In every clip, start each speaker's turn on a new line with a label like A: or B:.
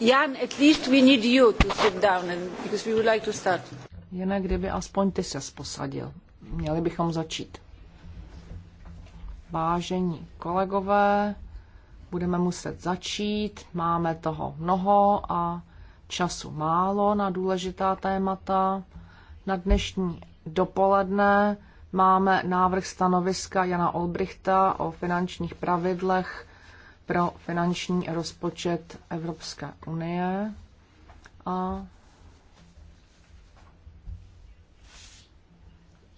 A: Jan, at least we need you to sit down, and, because we would like to start. Jene, kdyby
B: aspoň ty se posadil. Měli bychom začít. Vážení kolegové, budeme muset začít. Máme toho mnoho a času málo na důležitá témata. Na dnešní dopoledne máme návrh stanoviska Jana Olbrichta o finančních pravidlech pro finanční rozpočet Evropské unie a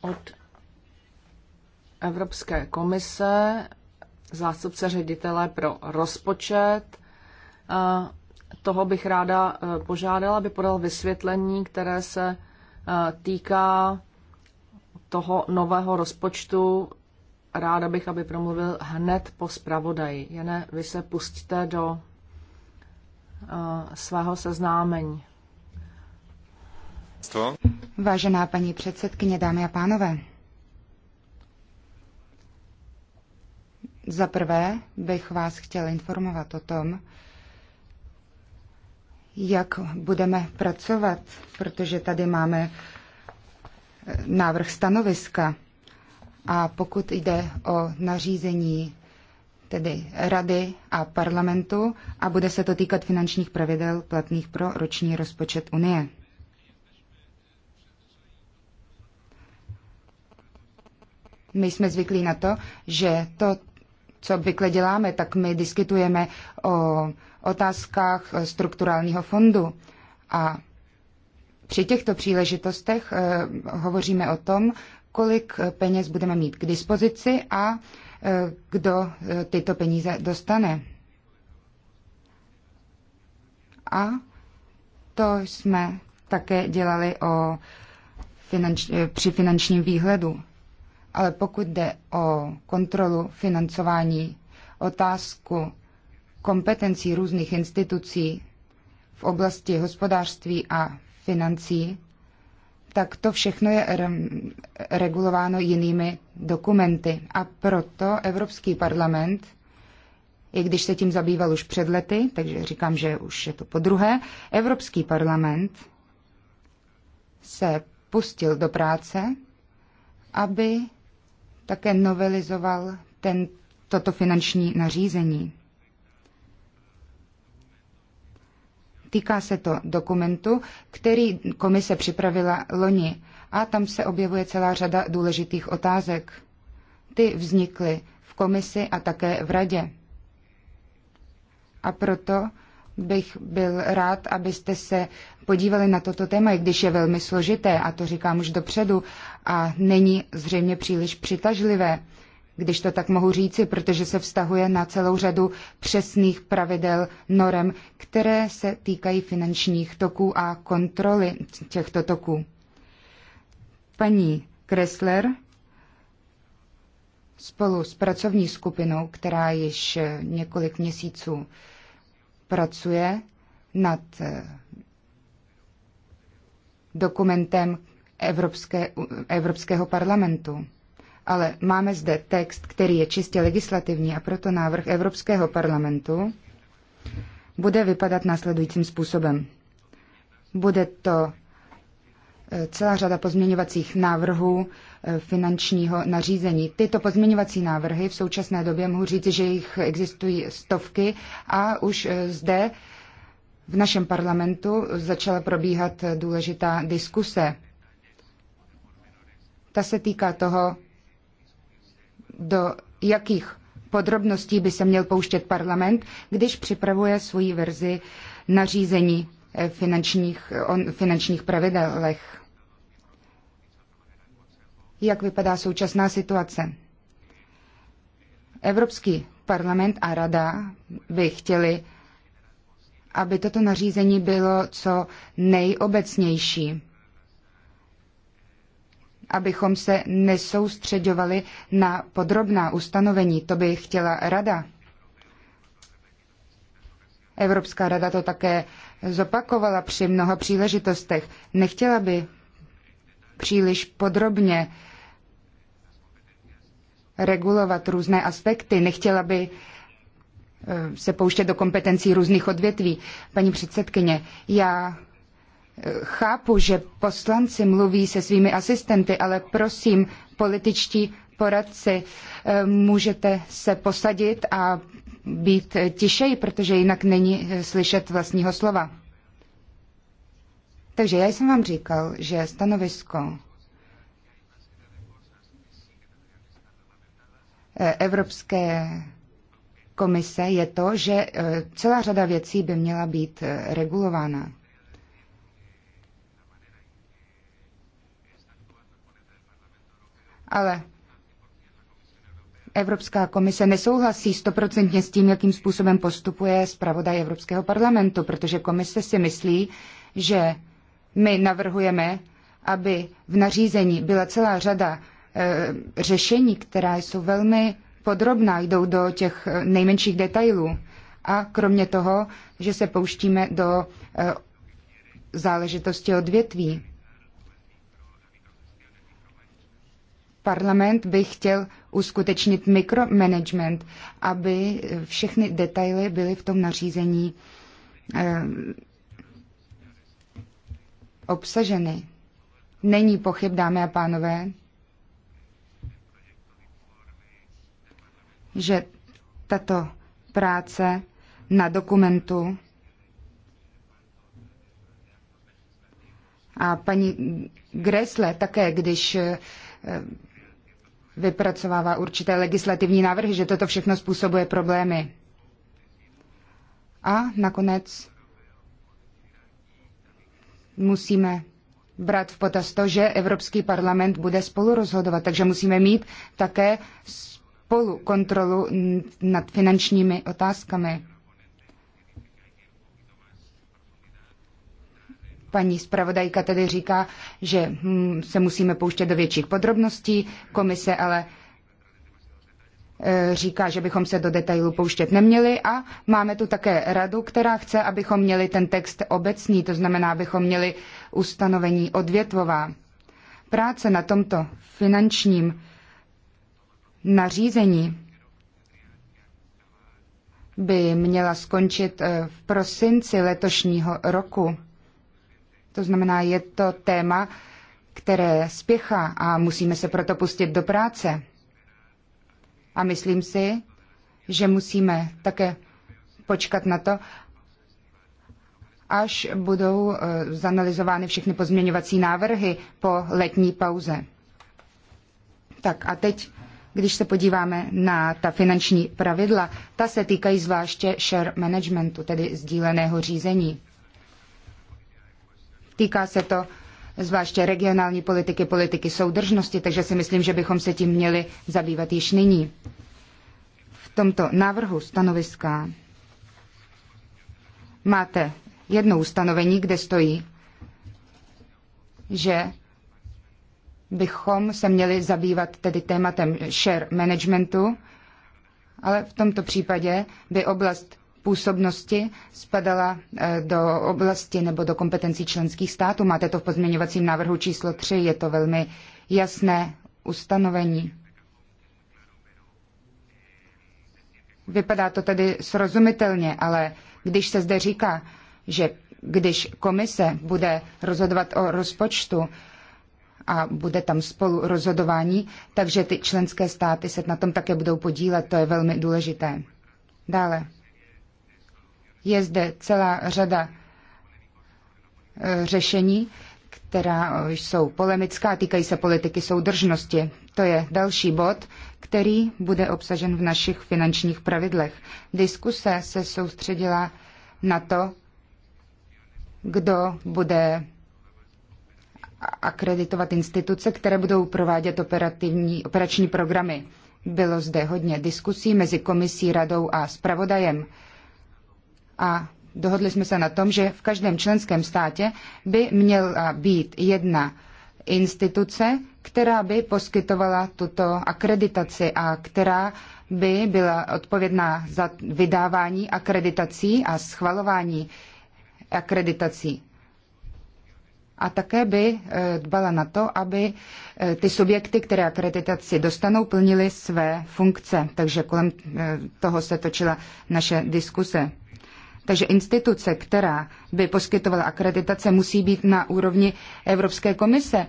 B: od Evropské komise zástupce ředitele pro rozpočet. Toho bych ráda e, požádala, aby podal vysvětlení, které se e, týká toho nového rozpočtu ráda bych, aby promluvil hned po zpravodaji. Jene, vy se pustíte do uh,
C: svého seznámení. Co? Vážená paní předsedkyně, dámy a pánové. Za prvé bych vás chtěl informovat o tom, jak budeme pracovat, protože tady máme eh, návrh stanoviska a pokud jde o nařízení tedy Rady a parlamentu a bude se to týkat finančních pravidel platných pro roční rozpočet Unie. My jsme zvyklí na to, že to, co obvykle děláme, tak my diskutujeme o otázkách strukturálního fondu a při těchto příležitostech eh, hovoříme o tom, kolik eh, peněz budeme mít k dispozici a eh, kdo eh, tyto peníze dostane. A to jsme také dělali o finanč, při finančním výhledu. Ale pokud jde o kontrolu financování, otázku kompetencí různých institucí v oblasti hospodářství a financí, tak to všechno je regulováno jinými dokumenty. A proto Evropský parlament, i když se tím zabýval už před lety, takže říkám, že už je to po druhé, Evropský parlament se pustil do práce, aby také novelizoval ten, toto finanční nařízení. Týká se to dokumentu, který komise připravila loni a tam se objevuje celá řada důležitých otázek. Ty vznikly v komisi a také v radě. A proto bych byl rád, abyste se podívali na toto téma, i když je velmi složité, a to říkám už dopředu, a není zřejmě příliš přitažlivé když to tak mohu říci, protože se vztahuje na celou řadu přesných pravidel norem, které se týkají finančních toků a kontroly těchto toků. Paní Kressler spolu s pracovní skupinou, která již několik měsíců pracuje nad eh, dokumentem Evropské, Evropského parlamentu ale máme zde text, který je čistě legislativní a proto návrh Evropského parlamentu bude vypadat následujícím způsobem. Bude to e, celá řada pozměňovacích návrhů e, finančního nařízení. Tyto pozměňovací návrhy v současné době mohu říci, že jich existují stovky a už e, zde v našem parlamentu začala probíhat důležitá diskuse. Ta se týká toho, do jakých podrobností by se měl pouštět parlament, když připravuje svoji verzi nařízení eh, finančních, eh, o finančních pravidelech. Jak vypadá současná situace? Evropský parlament a rada by chtěli, aby toto nařízení bylo co nejobecnější abychom se nesoustředovali na podrobná ustanovení. To by chtěla rada. Evropská rada to také zopakovala při mnoha příležitostech. Nechtěla by příliš podrobně regulovat různé aspekty, nechtěla by eh, se pouštět do kompetencí různých odvětví. Paní předsedkyně, já Chápu, že poslanci mluví se svými asistenty, ale prosím, političtí poradci, eh, můžete se posadit a být tišeji, protože jinak není eh, slyšet vlastního slova. Takže já jsem vám říkal, že stanovisko eh, Evropské komise je to, že celá řada věcí by měla být regulována. ale Evropská komise nesouhlasí stoprocentně s tím, jakým způsobem postupuje zpravodaj Evropského parlamentu, protože komise si myslí, že my navrhujeme, aby v nařízení byla celá řada e, řešení, která jsou velmi podrobná, jdou do těch e, nejmenších detailů. A kromě toho, že se pouštíme do e, záležitosti odvětví. Parlament by chtěl uskutečnit mikromanagement, aby všechny detaily byly v tom nařízení eh, obsaženy. Není pochyb, dámy a pánové, že tato práce na dokumentu a paní Gressle také, když eh, vypracovává určité legislativní návrhy, že toto všechno způsobuje problémy. A nakonec musíme brát v potaz to, že Evropský parlament bude spolu rozhodovat, takže musíme mít také spolu kontrolu nad finančními otázkami. Paní zpravodajka tedy říká, že hm, se musíme pouštět do větších podrobností, komise ale eh, říká, že bychom se do detailů pouštět neměli a máme tu také radu, která chce, abychom měli ten text obecný, to znamená, abychom měli ustanovení odvětvová. Práce na tomto finančním nařízení by měla skončit eh, v prosinci letošního roku. To znamená, je to téma, které spěchá a musíme se proto pustit do práce. A myslím si, že musíme také počkat na to, až budou eh, zanalizovány všechny pozměňovací návrhy po letní pauze. Tak a teď, když se podíváme na ta finanční pravidla, ta se týkají zvláště share managementu, tedy sdíleného řízení. Týká se to zvláště regionální politiky, politiky soudržnosti, takže si myslím, že bychom se tím měli zabývat již nyní. V tomto návrhu stanoviska máte jedno ustanovení, kde stojí, že bychom se měli zabývat tedy tématem share managementu, ale v tomto případě by oblast působnosti spadala eh, do oblasti nebo do kompetencí členských států. Máte to v pozměňovacím návrhu číslo 3, je to velmi jasné ustanovení. Vypadá to tedy srozumitelně, ale když se zde říká, že když komise bude rozhodovat o rozpočtu a bude tam spolu rozhodování, takže ty členské státy se na tom také budou podílet, to je velmi důležité. Dále. Je zde celá řada e, řešení, která jsou polemická týkají se politiky soudržnosti. To je další bod, který bude obsažen v našich finančních pravidlech. Diskuse se soustředila na to, kdo bude akreditovat instituce, které budou provádět operativní, operační programy. Bylo zde hodně diskusí mezi komisí, radou a spravodajem a dohodli jsme se na tom, že v každém členském státě by měla být jedna instituce, která by poskytovala tuto akreditaci a která by byla odpovědná za vydávání akreditací a schvalování akreditací. A také by eh, dbala na to, aby eh, ty subjekty, které akreditaci dostanou, plnily své funkce. Takže kolem eh, toho se točila naše diskuse. Takže instituce, která by poskytovala akreditace, musí být na úrovni Evropské komise.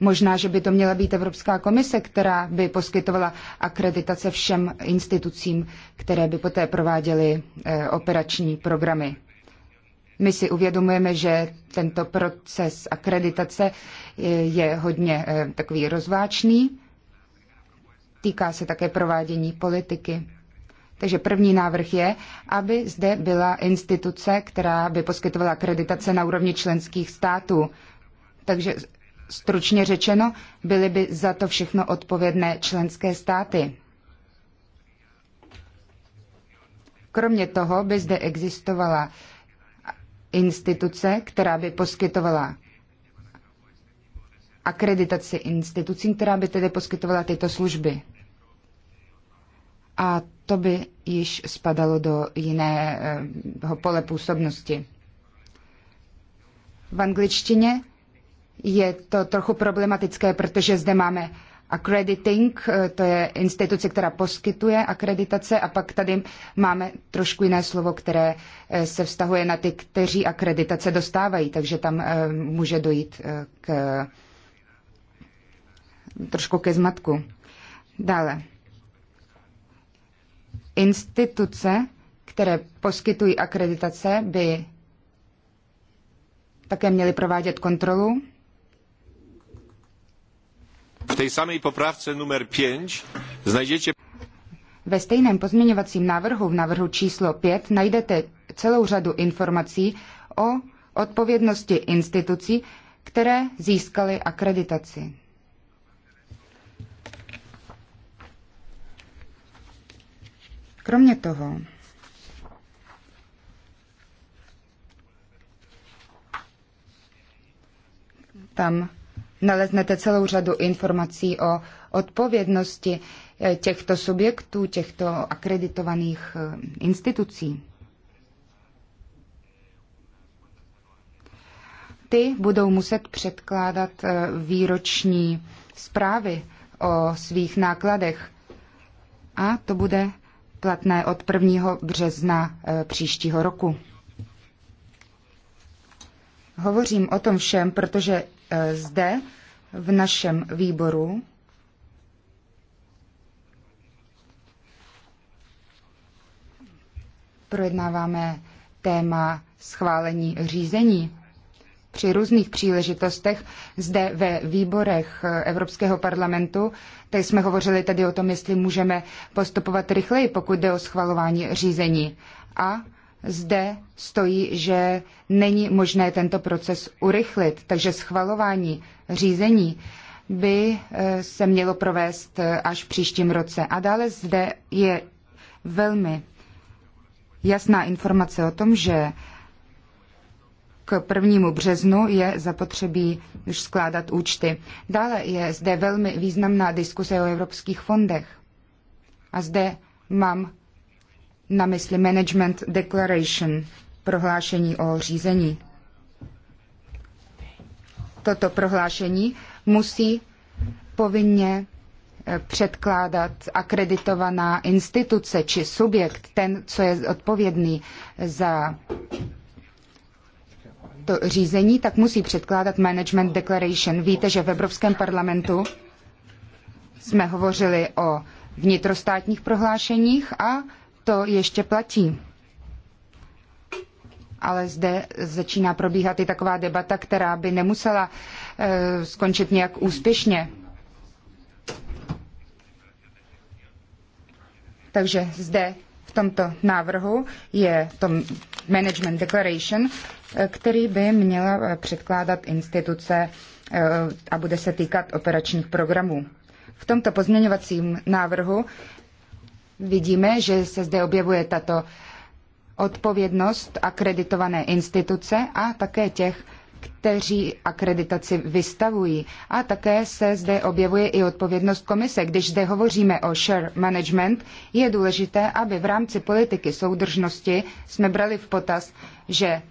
C: Možná, že by to měla být Evropská komise, která by poskytovala akreditace všem institucím, které by poté prováděly eh, operační programy. My si uvědomujeme, že tento proces akreditace eh, je hodně eh, takový rozváčný. Týká se také provádění politiky. Takže první návrh je, aby zde byla instituce, která by poskytovala akreditace na úrovni členských států. Takže stručně řečeno, byly by za to všechno odpovědné členské státy. Kromě toho by zde existovala instituce, která by poskytovala akreditaci institucím, která by tedy poskytovala tyto služby a to by již spadalo do jiného pole působnosti. V angličtině je to trochu problematické, protože zde máme accrediting, to je instituce, která poskytuje akreditace a pak tady máme trošku jiné slovo, které se vztahuje na ty, kteří akreditace dostávají, takže tam eh, může dojít eh, k trošku ke zmatku. Dále. Instituce, které poskytují akreditace, by také měly provádět kontrolu.
D: V té samé poprávce numer 5 znajdete...
C: Ve stejném pozměňovacím návrhu v návrhu číslo 5 najdete celou řadu informací o odpovědnosti institucí, které získaly akreditaci. Kromě toho, tam naleznete celou řadu informací o odpovědnosti eh, těchto subjektů, těchto akreditovaných eh, institucí. Ty budou muset předkládat eh, výroční zprávy o svých nákladech a to bude platné od 1. března e, příštího roku. Hovořím o tom všem, protože e, zde v našem výboru projednáváme téma schválení řízení při různých příležitostech zde ve výborech Evropského parlamentu. Teď jsme hovořili tedy o tom, jestli můžeme postupovat rychleji, pokud jde o schvalování řízení. A zde stojí, že není možné tento proces urychlit, takže schvalování řízení by eh, se mělo provést eh, až v příštím roce. A dále zde je velmi jasná informace o tom, že k prvnímu březnu je zapotřebí už skládat účty. Dále je zde velmi významná diskuse o evropských fondech. A zde mám na mysli Management Declaration, prohlášení o řízení. Toto prohlášení musí povinně eh, předkládat akreditovaná instituce či subjekt, ten, co je odpovědný za to řízení, tak musí předkládat Management Declaration. Víte, že v Evropském parlamentu jsme hovořili o vnitrostátních prohlášeních a to ještě platí. Ale zde začíná probíhat i taková debata, která by nemusela uh, skončit nějak úspěšně. Takže zde v tomto návrhu je to Management Declaration, eh, který by měla eh, předkládat instituce eh, a bude se týkat operačních programů. V tomto pozměňovacím návrhu vidíme, že se zde objevuje tato odpovědnost akreditované instituce a také těch kteří akreditaci vystavují. A také se zde objevuje i odpovědnost komise. Když zde hovoříme o share management, je důležité, aby v rámci politiky soudržnosti jsme brali v potaz, že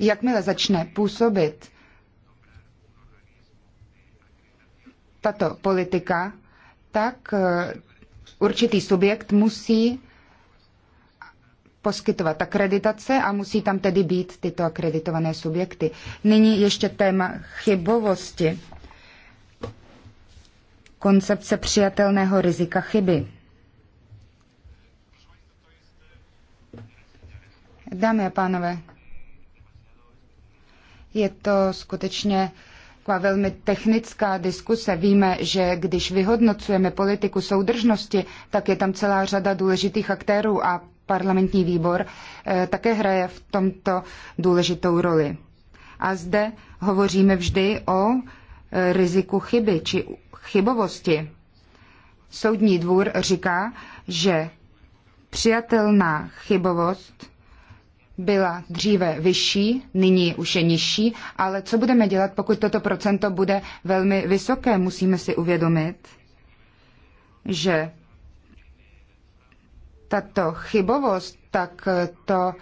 C: jakmile začne působit tato politika, tak eh, určitý subjekt musí poskytovat akreditace a musí tam tedy být tyto akreditované subjekty. Nyní ještě téma chybovosti. Koncepce přijatelného rizika chyby. Dámy a pánové, je to skutečně taková velmi technická diskuse. Víme, že když vyhodnocujeme politiku soudržnosti, tak je tam celá řada důležitých aktérů a parlamentní výbor eh, také hraje v tomto důležitou roli. A zde hovoříme vždy o eh, riziku chyby či chybovosti. Soudní dvůr říká, že přijatelná chybovost byla dříve vyšší, nyní už je nižší, ale co budeme dělat, pokud toto procento bude velmi vysoké? Musíme si uvědomit, že tato chybovost, tak to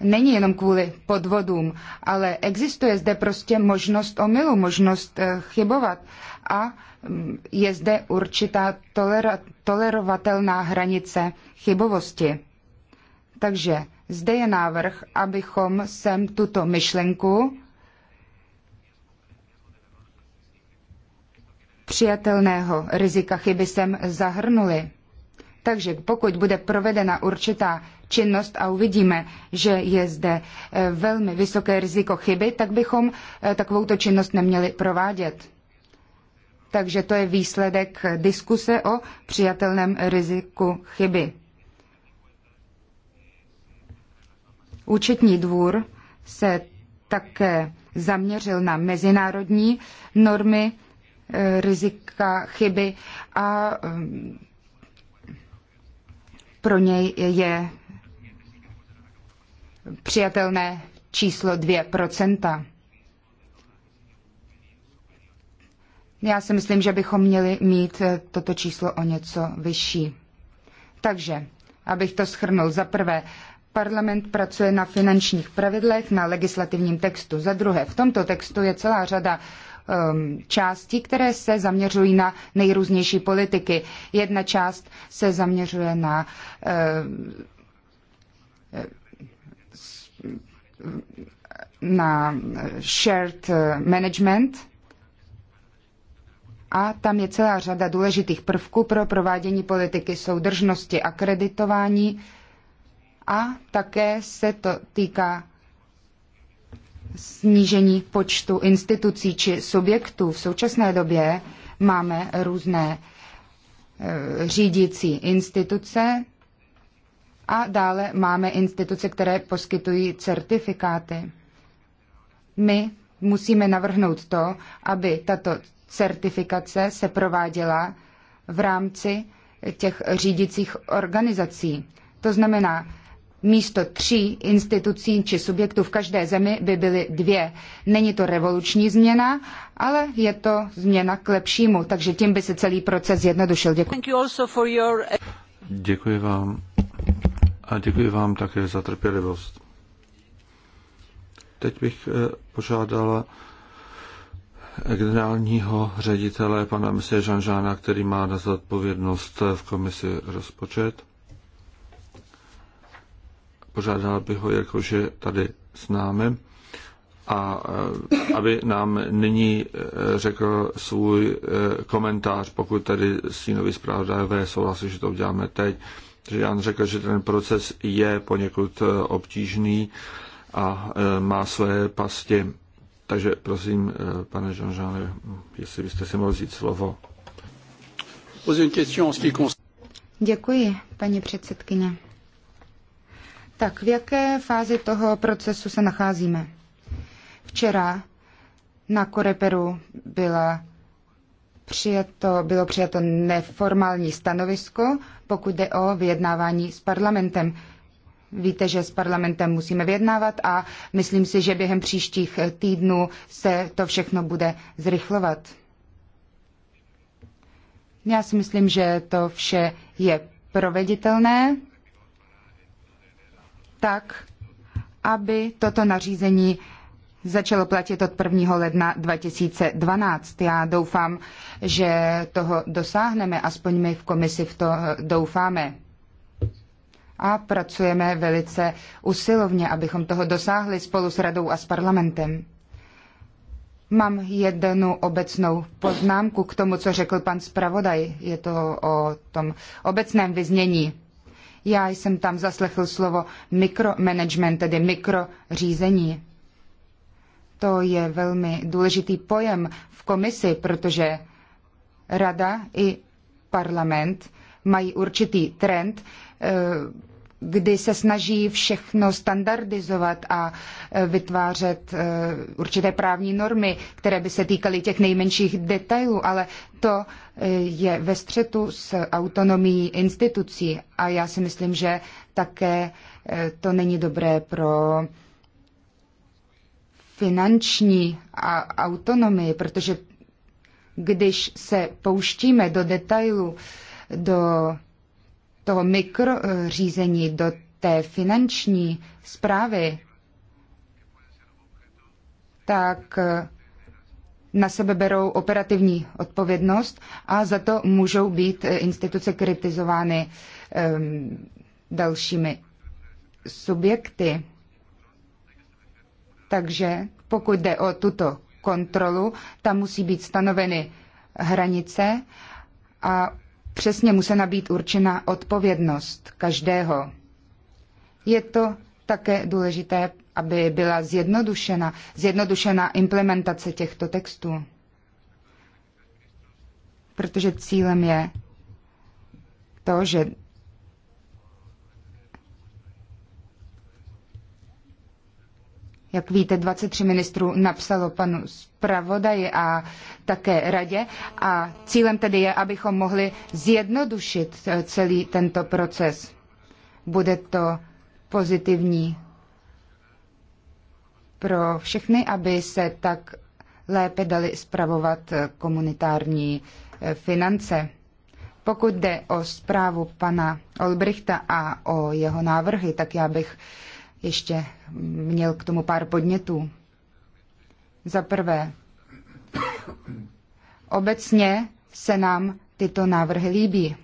C: není jenom kvůli podvodům, ale existuje zde prostě možnost omylu, možnost eh, chybovat a mm, je zde určitá tolera- tolerovatelná hranice chybovosti. Takže zde je návrh, abychom sem tuto myšlenku přijatelného rizika chyby sem zahrnuli. Takže pokud bude provedena určitá činnost a uvidíme, že je zde eh, velmi vysoké riziko chyby, tak bychom eh, takovouto činnost neměli provádět. Takže to je výsledek diskuse o přijatelném riziku chyby. Účetní dvůr se také zaměřil na mezinárodní normy eh, rizika chyby a pro něj je přijatelné číslo 2%. Já si myslím, že bychom měli mít eh, toto číslo o něco vyšší. Takže, abych to schrnul, za prvé, parlament pracuje na finančních pravidlech, na legislativním textu. Za druhé, v tomto textu je celá řada uh, Um, části, které se zaměřují na nejrůznější politiky. Jedna část se zaměřuje na uh, na shared management a tam je celá řada důležitých prvků pro provádění politiky soudržnosti a kreditování a také se to týká snížení počtu institucí či subjektů. V současné době máme různé e, řídící instituce a dále máme instituce, které poskytují certifikáty. My musíme navrhnout to, aby tato certifikace se prováděla v rámci těch řídicích organizací. To znamená, místo tří institucí či subjektů v každé zemi by byly dvě. Není to revoluční změna, ale je to změna k lepšímu, takže tím by se celý proces zjednodušil. Děkuji.
A: Your...
D: Děkuji vám. A děkuji vám také za trpělivost. Teď bych eh, požádala eh, generálního ředitele pana Mise Žanžána, který má na zodpovědnost v komisi rozpočet požádal bych ho, jakože tady s námi, a eh, aby nám nyní eh, řekl svůj eh, komentář, pokud tedy stínový zpravodajové souhlasí, že to uděláme teď. Takže Jan řekl, že ten proces je poněkud obtížný a má své pasti. Takže prosím, pane jean jestli byste si mohl vzít slovo.
C: Děkuji, paní předsedkyně. Tak v jaké fázi toho procesu se nacházíme? Včera na Koreperu byla přijato, bylo přijato neformální stanovisko, pokud jde o vyjednávání s parlamentem. Víte, že s parlamentem musíme vyjednávat a myslím si, že během příštích týdnů se to všechno bude zrychlovat. Já si myslím, že to vše je proveditelné tak, aby toto nařízení začalo platit od 1. ledna 2012. Já doufám, že toho dosáhneme, aspoň my v komisi v to doufáme. A pracujeme velice usilovně, abychom toho dosáhli spolu s radou a s parlamentem. Mám jednu obecnou poznámku k tomu, co řekl pan zpravodaj. Je to o tom obecném vyznění. Já jsem tam zaslechl slovo mikromanagement, tedy mikrořízení. To je velmi důležitý pojem v komisi, protože rada i parlament mají určitý trend eh, kdy se snaží všechno standardizovat a e, vytvářet e, určité právní normy, které by se týkaly těch nejmenších detailů, ale to e, je ve střetu s autonomií institucí a já si myslím, že také to není dobré pro finanční a autonomii, protože když se pouštíme do detailů, do toho mikrořízení do té finanční zprávy, tak na sebe berou operativní odpovědnost a za to můžou být instituce kritizovány ehm, dalšími subjekty. Takže pokud jde o tuto kontrolu, tam musí být stanoveny hranice a přesně musela být určena odpovědnost každého. Je to také důležité, aby byla zjednodušena, zjednodušena implementace těchto textů. Protože cílem je to, že Jak víte, 23 ministrů napsalo panu zpravodaji a také radě a cílem tedy je, abychom mohli zjednodušit eh, celý tento proces. Bude to pozitivní pro všechny, aby se tak lépe dali zpravovat eh, komunitární eh, finance. Pokud jde o zprávu pana Olbrichta a o jeho návrhy, tak já bych ještě měl k tomu pár podnětů. Za prvé, obecně se nám tyto návrhy líbí.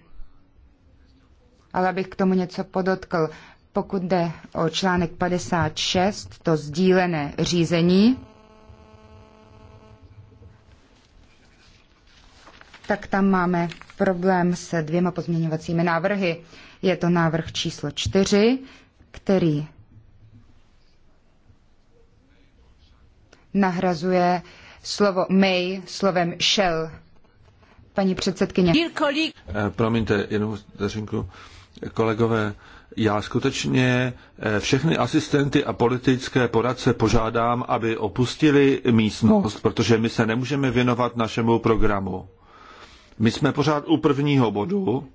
C: Ale abych k tomu něco podotkl, pokud jde o článek 56, to sdílené řízení, tak tam máme problém se dvěma pozměňovacími návrhy. Je to návrh číslo 4, který nahrazuje slovo may slovem shall. Paní předsedkyně.
D: Eh, promiňte, jenom zařinku. Kolegové, já skutečně eh, všechny asistenty a politické poradce požádám, aby opustili místnost, protože my se nemůžeme věnovat našemu programu. My jsme pořád u prvního bodu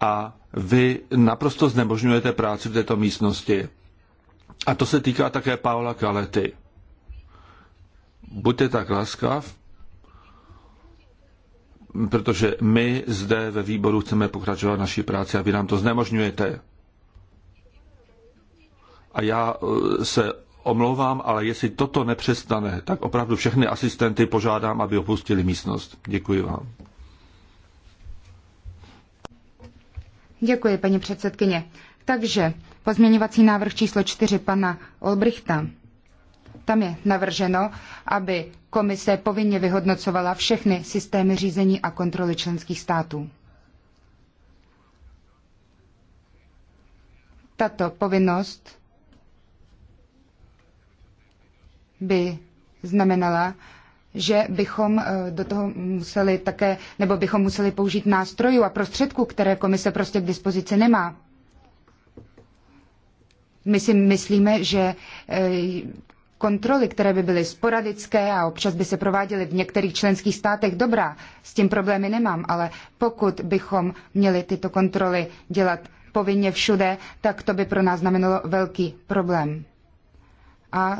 D: a vy naprosto znemožňujete práci v této místnosti. A to se týká také Paula Kalety buďte tak laskav, protože my zde ve výboru chceme pokračovat naší práci a vy nám to znemožňujete. A já eh, se omlouvám, ale jestli toto nepřestane, tak opravdu všechny asistenty požádám, aby opustili místnost. Děkuji vám.
C: Děkuji, paní předsedkyně. Takže pozměňovací návrh číslo čtyři pana Olbrichta. Tam je navrženo, aby komise povinně vyhodnocovala všechny systémy řízení a kontroly členských států. Tato povinnost by znamenala, že bychom eh, do toho museli také, nebo bychom museli použít nástrojů a prostředků, které komise prostě k dispozici nemá. My si myslíme, že eh, Kontroly, které by byly sporadické a občas by se prováděly v některých členských státech, dobrá, s tím problémy nemám, ale pokud bychom měli tyto kontroly dělat povinně všude, tak to by pro nás znamenalo velký problém. A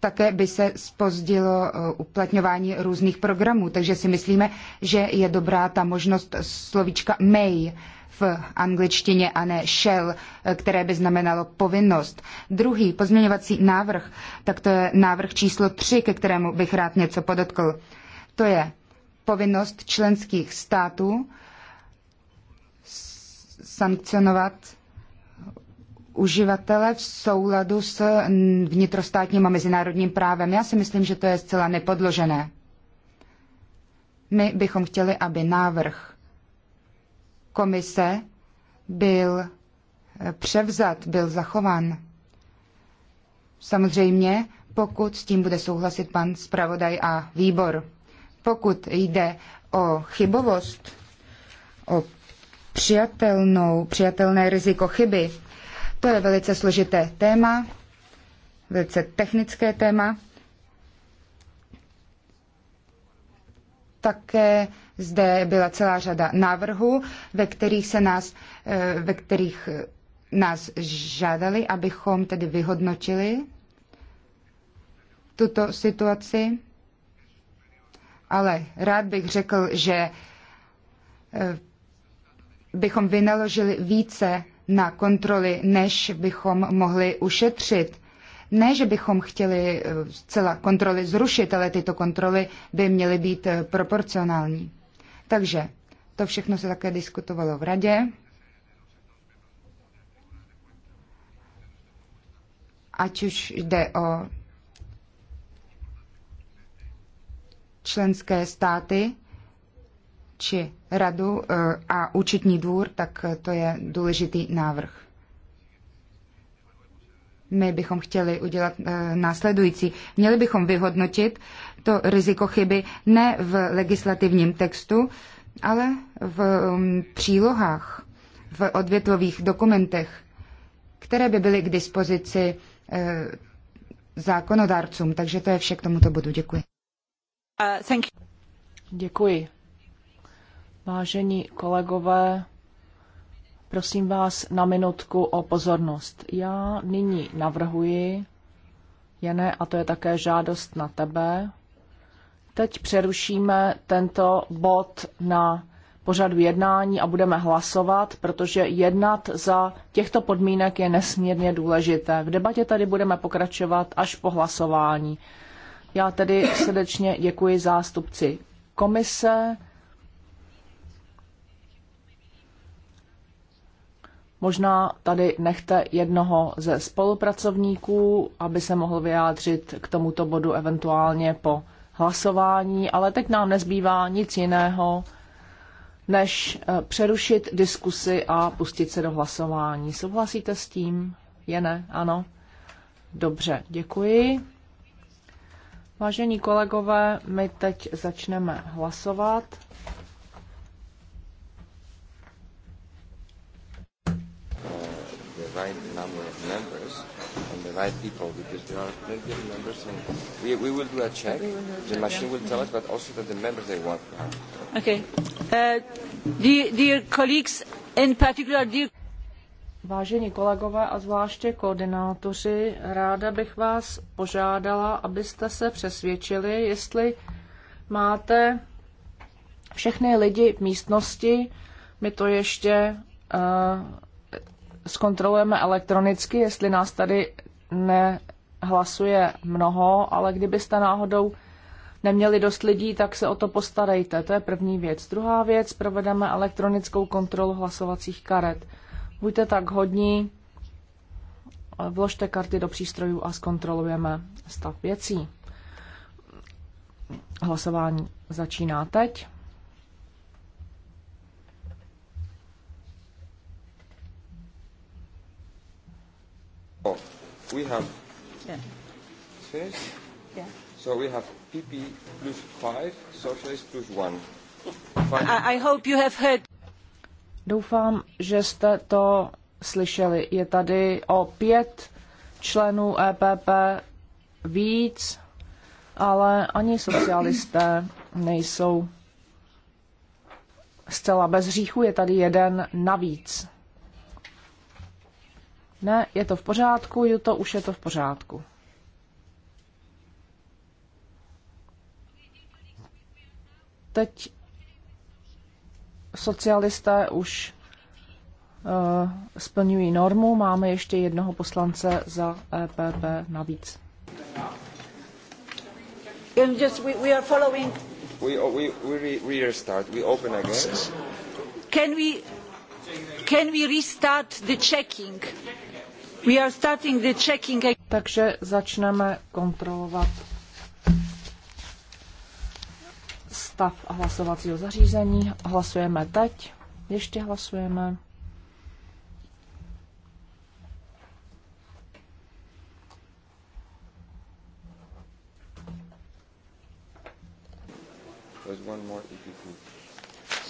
C: také by se spozdilo eh, uplatňování různých programů, takže si myslíme, že je dobrá ta možnost slovíčka may, v angličtině a ne shall, eh, které by znamenalo povinnost. Druhý pozměňovací návrh, tak to je návrh číslo 3, ke kterému bych rád něco podotkl. To je povinnost členských států sankcionovat uživatele v souladu s vnitrostátním a mezinárodním právem. Já si myslím, že to je zcela nepodložené. My bychom chtěli, aby návrh komise byl eh, převzat, byl zachovan. Samozřejmě, pokud s tím bude souhlasit pan zpravodaj a výbor. Pokud jde o chybovost, o přijatelnou, přijatelné riziko chyby, to je velice složité téma, velice technické téma. Také zde byla celá řada návrhů, ve kterých, se nás, eh, ve kterých eh, nás žádali, abychom tedy vyhodnotili tuto situaci. Ale rád bych řekl, že eh, bychom vynaložili více na kontroly, než bychom mohli ušetřit. Ne, že bychom chtěli celá kontroly zrušit, ale tyto kontroly by měly být proporcionální. Takže to všechno se také diskutovalo v radě. Ať už jde o členské státy či radu e, a účetní dvůr, tak to je důležitý návrh. My bychom chtěli udělat e, následující. Měli bychom vyhodnotit, to riziko chyby ne v legislativním textu, ale v um, přílohách, v odvětvových dokumentech, které by byly k dispozici eh, zákonodárcům. Takže to je vše k tomuto bodu. Děkuji.
A: Uh, thank you.
C: Děkuji.
B: Vážení kolegové, prosím vás na minutku o pozornost. Já nyní navrhuji, Jene, a to je také žádost na tebe, Teď přerušíme tento bod na pořadu jednání a budeme hlasovat, protože jednat za těchto podmínek je nesmírně důležité. V debatě tady budeme pokračovat až po hlasování. Já tedy srdečně děkuji zástupci komise. Možná tady nechte jednoho ze spolupracovníků, aby se mohl vyjádřit k tomuto bodu eventuálně po hlasování, ale teď nám nezbývá nic jiného, než eh, přerušit diskusy a pustit se do hlasování. Souhlasíte s tím? Je ne? Ano? Dobře, děkuji. Vážení kolegové, my teď začneme hlasovat.
D: Uh, right people because there are plenty
E: of members and we, we will do a check. the machine will tell us, but also that the members they want to have.
A: Okay. Uh, dear, dear colleagues, in particular dear...
B: Vážení kolegové a zvláště koordinátoři, ráda bych vás požádala, abyste se přesvědčili, jestli máte všechny lidi v místnosti. My to ještě uh, zkontrolujeme elektronicky, jestli nás tady nehlasuje mnoho, ale kdybyste náhodou neměli dost lidí, tak se o to postarejte. To je první věc. Druhá věc, provedeme elektronickou kontrolu hlasovacích karet. Buďte tak hodní, vložte karty do přístrojů a zkontrolujeme stav věcí. Hlasování začíná teď.
D: Oh we have yeah. finished? Yeah. So we have PP plus 5, socialist plus 1.
A: I, I hope you have heard.
B: Doufám, že jste to slyšeli. Je tady o pět členů EPP víc, ale ani socialisté nejsou zcela bez hříchu. Je tady jeden navíc. Ne, je to v pořádku, je to už je to v pořádku. Teď socialisté už uh, splňují normu, máme ještě jednoho poslance za EPP navíc.
A: Um, just we, are following.
D: we, oh, we, we restart, we open again.
A: Can we, can we restart the checking? We are starting the checking. Takže začneme
B: kontrolovat stav hlasovacího zařízení. Hlasujeme teď. Ještě hlasujeme.
D: There's one more.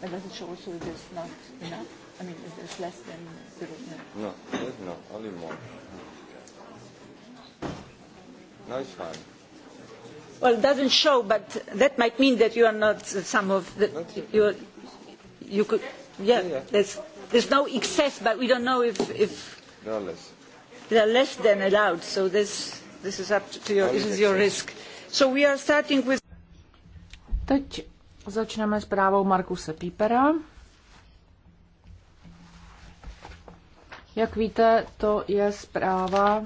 A: But does it show also that there's not enough? I mean, if there's less than zero?
D: No, no there's not. Only more. No, it's fine.
A: Well, it doesn't show, but that might mean that you are not some of the... You, you could... Yeah, yeah, yeah. There's, there's no excess, but we don't know if... if there are less. There are less than allowed, so this, this is up to your, this is your risk. So we are starting with... Teď
B: Začneme s právou Markuse Pípera. Jak víte, to je zpráva,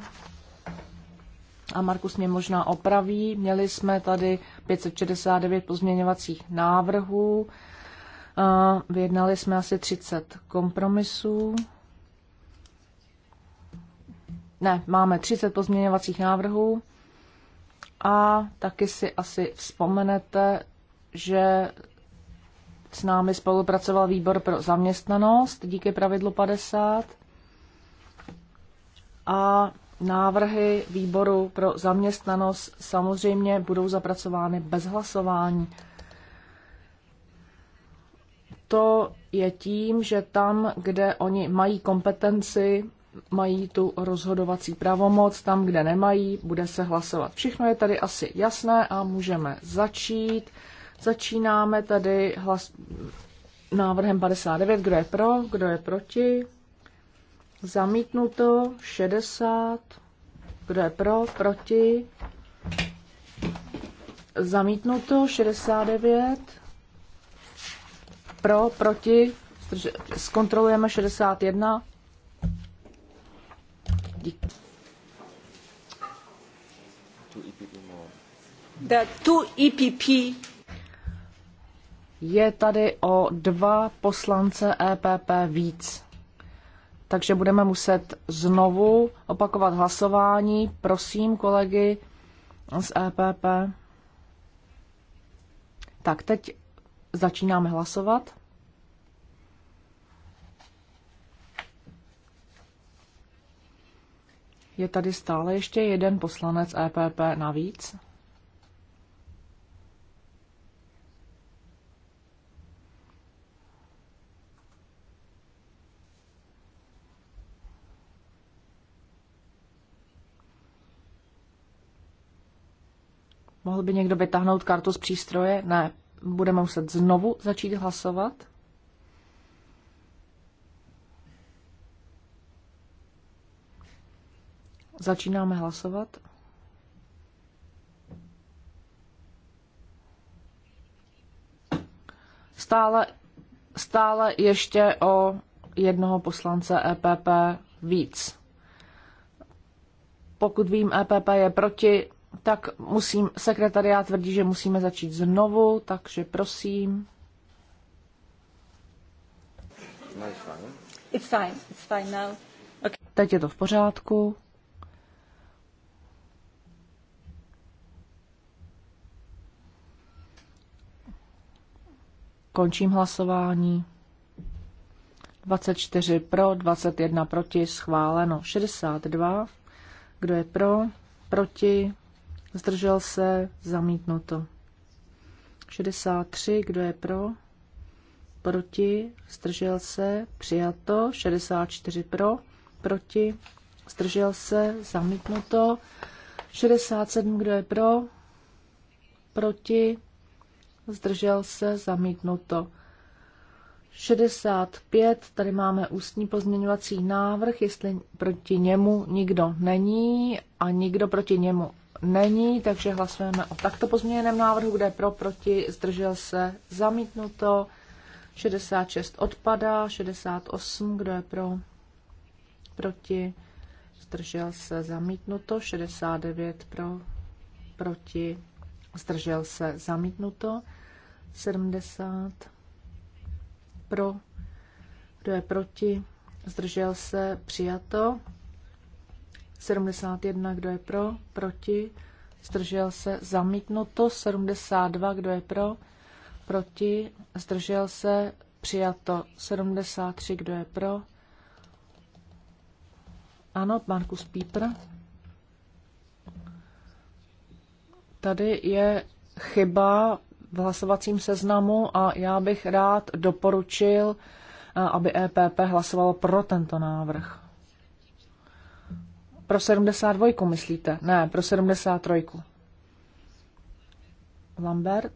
B: a Markus mě možná opraví, měli jsme tady 569 pozměňovacích návrhů, vyjednali jsme asi 30 kompromisů. Ne, máme 30 pozměňovacích návrhů a taky si asi vzpomenete, že s námi spolupracoval výbor pro zaměstnanost díky pravidlu 50 a návrhy výboru pro zaměstnanost samozřejmě budou zapracovány bez hlasování. To je tím, že tam, kde oni mají kompetenci, mají tu rozhodovací pravomoc, tam, kde nemají, bude se hlasovat. Všechno je tady asi jasné a můžeme začít. Začínáme tady hlas... návrhem 59. Kdo je pro? Kdo je proti? Zamítnuto 60. Kdo je pro? Proti? Zamítnuto 69. Pro, proti, zkontrolujeme 61.
A: Díky. The two EPP
B: je tady o dva poslance EPP víc. Takže budeme muset znovu opakovat hlasování. Prosím kolegy z EPP. Tak, teď začínáme hlasovat. Je tady stále ještě jeden poslanec EPP navíc. Mohl by někdo vytáhnout kartu z přístroje? Ne. Budeme muset znovu začít hlasovat. Začínáme hlasovat. Stále, stále ještě o jednoho poslance EPP víc. Pokud vím, EPP je proti, tak musím, sekretariát tvrdí, že musíme začít znovu, takže prosím.
A: It's fine. It's fine now. Okay.
B: Teď je to v pořádku. Končím hlasování. 24 pro, 21 proti, schváleno. 62. Kdo je pro? Proti? zdržel se, zamítnuto. 63, kdo je pro, proti, zdržel se, přijato. 64 pro, proti, zdržel se, zamítnuto. 67, kdo je pro, proti, zdržel se, zamítnuto. 65, tady máme ústní pozměňovací návrh, jestli proti němu nikdo není a nikdo proti němu není, takže hlasujeme o takto pozměněném návrhu, kde pro, proti, zdržel se, zamítnuto. 66 odpadá, 68, kdo je pro, proti, zdržel se, zamítnuto. 69 pro, proti, zdržel se, zamítnuto. 70 pro, kdo je proti, zdržel se, přijato. 71, kdo je pro, proti, zdržel se, zamítnuto. 72, kdo je pro, proti, zdržel se, přijato. 73, kdo je pro. Ano, Markus Pípr. Tady je chyba v hlasovacím seznamu a já bych rád doporučil, eh, aby EPP hlasovalo pro tento návrh. Pro 72, myslíte? Ne, pro 73. Lambert?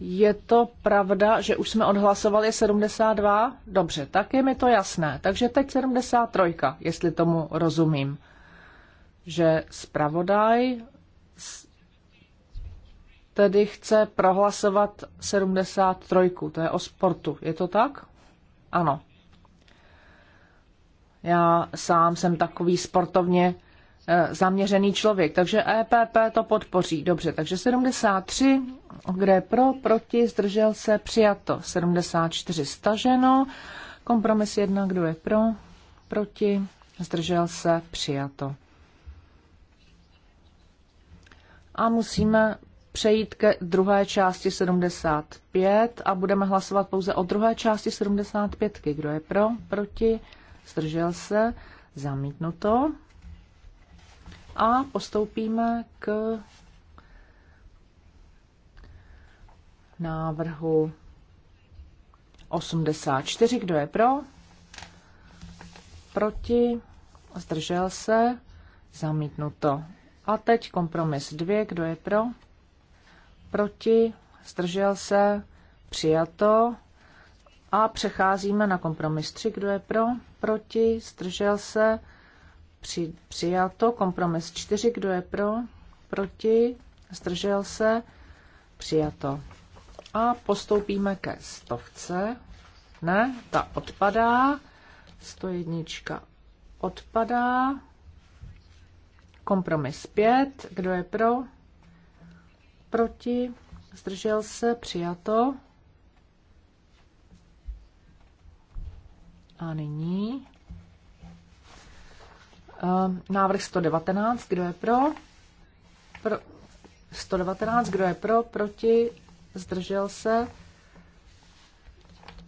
B: Je to pravda, že už jsme odhlasovali 72? Dobře, tak je mi to jasné. Takže teď 73, jestli tomu rozumím. Že zpravodaj tedy chce prohlasovat 73. To je o sportu, je to tak? Ano, já sám jsem takový sportovně eh, zaměřený člověk, takže EPP to podpoří. Dobře, takže 73, kde pro, proti, zdržel se, přijato. 74 staženo, kompromis 1, kdo je pro, proti, zdržel se, přijato. A musíme přejít ke druhé části 75 a budeme hlasovat pouze o druhé části 75. Kdo je pro, proti, zdržel se, zamítnuto. A postoupíme k návrhu 84. Kdo je pro? Proti? Zdržel se? Zamítnuto. A teď kompromis 2. Kdo je pro? Proti? Zdržel se? Přijato. A přecházíme na kompromis 3. Kdo je pro? Proti? Zdržel se? Při, přijato. Kompromis 4. Kdo je pro? Proti? Zdržel se? Přijato. A postoupíme ke stovce. Ne, ta odpadá. 101 odpadá. Kompromis 5. Kdo je pro? Proti? Zdržel se? Přijato. A nyní eh, návrh 119, kdo je pro? pro 119, kdo je pro, proti, zdržel se,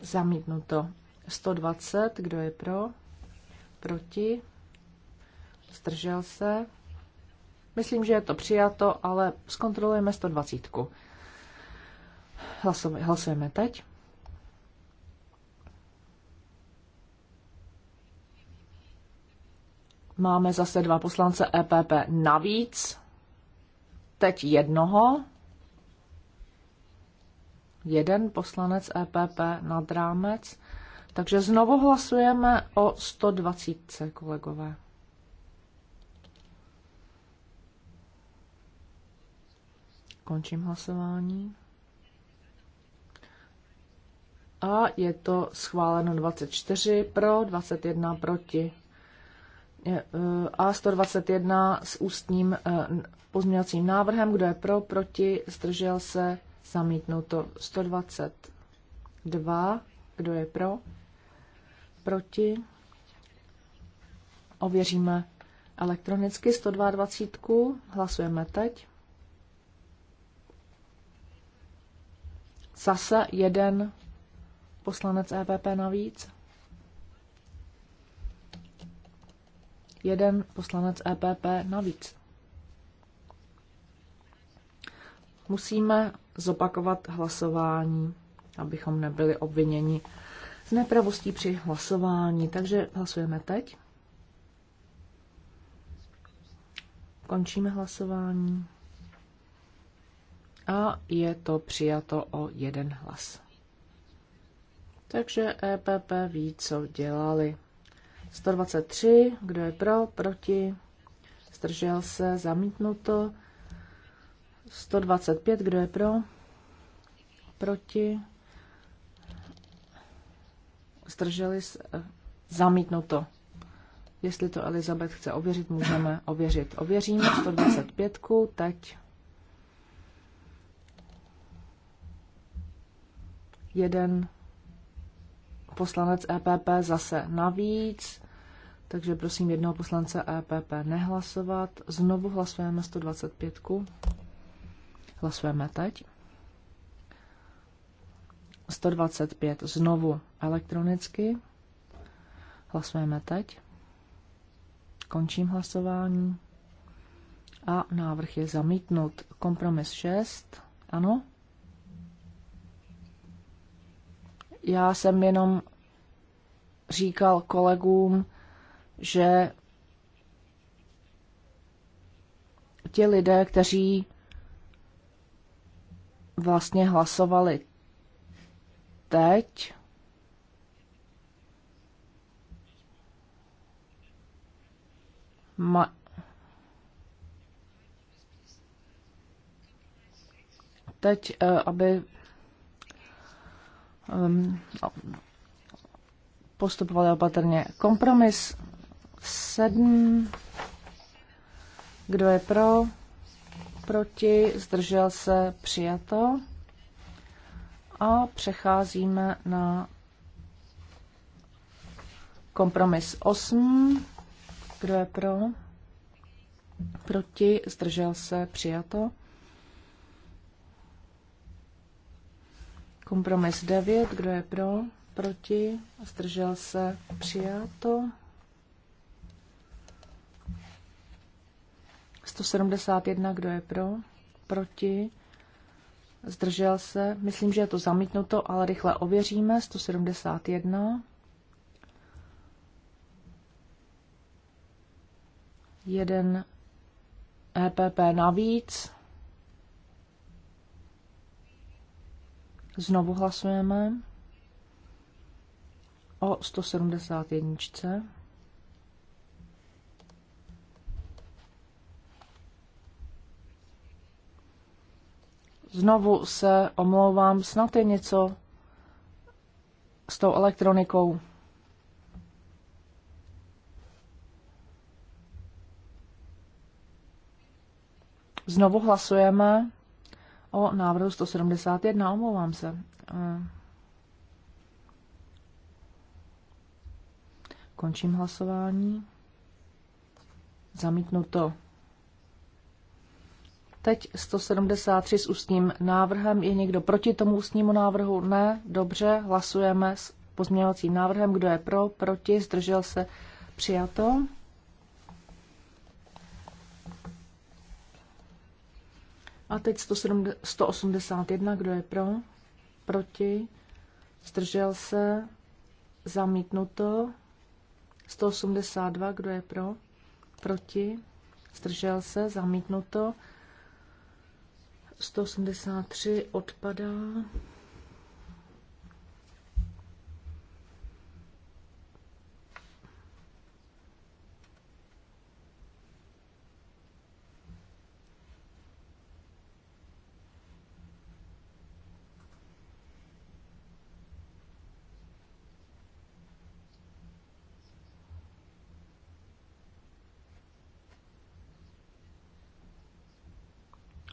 B: zamítnuto. 120, kdo je pro, proti, zdržel se. Myslím, že je to přijato, ale zkontrolujeme 120. Hlasujeme teď. Máme zase dva poslance EPP navíc. Teď jednoho. Jeden poslanec EPP nad rámec. Takže znovu hlasujeme o 120, kolegové. Končím hlasování. A je to schváleno 24 pro, 21 proti. Eh, a 121 s ústním eh, pozměňovacím návrhem. Kdo je pro, proti, zdržel se, zamítnuto. 122. Kdo je pro, proti, ověříme elektronicky 122. Hlasujeme teď. Zase jeden poslanec EVP navíc. jeden poslanec EPP navíc. Musíme zopakovat hlasování, abychom nebyli obviněni z nepravostí při hlasování. Takže hlasujeme teď. Končíme hlasování. A je to přijato o jeden hlas. Takže EPP ví, co dělali. 123, kdo je pro, proti, zdržel se, zamítnuto. 125, kdo je pro, proti, zdrželi se, zamítnuto. Jestli to Elizabeth chce ověřit, můžeme ověřit. Ověříme 125, teď jeden poslanec EPP zase navíc. Takže prosím jednoho poslance EPP nehlasovat. Znovu hlasujeme 125. Hlasujeme teď. 125 znovu elektronicky. Hlasujeme teď. Končím hlasování. A návrh je zamítnut. Kompromis 6. Ano. Já jsem jenom říkal kolegům, že ti lidé, kteří vlastně hlasovali teď, ma- teď, eh, aby Um, postupovali opatrně. Kompromis 7. Kdo je pro? Proti? Zdržel se? Přijato. A přecházíme na kompromis 8. Kdo je pro? Proti? Zdržel se? Přijato. Kompromis 9, kdo je pro, proti, zdržel se, přijato. 171, kdo je pro, proti, zdržel se. Myslím, že je to zamítnuto, ale rychle ověříme. 171. Jeden EPP navíc. Znovu hlasujeme o 171. Znovu se omlouvám, snad je něco s tou elektronikou. Znovu hlasujeme o návrhu 171, omlouvám se. Eh, končím hlasování. Zamítnu to. Teď 173 s ústním návrhem. Je někdo proti tomu ústnímu návrhu? Ne. Dobře, hlasujeme s pozměňovacím návrhem. Kdo je pro, proti, zdržel se, přijato. A teď 181, kdo je pro, proti, zdržel se, zamítnuto. 182, kdo je pro, proti, zdržel se, zamítnuto. 183 odpadá.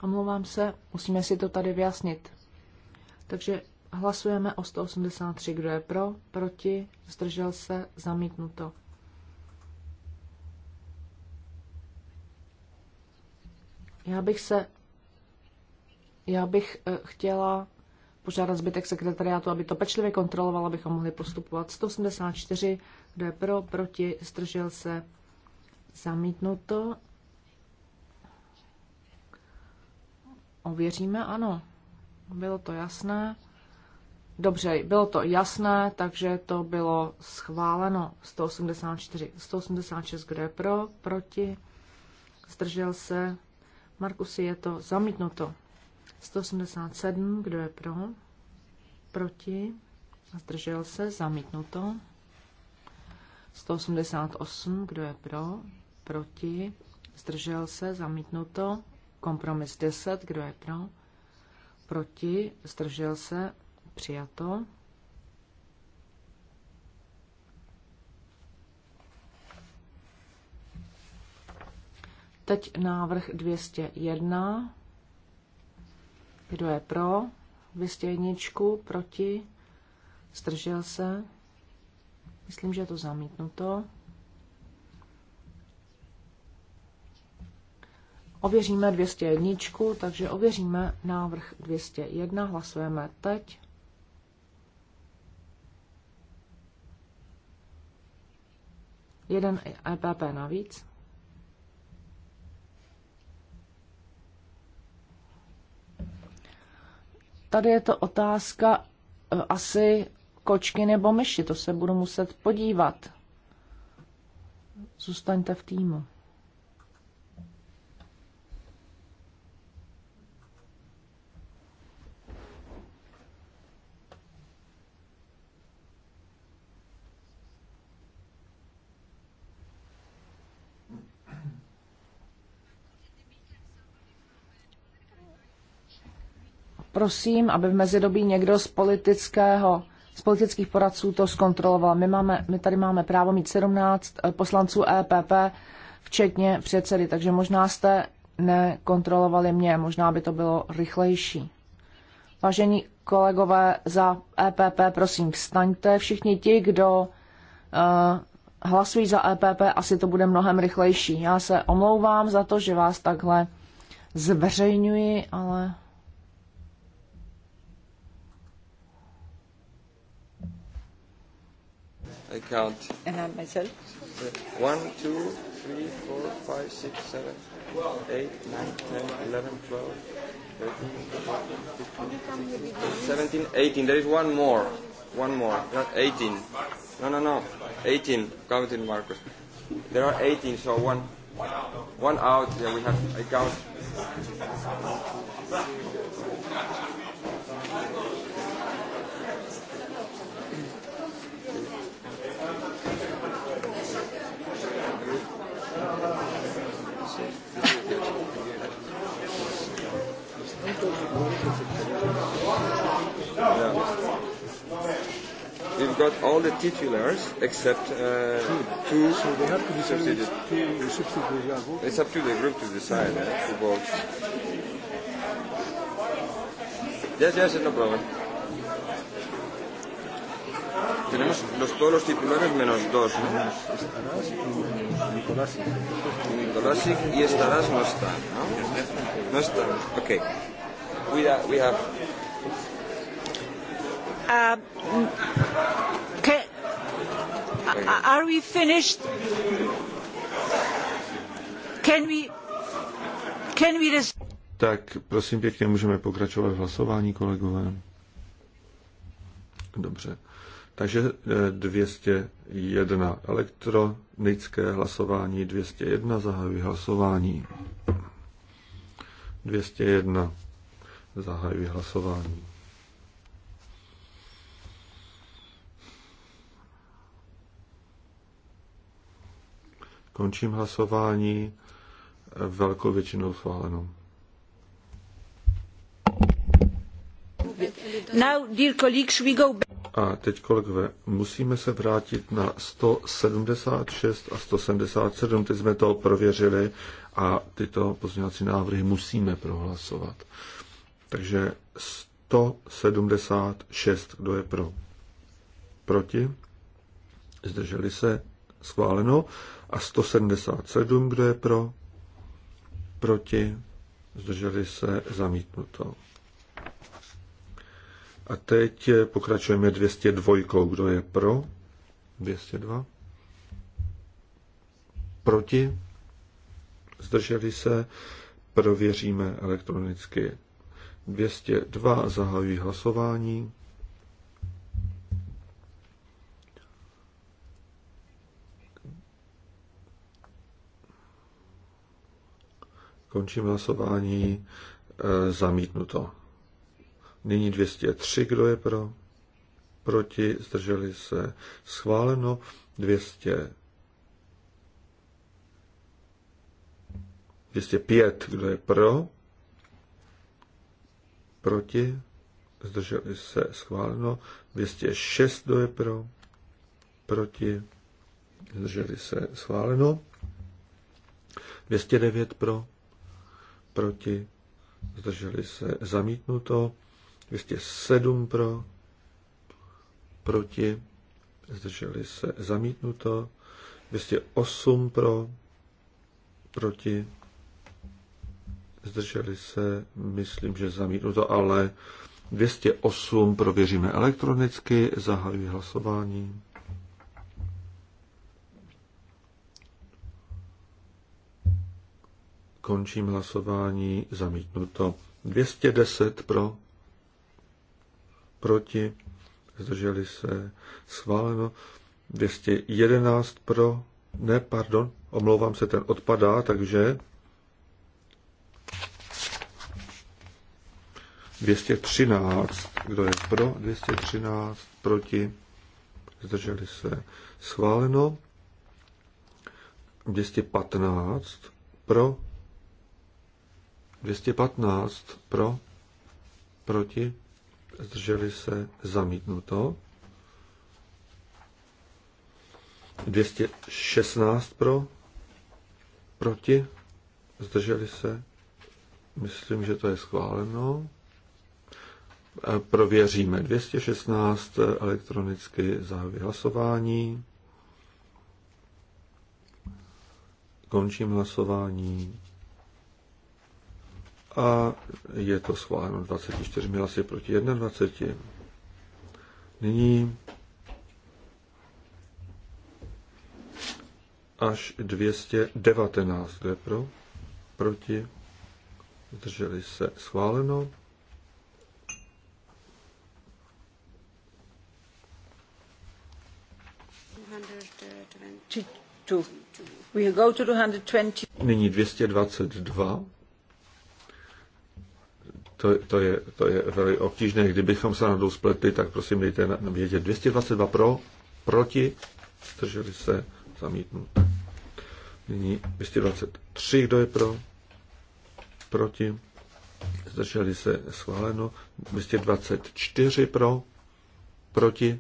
B: Omlouvám se, musíme si to tady vyjasnit. Takže hlasujeme o 183, kdo je pro, proti, zdržel se, zamítnuto. Já bych se, já bych eh, chtěla požádat zbytek sekretariátu, aby to pečlivě kontroloval, abychom mohli postupovat. 184, kdo je pro, proti, zdržel se, zamítnuto. Ověříme, ano. Bylo to jasné. Dobře, bylo to jasné, takže to bylo schváleno 184. 186, kdo je pro, proti, zdržel se. Markusy je to zamítnuto. 187, kdo je pro, proti, zdržel se, zamítnuto. 188, kdo je pro, proti, zdržel se, zamítnuto. Kompromis 10, kdo je pro? Proti, zdržel se, přijato. Teď návrh 201. Kdo je pro? 201. Proti? Zdržel se? Myslím, že je to zamítnuto. Ověříme 201, takže ověříme návrh 201, hlasujeme teď. Jeden EPP navíc. Tady je to otázka e, asi kočky nebo myši, to se budu muset podívat. Zůstaňte v týmu. prosím, aby v mezidobí někdo z politického z politických poradců to zkontroloval. My, máme, my tady máme právo mít 17 eh, poslanců EPP, včetně předsedy, takže možná jste nekontrolovali mě, možná by to bylo rychlejší. Vážení kolegové za EPP, prosím, vstaňte. Všichni ti, kdo uh, hlasují za EPP, asi to bude mnohem rychlejší. Já se omlouvám za to, že vás takhle zveřejňuji, ale
D: I count.
A: And I myself.
D: One, two, three, four, five, six, seven, eight, nine, ten, eleven, twelve, thirteen, seventeen, eighteen. There is one more. One more. Not eighteen. No, no, no. Eighteen. Counting, Marcus. There are eighteen, so one. One out. Yeah, we have. I count. have got all the titulars except uh, two. So they have to be substitute. Two It's up to the group to decide eh, who votes. Yes, yes, no problem. Tenemos los, todos los titulares menos dos, ¿no? Estarás y Y Estarás no están, ¿no? No están. Ok. We, are, we have...
A: Uh, Are we finished? Can we, can we res-
D: tak prosím pěkně, můžeme pokračovat v hlasování, kolegové. Dobře. Takže 201 eh, elektronické hlasování, 201 zahajuji hlasování. 201 zahajuji hlasování. Končím hlasování velkou většinou schváleno. A teď, kolegové, musíme se vrátit na 176 a 177, teď jsme to prověřili a tyto pozměňovací návrhy musíme prohlasovat. Takže 176, kdo je pro? Proti? Zdrželi se? schváleno. A 177, kdo je pro, proti, zdrželi se, zamítnuto. A teď pokračujeme 202, kdo je pro, 202, proti, zdrželi se, prověříme elektronicky. 202, zahajují hlasování. Končím hlasování. E, zamítnuto. Nyní 203, kdo je pro? Proti, zdrželi se. Schváleno 200. 205, kdo je pro? Proti, zdrželi se. Schváleno 206, kdo je pro? Proti, zdrželi se. Schváleno 209 pro proti, zdrželi se zamítnuto, 207 pro, proti, zdrželi se zamítnuto, 208 pro, proti, zdrželi se, myslím, že zamítnuto, ale 208 prověříme elektronicky, zahajuji hlasování. Končím hlasování. Zamítnuto. 210 pro. Proti. Zdrželi se. Schváleno. 211 pro. Ne, pardon. Omlouvám se, ten odpadá, takže 213. Kdo je pro? 213. Proti? Zdrželi se. Schváleno. 215. Pro? 215 pro, proti, zdrželi se, zamítnuto. 216 pro, proti, zdrželi se, myslím, že to je schváleno. Prověříme 216 eh, elektronicky za vyhlasování. Končím hlasování. A je to schváleno 24 hlasy proti 21. Nyní až 219. Kdo pro? Proti? Zdrželi se schváleno. Nyní 222 to, to, je, to je velmi obtížné. Kdybychom se na spletli, tak prosím dejte na vědět. 222 pro, proti, zdrželi se, zamítnut. Nyní 223, kdo je pro, proti, zdrželi se, schváleno. 224 pro, proti,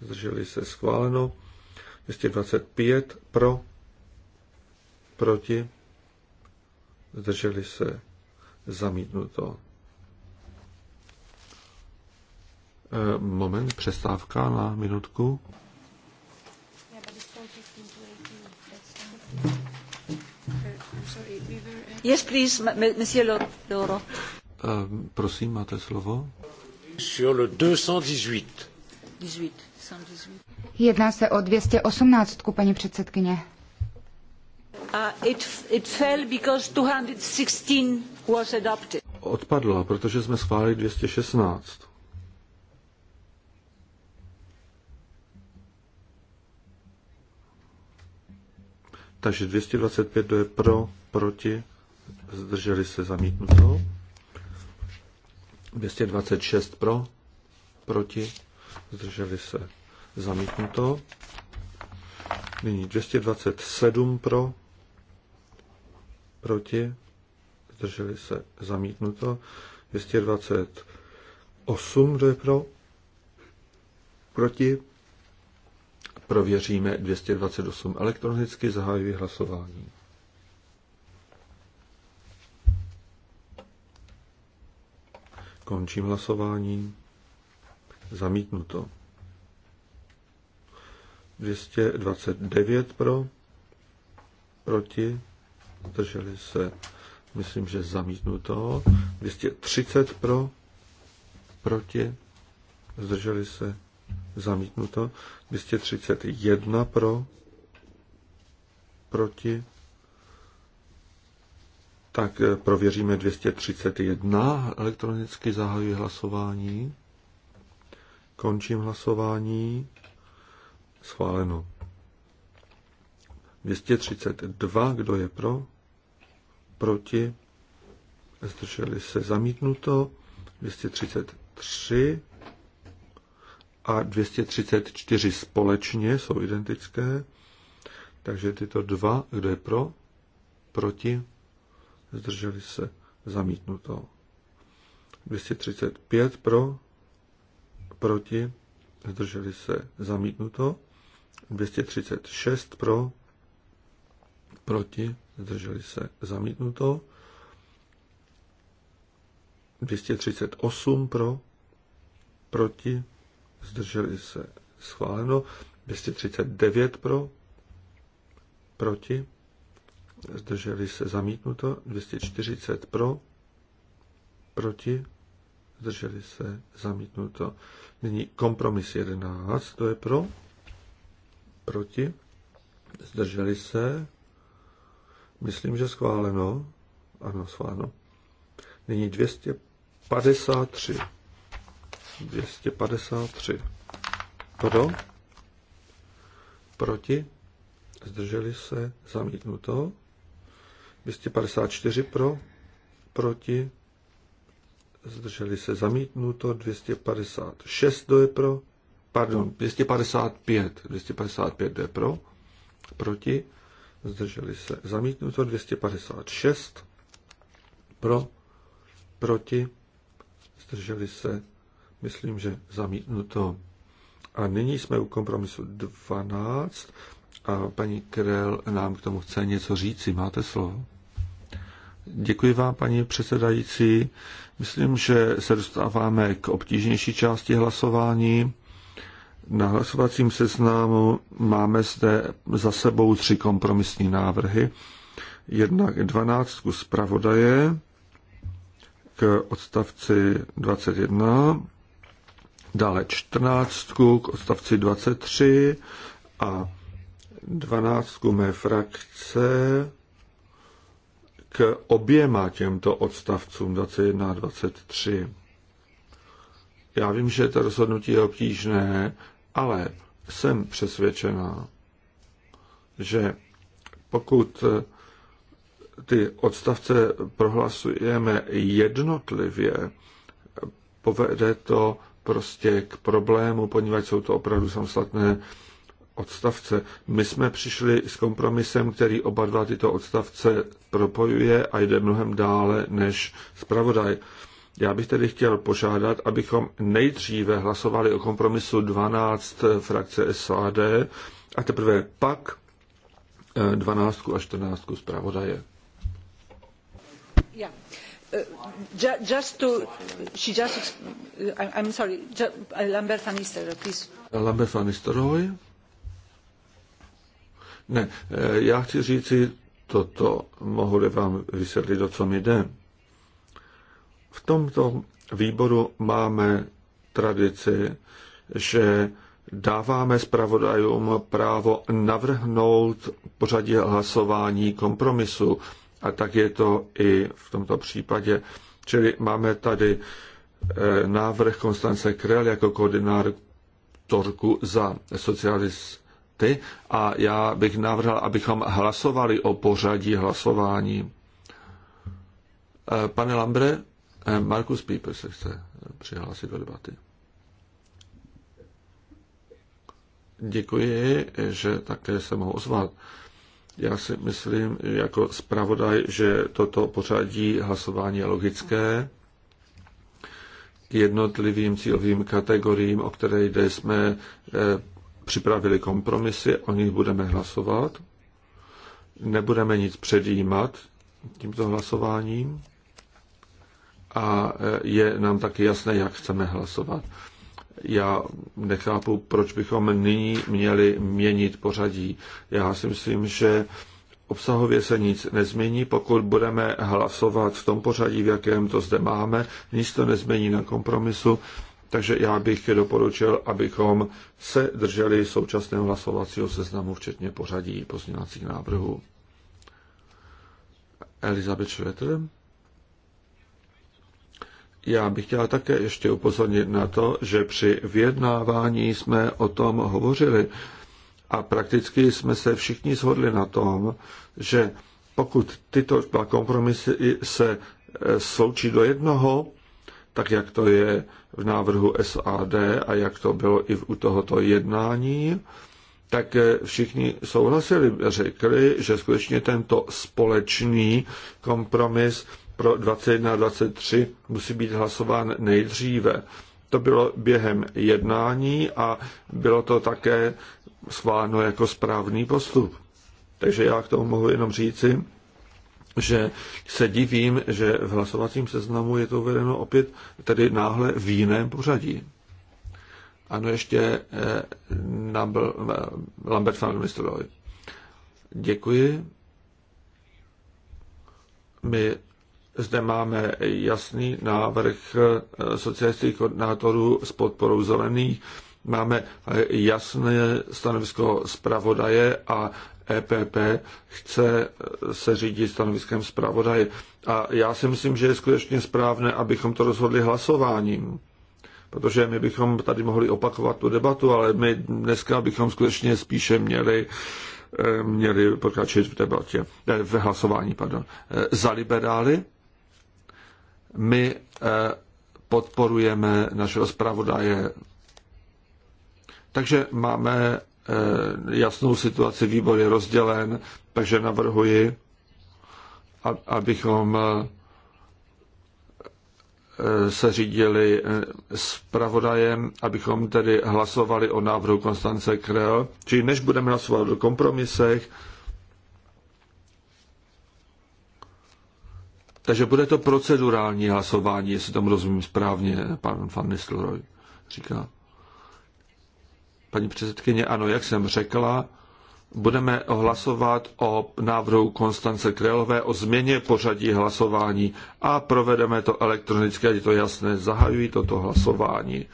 D: zdrželi se, schváleno. 225 pro, proti, zdrželi se, zamítnuto. Eh, moment, přestávka na minutku.
A: Yes, please, monsieur Loro.
D: Eh, prosím, máte slovo. Sur le 218.
A: 18,
C: Jedná se o 218, paní předsedkyně.
A: Uh, it, it fell because 216 was adopted.
D: Odpadla, protože jsme schválili 216. Takže 225, kdo je pro, proti, zdrželi se zamítnuto. 226 pro, proti, zdrželi se zamítnuto. Nyní 227 pro, proti, zdrželi se zamítnuto. 228, kdo je pro, proti, Prověříme 228 elektronicky, zahajuji hlasování. Končím hlasování. Zamítnuto. 229 pro, proti, drželi se, myslím, že zamítnuto. 230 pro, proti, zdrželi se, zamítnuto, 231 pro, proti, tak eh, prověříme 231, elektronicky zahajuji hlasování, končím hlasování, schváleno. 232, kdo je pro, proti, zdrželi se zamítnuto, 233, a 234 společně jsou identické. Takže tyto dva, kdo je pro, proti, zdrželi se zamítnuto. 235 pro, proti, zdrželi se zamítnuto. 236 pro, proti, zdrželi se zamítnuto. 238 pro, proti, zdrželi se schváleno, 239 pro, proti, zdrželi se zamítnuto, 240 pro, proti, zdrželi se zamítnuto. Nyní kompromis 11, to je pro, proti, zdrželi se, myslím, že schváleno, ano, schváleno. Nyní 253 253. Pro? Proti? Zdrželi se? Zamítnuto. 254 pro? Proti? Zdrželi se? Zamítnuto. 256 do je pro? Pardon, 255. 255 do je pro? Proti? Zdrželi se? Zamítnuto. 256 pro? Proti? Zdrželi se? Myslím, že zamítnuto. A nyní jsme u kompromisu 12 a paní Krell nám k tomu chce něco říci. Máte slovo. Děkuji vám, paní předsedající. Myslím, že se dostáváme k obtížnější části hlasování. Na hlasovacím seznámu máme zde za sebou tři kompromisní návrhy. Jednak dvanáctku zpravodaje k odstavci 21, dále 14 k odstavci 23 a 12 mé frakce k oběma těmto odstavcům 21 a 23. Já vím, že to rozhodnutí je obtížné, ale jsem přesvědčená, že pokud ty odstavce prohlasujeme jednotlivě, povede to prostě k problému, poněvadž jsou to opravdu samostatné odstavce. My jsme přišli s kompromisem, který oba dva tyto odstavce propojuje a jde mnohem dále než zpravodaj. Já bych tedy chtěl požádat, abychom nejdříve hlasovali o kompromisu 12 frakce SAD a teprve pak 12 eh, a 14 zpravodaje.
A: Yeah. Lambert
D: van Nistelrooy? Ne, eh, já chci říci toto, mohu-li vám vysvětlit, o co mi jde. V tomto výboru máme tradici, že dáváme zpravodajům právo navrhnout pořadí hlasování kompromisu a tak je to i v tomto případě. Čili máme tady eh, návrh Konstance Krel jako koordinátorku za socialisty a já bych navrhl, abychom hlasovali o pořadí hlasování. Eh, pane Lambre, eh, Markus Pieper se chce přihlásit do debaty. Děkuji, že také se mohu ozvat. Já si myslím jako zpravodaj, že toto pořadí hlasování je logické. K jednotlivým cílovým kategoriím, o které jde, jsme eh, připravili kompromisy, o nich budeme hlasovat. Nebudeme nic předjímat tímto hlasováním a eh, je nám taky jasné, jak chceme hlasovat já nechápu, proč bychom nyní měli měnit pořadí. Já si myslím, že obsahově se nic nezmění, pokud budeme hlasovat v tom pořadí, v jakém to zde máme, nic to nezmění na kompromisu, takže já bych doporučil, abychom se drželi současného hlasovacího seznamu, včetně pořadí pozměňovacích návrhů. Elizabeth Schroeder. Já bych chtěla také ještě upozornit na to, že při vyjednávání jsme o tom hovořili a prakticky jsme se všichni shodli na tom, že pokud tyto dva kompromisy se e, sloučí do jednoho, tak jak to je v návrhu SAD a jak to bylo i u tohoto jednání, tak e, všichni souhlasili, řekli, že skutečně tento společný kompromis pro 21 a 23 musí být hlasován nejdříve. To bylo během jednání a bylo to také schváleno jako správný postup. Takže já k tomu mohu jenom říci, že se divím, že v hlasovacím seznamu je to uvedeno opět tedy náhle v jiném pořadí. Ano, ještě eh, Nambl, eh, Lambert van Nistelrooy. Děkuji. My zde máme jasný návrh socialistických koordinátorů s podporou zelených, máme jasné stanovisko zpravodaje a EPP chce se řídit stanoviskem zpravodaje. A já si myslím, že je skutečně správné, abychom to rozhodli hlasováním. Protože my bychom tady mohli opakovat tu debatu, ale my dneska bychom skutečně spíše měli eh, měli pokračovat v debatě, eh, v hlasování, pardon. Eh, za liberály my eh, podporujeme našeho zpravodaje. Takže máme eh, jasnou situaci, výbor je rozdělen, takže navrhuji, abychom eh, se řídili pravodajem, abychom tedy hlasovali o návrhu Konstance Krell. Čili než budeme hlasovat o kompromisech, Takže bude to procedurální hlasování, jestli tomu rozumím správně, pan Van Nistelrooy říká. Paní předsedkyně, ano, jak jsem řekla, budeme hlasovat o návrhu Konstance Krelové o změně pořadí hlasování a provedeme to elektronicky, je to jasné, zahajují toto hlasování.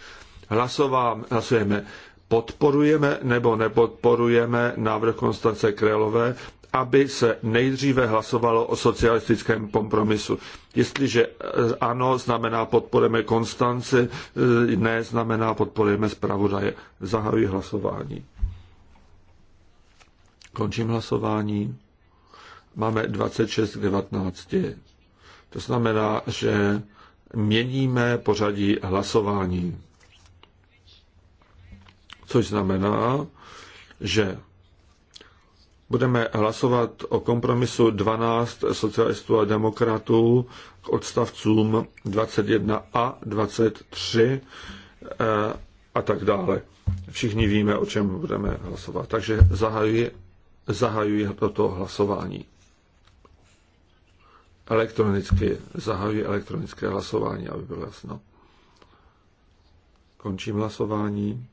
D: Hlasovám, hlasujeme podporujeme nebo nepodporujeme návrh Konstance Krelové aby se nejdříve hlasovalo o socialistickém kompromisu. Jestliže e, ano, znamená podporujeme Konstanci, e, ne, znamená podporujeme zpravodaje. Zahajuji hlasování. Končím hlasování. Máme 26 k 19. To znamená, že měníme pořadí hlasování. Což znamená, že budeme hlasovat o kompromisu 12 socialistů a demokratů k odstavcům 21 a 23 eh, a tak dále. Všichni víme, o čem budeme hlasovat. Takže zahajuji, zahajuji toto hlasování. Elektronicky, zahajuji elektronické hlasování, aby bylo jasno. Končím hlasování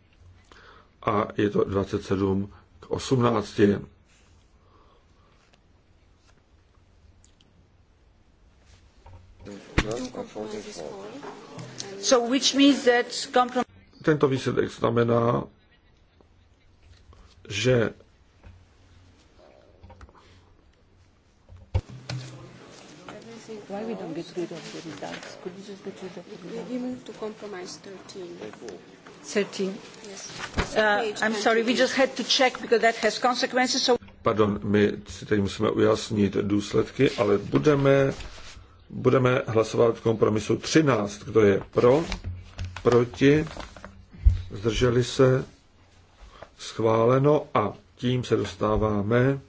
D: a je to 27 k 18. No, Tento výsledek znamená, že
A: Why we don't get rid of the results? Could you just get rid of We move to compromise 13. 13. Yes. Uh, I'm sorry, we just had to check because that has consequences.
D: Pardon, my si tady musíme ujasnit důsledky, ale budeme budeme hlasovat v kompromisu 13. Kdo je pro? Proti? Zdrželi se? Schváleno a tím se dostáváme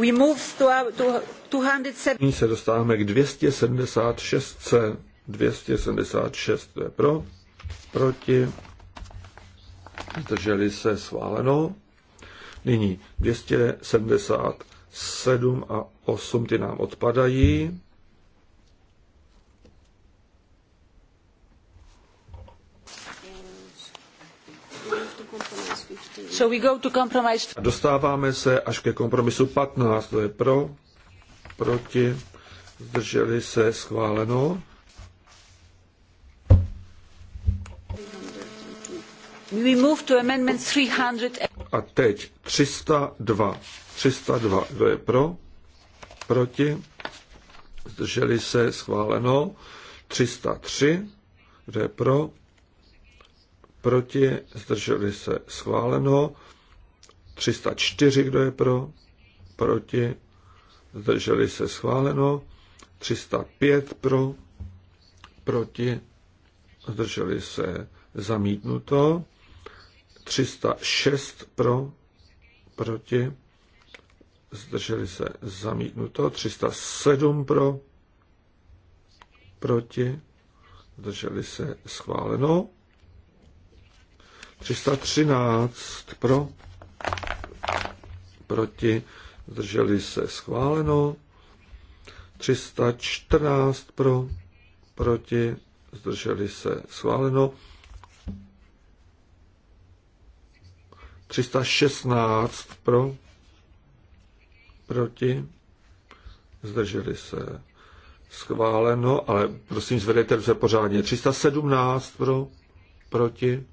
A: We move to, to,
D: 207. se dostáváme k 276. 276 to je pro, proti, zdrželi se schváleno. Nyní 277 a 8 ty nám odpadají. So we go to
A: compromise.
D: Dostáváme se až ke kompromisu 15, to je pro, proti, zdrželi se, schváleno.
A: We move to amendment 300.
D: A teď 302. 302. Kdo je pro? Proti? Zdrželi se? Schváleno. 303. Kdo je pro? Proti? Zdrželi se? Schváleno. 304. Kdo je pro? Proti? Zdrželi se? Schváleno. 305 pro, proti, zdrželi se zamítnuto, 306 pro, proti, zdrželi se zamítnuto, 307 pro, proti, zdrželi se schváleno, 313 pro, proti, zdrželi se schváleno, 314 pro, proti, zdrželi se schváleno, 316 pro, proti, zdrželi se. Schváleno, ale prosím, zvedejte se pořádně. 317 pro, proti,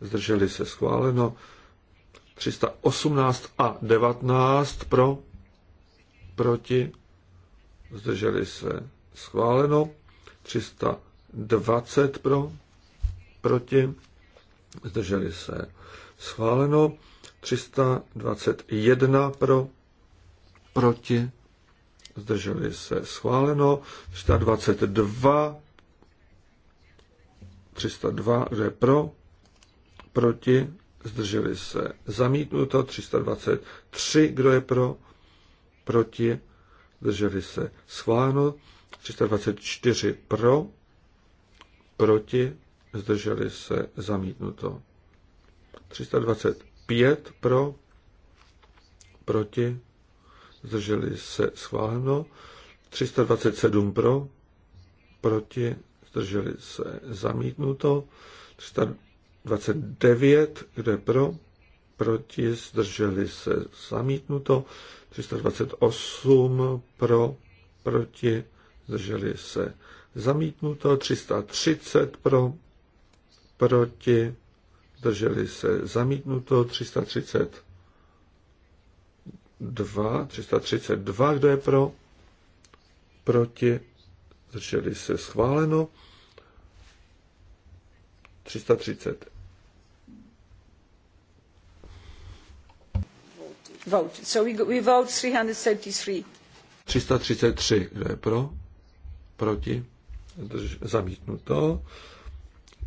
D: zdrželi se. Schváleno. 318 a 19 pro, proti, zdrželi se. Schváleno. 320 pro, proti, zdrželi se schváleno, 321 pro, proti, zdrželi se, schváleno, 322, 302, kdo je pro, proti, zdrželi se, zamítnuto, 323, kdo je pro, proti, zdrželi se, schváleno, 324 pro, proti, zdrželi se, zamítnuto. 325 pro, proti, zdrželi se schváleno, 327 pro, proti, zdrželi se zamítnuto, 329, je pro, proti, zdrželi se zamítnuto, 328 pro, proti, zdrželi se zamítnuto, 330 pro, proti, zdrželi se, zamítnuto 332, 332, kdo je pro, proti, zdrželi se, schváleno 330.
A: Vote. So we, we vote 333.
D: 333, kdo je pro, proti, zdrž, zamítnuto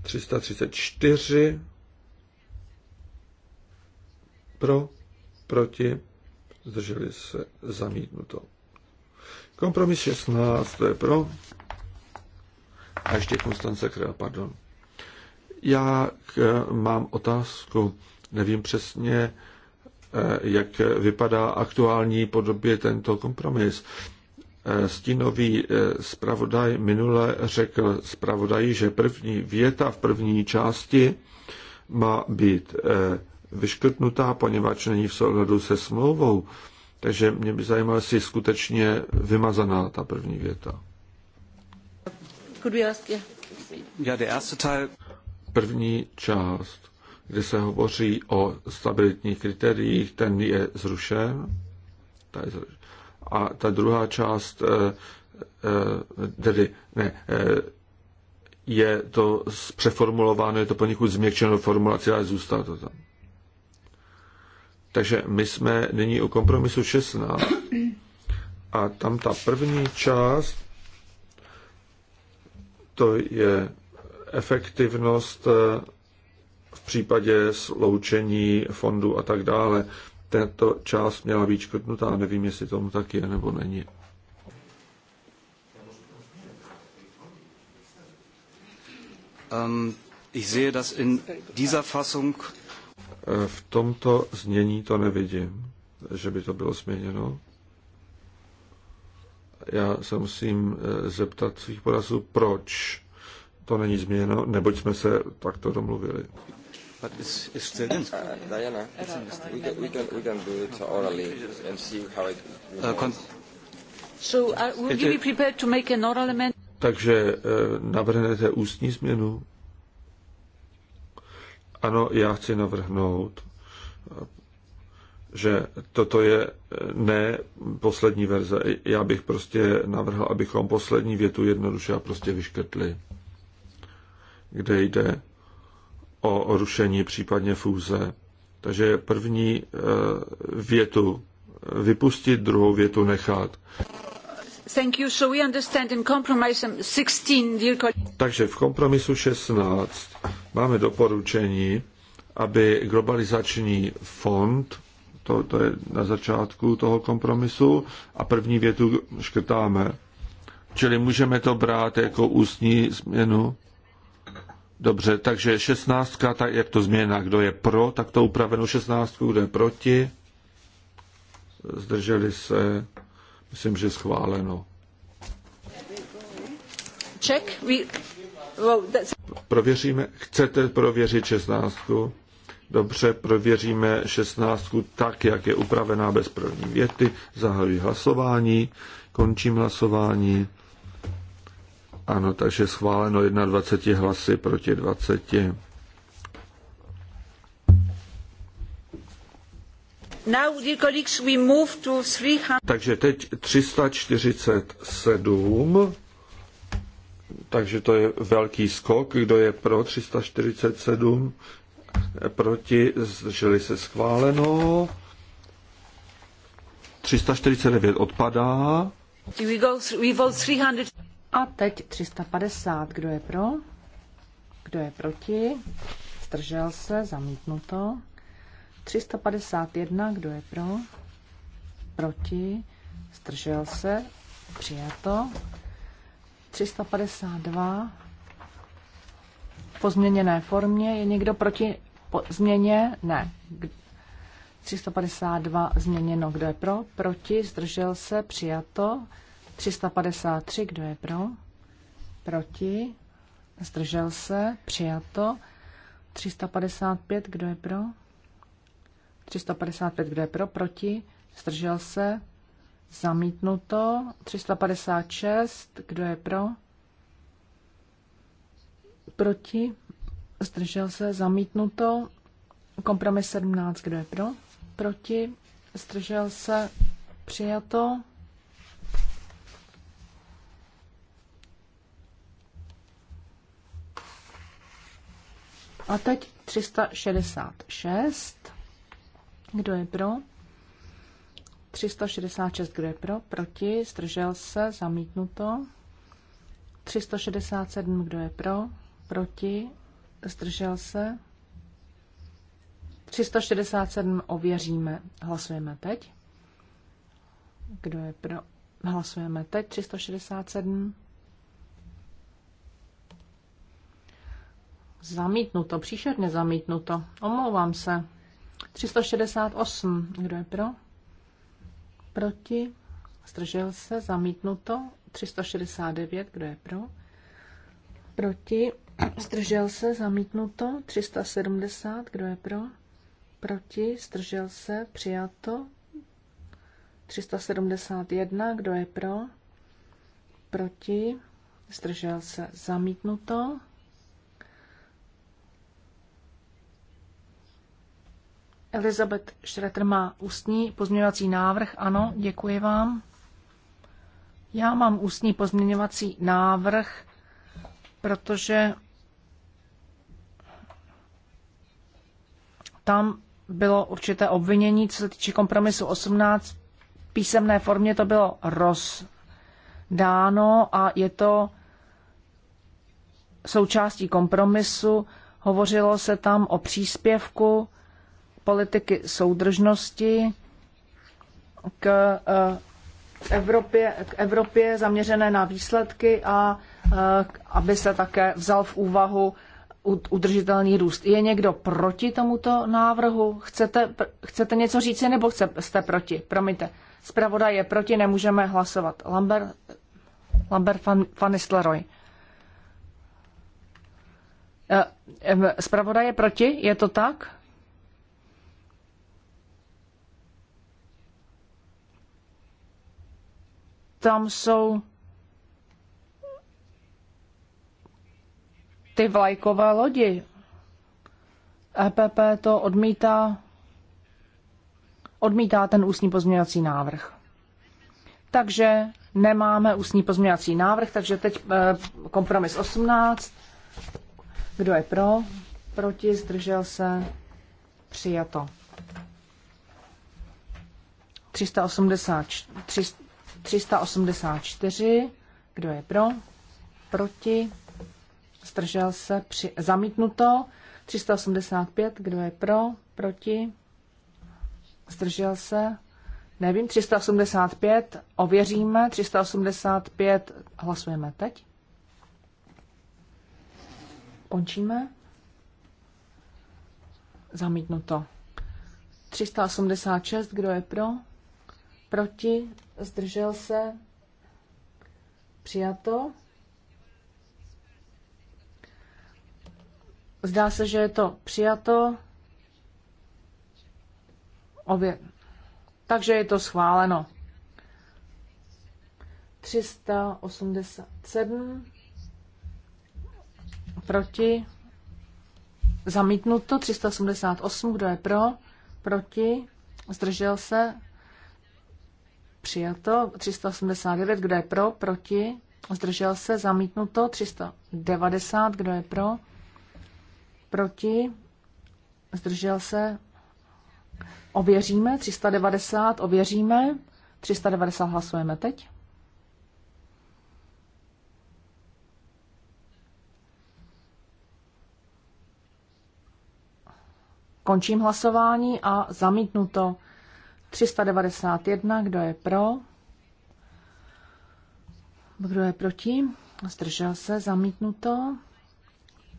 D: 334, pro, proti, zdrželi se, zamítnuto. Kompromis 16, to je pro. A ještě Konstance Král, pardon. Já k, eh, mám otázku, nevím přesně, eh, jak vypadá aktuální podobě tento kompromis. Eh, stínový zpravodaj minule řekl zpravodaji, že první věta v první části má být vyškrtnutá, poněvadž není v souladu se smlouvou. Takže mě by zajímalo, jestli je skutečně vymazaná ta první věta. První část, kde se hovoří o stabilitních kritériích, ten je zrušen. A ta druhá část, eh, eh, tedy ne, eh, je to přeformulováno, je to poněkud změkčeno formulace, ale zůstává to tam. Takže my jsme nyní u kompromisu 16. A tam ta první část, to je efektivnost eh, v případě sloučení fondu a tak dále. Tento část měla být škrtnutá, nevím, jestli tomu tak je nebo není. Um, ich sehe, dass in dieser Fassung v tomto znění to nevidím, že by to bylo změněno. Já se musím eh, zeptat svých porazů, proč to není změněno, neboť jsme se takto domluvili. Takže eh, navrhnete ústní změnu? Ano, já chci navrhnout, že toto je eh, ne poslední verze. Já bych prostě navrhl, abychom poslední větu jednoduše a prostě vyškrtli, kde jde o rušení, případně fůze. Takže první eh, větu vypustit, druhou větu nechat. Takže v kompromisu 16 máme doporučení, aby globalizační fond, to, to je na začátku toho kompromisu, a první větu škrtáme. Čili můžeme to brát jako ústní změnu. Dobře, takže 16, tak jak to změna, kdo je pro, tak to upravenou 16, kdo je proti, zdrželi se Myslím, že schváleno.
A: Check. We... Well,
D: Prověříme. Chcete prověřit šestnáctku? Dobře, prověříme šestnáctku tak, jak je upravená bez první věty. Zahajuji hlasování, končím hlasování. Ano, takže schváleno 21 hlasy proti 20. Takže teď 347, takže to je velký skok. Kdo je pro 347? Proti, zdrželi se schváleno. 349 odpadá.
A: We go, we vote 300.
B: A teď 350. Kdo je pro? Kdo je proti? Zdržel se, zamítnuto. 351, kdo je pro? Proti? Zdržel se? Přijato. 352 Po změněné formě. Je někdo proti po změně? Ne. 352 změněno. Kdo je pro? Proti? Zdržel se? Přijato. 353. Kdo je pro? Proti? Zdržel se? Přijato. 355. Kdo je pro? 355, kdo je pro, proti, zdržel se, zamítnuto. 356, kdo je pro, proti, zdržel se, zamítnuto. Kompromis 17, kdo je pro, proti, zdržel se, přijato. A teď 366. Kdo je pro? 366, kdo je pro? Proti? Zdržel se? Zamítnuto. 367, kdo je pro? Proti? Zdržel se? 367 ověříme. Hlasujeme teď. Kdo je pro? Hlasujeme teď 367. Zamítnuto, příšerně zamítnuto. Omlouvám se. 368. Kdo je pro? Proti? Zdržel se? Zamítnuto. 369. Kdo je pro? Proti? Zdržel se? Zamítnuto. 370. Kdo je pro? Proti? Zdržel se? Přijato. 371. Kdo je pro? Proti? Zdržel se? Zamítnuto. Elizabeth Schretter má ústní pozměňovací návrh. Ano, děkuji vám. Já mám ústní pozměňovací návrh, protože tam bylo určité obvinění, co se týče kompromisu 18. V písemné formě to bylo rozdáno a je to součástí kompromisu. Hovořilo se tam o příspěvku politiky soudržnosti k eh, Evropě, k Evropě zaměřené na výsledky a eh, aby se také vzal v úvahu udržitelný růst. Je někdo proti tomuto návrhu? Chcete, chcete něco říci nebo jste proti? Promiňte. Zpravodaj je proti, nemůžeme hlasovat. Lambert, Lambert van, van Nistelrooy. Eh, zpravodaj je proti, je to tak? tam jsou ty vlajkové lodi. EPP to odmítá, odmítá ten ústní pozměňovací návrh. Takže nemáme ústní pozměňovací návrh, takže teď e, kompromis 18. Kdo je pro? Proti? Zdržel se? Přijato. 380, 300, 384. Kdo je pro? Proti? Zdržel se? Při... Zamítnuto. 385. Kdo je pro? Proti? Zdržel se? Nevím. 385. Ověříme. 385. Hlasujeme teď. Končíme. Zamítnuto. 386. Kdo je pro? proti, zdržel se, přijato. Zdá se, že je to přijato. Obě. Takže je to schváleno. 387 proti zamítnuto 388, kdo je pro, proti, zdržel se, Přijato 389, kdo je pro, proti, zdržel se, zamítnuto 390, kdo je pro, proti, zdržel se, ověříme, 390, ověříme, 390 hlasujeme teď. Končím hlasování a zamítnuto 391, kdo je pro? Kdo je proti? Zdržel se, zamítnuto.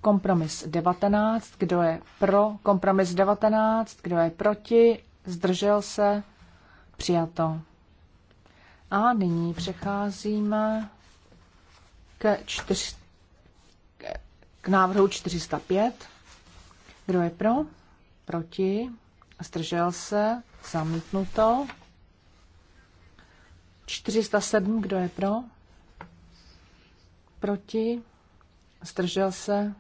B: Kompromis 19, kdo je pro? Kompromis 19, kdo je proti? Zdržel se, přijato. A nyní přecházíme k, čtyř, k návrhu 405. Kdo je pro? Proti? Zdržel se? Zamítnuto. 407, kdo je pro? Proti? Zdržel se?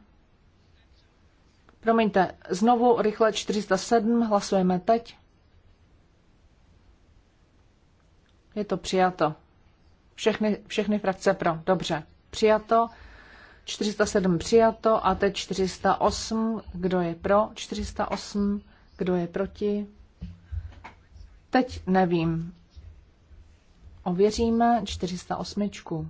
B: Promiňte, znovu rychle 407, hlasujeme teď. Je to přijato. Všechny, všechny frakce pro. Dobře. Přijato. 407 přijato a teď 408. Kdo je pro? 408. Kdo je proti? Teď nevím. Ověříme 408.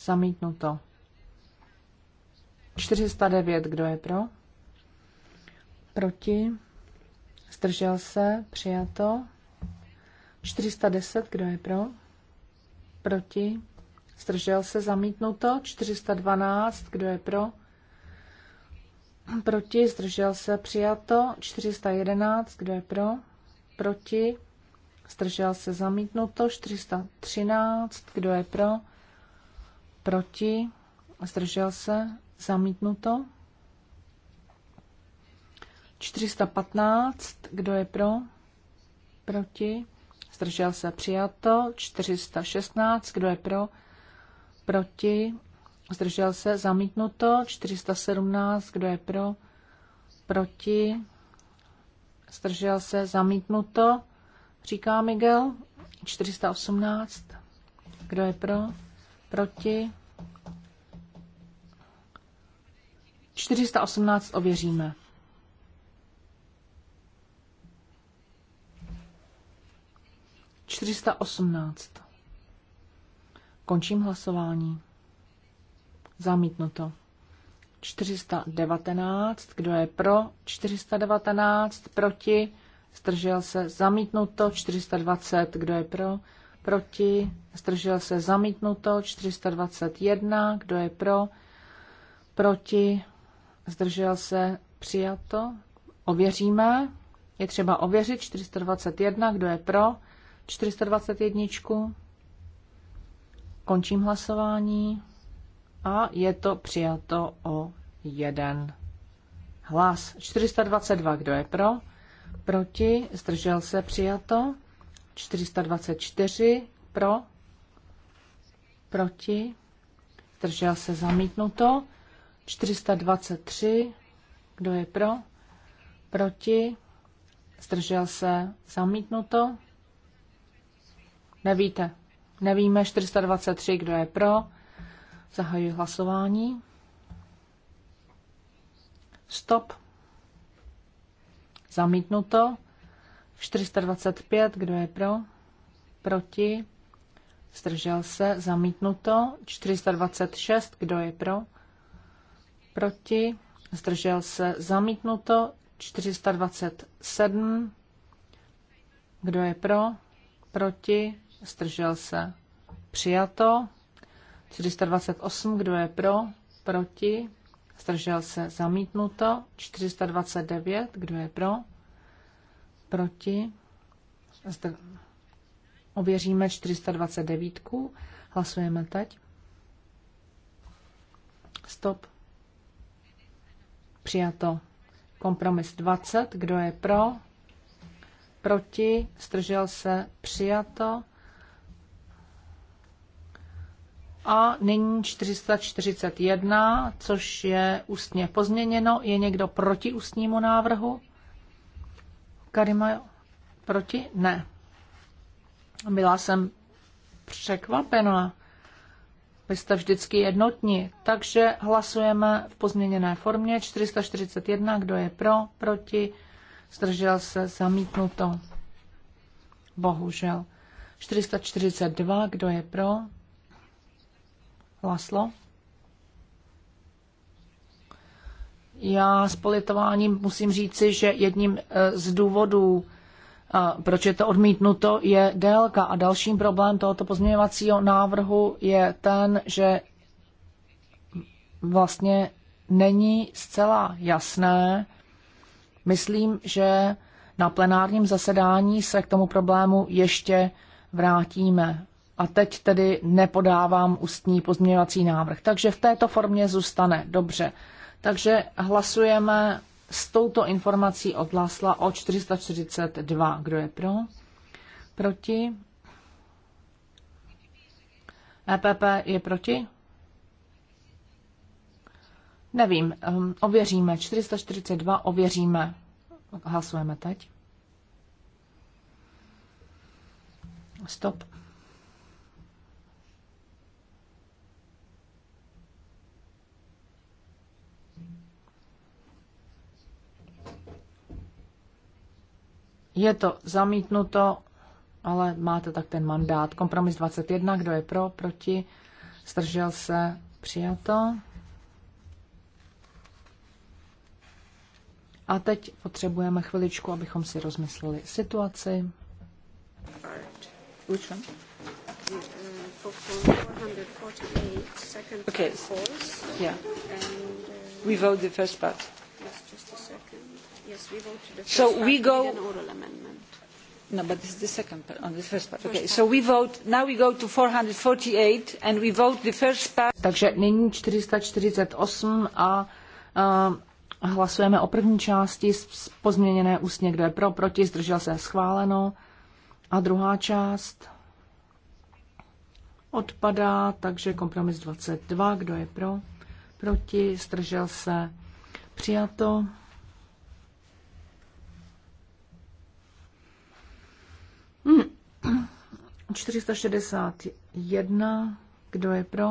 B: Zamítnuto. 409, kdo je pro? Proti? Zdržel se? Přijato? 410, kdo je pro? Proti? Zdržel se zamítnuto. 412, kdo je pro? Proti? Zdržel se přijato. 411, kdo je pro? Proti? Zdržel se zamítnuto. 413, kdo je pro? Proti? Zdržel se zamítnuto. 415, kdo je pro? Proti? zdržel se přijato, 416, kdo je pro, proti, zdržel se zamítnuto, 417, kdo je pro, proti, zdržel se zamítnuto, říká Miguel, 418, kdo je pro, proti, 418 ověříme. 418. Končím hlasování. Zamítnuto. 419. Kdo je pro? 419. Proti? Zdržel se. Zamítnuto. 420. Kdo je pro? Proti? Zdržel se. Zamítnuto. 421. Kdo je pro? Proti? Zdržel se. Přijato. Ověříme. Je třeba ověřit. 421. Kdo je pro? 421. Končím hlasování a je to přijato o jeden hlas. 422, kdo je pro? Proti, zdržel se, přijato. 424, pro? Proti, zdržel se, zamítnuto. 423, kdo je pro? Proti, zdržel se, zamítnuto. Nevíte. Nevíme 423, kdo je pro. Zahajuji hlasování. Stop. Zamítnuto. 425, kdo je pro? Proti. Zdržel se. Zamítnuto. 426, kdo je pro? Proti. Zdržel se. Zamítnuto. 427. Kdo je pro? Proti? zdržel se, přijato. 428, kdo je pro, proti, zdržel se, zamítnuto. 429, kdo je pro, proti, zdr... ověříme 429, hlasujeme teď. Stop. Přijato. Kompromis 20. Kdo je pro? Proti? Zdržel se? Přijato. A nyní 441, což je ústně pozměněno. Je někdo proti ústnímu návrhu? Karima proti? Ne. Byla jsem překvapena. Vy jste vždycky jednotní, takže hlasujeme v pozměněné formě 441, kdo je pro, proti, zdržel se, zamítnuto. Bohužel. 442, kdo je pro, Laslo? Já s politováním musím říci, že jedním eh, z důvodů, eh, proč je to odmítnuto, je délka. A dalším problém tohoto pozměňovacího návrhu je ten, že vlastně není zcela jasné. Myslím, že na plenárním zasedání se k tomu problému ještě vrátíme a teď tedy nepodávám ústní pozměňovací návrh. Takže v této formě zůstane. Dobře. Takže hlasujeme s touto informací od o 442. Kdo je pro? Proti? EPP je proti? Nevím, ehm, ověříme. 442 ověříme. Hlasujeme teď. Stop. Je to zamítnuto, ale máte tak ten mandát. Kompromis 21, kdo je pro, proti, zdržel se, přijato. A teď potřebujeme chviličku, abychom si rozmysleli
A: situaci. Which one? Okay. Yeah. We vote the first part. Yes, just a second we go. No, but this is the second part, on the first part. First okay, part. so we vote, now we go to 448 and we vote the first part.
B: Takže nyní 448 a um, hlasujeme o první části s pozměněné ústně, kdo je pro, proti, zdržel se, schváleno. A druhá část odpadá, takže kompromis 22, kdo je pro, proti, zdržel se, přijato. 461. Kdo je pro?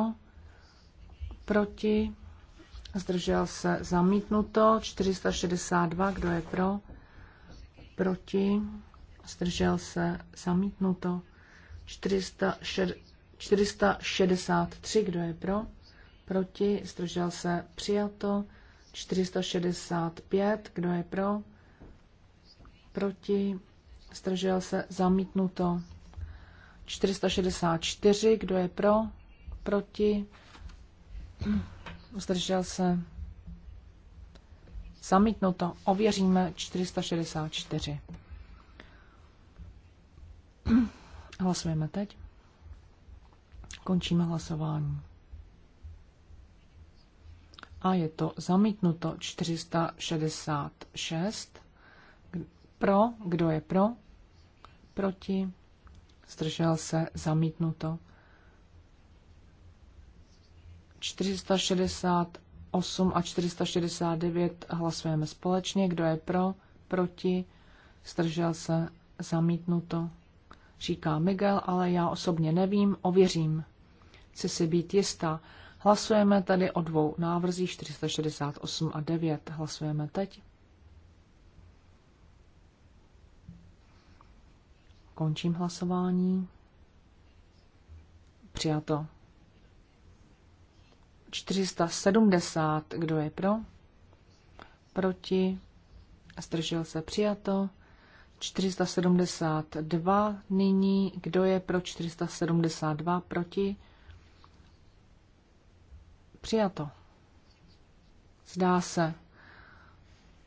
B: Proti? Zdržel se zamítnuto. 462. Kdo je pro? Proti? Zdržel se zamítnuto. 463. Kdo je pro? Proti? Zdržel se přijato. 465. Kdo je pro? Proti? Zdržel se zamítnuto. 464, kdo je pro, proti, zdržel se, zamítnuto, ověříme 464. Hlasujeme teď. Končíme hlasování. A je to zamítnuto 466. Pro, kdo je pro? Proti? zdržel se, zamítnuto. 468 a 469 hlasujeme společně. Kdo je pro, proti, zdržel se, zamítnuto. Říká Miguel, ale já osobně nevím, ověřím. Chci si být jistá. Hlasujeme tady o dvou návrzích 468 a 9. Hlasujeme teď. Končím hlasování. Přijato. 470. Kdo je pro? Proti? Zdržel se přijato. 472 nyní. Kdo je pro 472 proti? Přijato. Zdá se.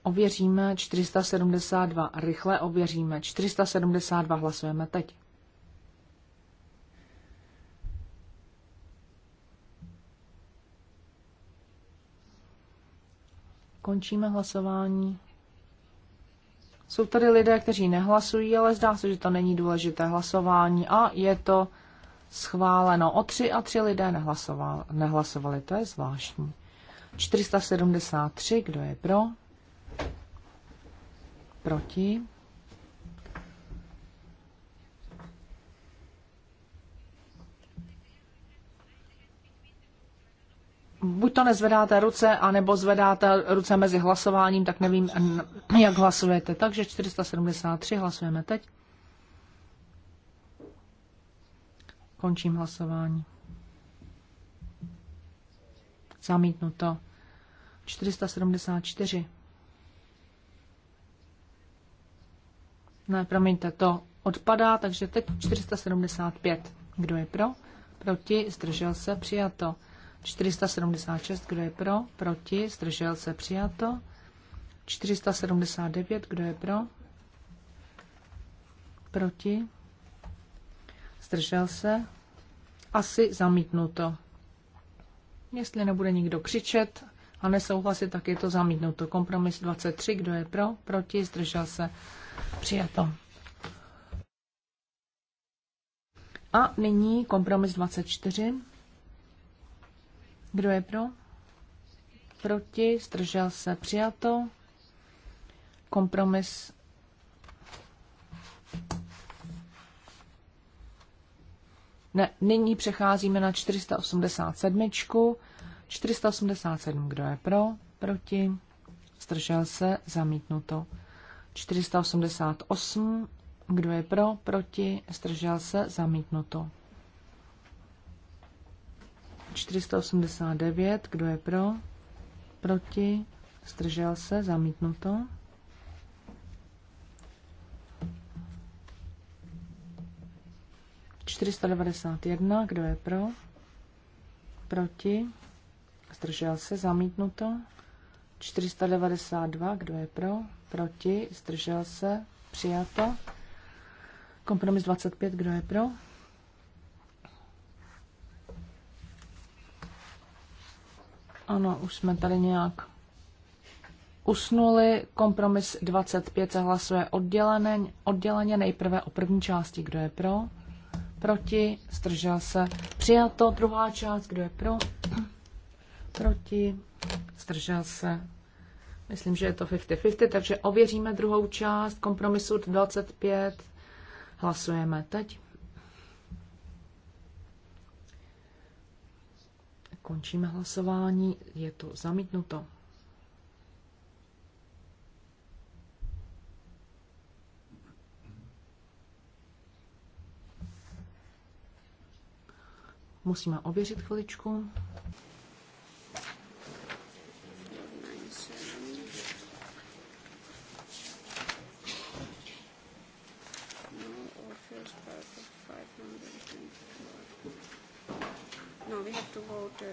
B: Ověříme 472. Rychle ověříme. 472 hlasujeme teď. Končíme hlasování. Jsou tady lidé, kteří nehlasují, ale zdá se, že to není důležité hlasování a je to schváleno. O tři a tři lidé nehlasovali, nehlasovali. to je zvláštní. 473, kdo je pro? Proti? Buď to nezvedáte ruce, anebo zvedáte ruce mezi hlasováním, tak nevím, jak hlasujete. Takže 473 hlasujeme teď. Končím hlasování. Zamítnuto. 474. Ne, promiňte, to odpadá, takže teď 475. Kdo je pro? Proti, zdržel se, přijato. 476, kdo je pro? Proti, zdržel se, přijato. 479, kdo je pro? Proti, zdržel se, asi zamítnuto. Jestli nebude nikdo křičet a nesouhlasit, tak je to zamítnuto. Kompromis 23, kdo je pro? Proti, zdržel se, Přijato. A nyní kompromis 24. Kdo je pro? Proti, zdržel se, přijato. Kompromis Ne, nyní přecházíme na 487. 487, kdo je pro, proti, zdržel se, zamítnuto. 488. Kdo je pro, proti, zdržel se, zamítnuto. 489. Kdo je pro, proti, zdržel se, zamítnuto. 491. devadesát jedna, kdo je pro? Proti? Zdržel se, zamítnuto. 492, kdo je pro? proti, zdržel se, přijato. Kompromis 25, kdo je pro? Ano, už jsme tady nějak usnuli. Kompromis 25 se hlasuje odděleně, odděleně nejprve o první části, kdo je pro, proti, zdržel se, přijato, druhá část, kdo je pro, proti, zdržel se, Myslím, že je to 50-50, takže ověříme druhou část kompromisu 25. Hlasujeme teď. Končíme hlasování, je to zamítnuto. Musíme ověřit chviličku.
A: No, we have to vote uh,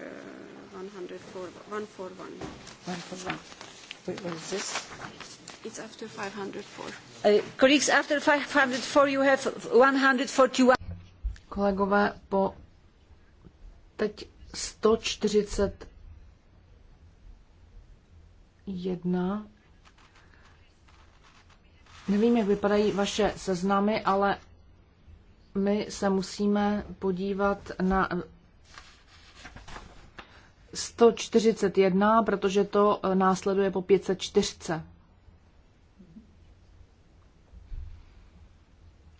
A: 104, 141. 141. Wait, what is this? It's after 504. Uh, colleagues, after 504 you have 141. Kolegové, po
B: teď 141. Nevím, jak vypadají vaše seznamy, ale my se musíme podívat na 141, protože to e, následuje po 504.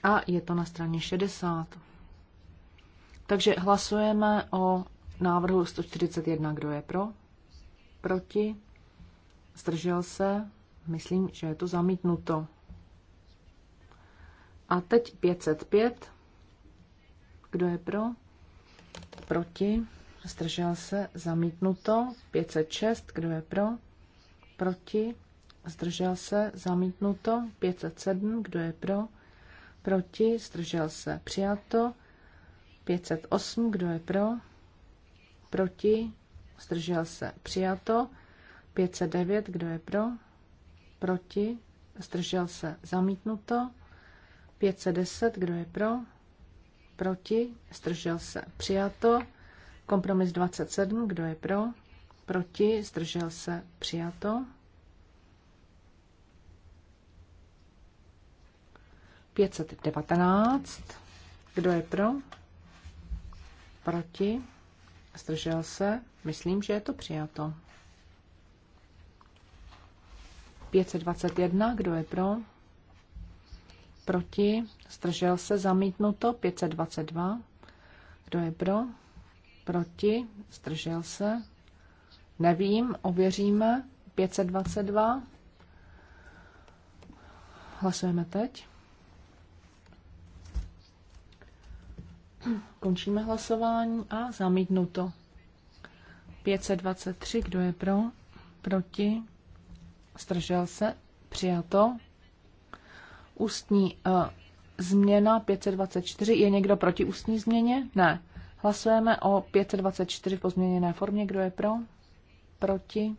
B: A je to na straně 60. Takže hlasujeme o návrhu 141. Kdo je pro? Proti? Zdržel se? Myslím, že je to zamítnuto. A teď 505. Kdo je pro? Proti? zdržel se, zamítnuto. 506, kdo je pro, proti, zdržel se, zamítnuto. 507, kdo je pro, proti, zdržel se, přijato. 508, kdo je pro, proti, zdržel se, přijato. 509, kdo je pro, proti, zdržel se, zamítnuto. 510, kdo je pro, proti, zdržel se, přijato. Kompromis 27, kdo je pro? Proti, zdržel se, přijato. devatenáct, Kdo je pro? Proti? Zdržel se? Myslím, že je to přijato. jedna, Kdo je pro? Proti? Zdržel se? Zamítnuto. dva, Kdo je pro? proti, zdržel se, nevím, ověříme, 522, hlasujeme teď. Končíme hlasování a zamítnuto. 523, kdo je pro, proti, zdržel se, přijato. Ústní uh, změna 524, je někdo proti ústní změně? Ne. Hlasujeme o 524 v pozměněné formě. Kdo je pro? Proti?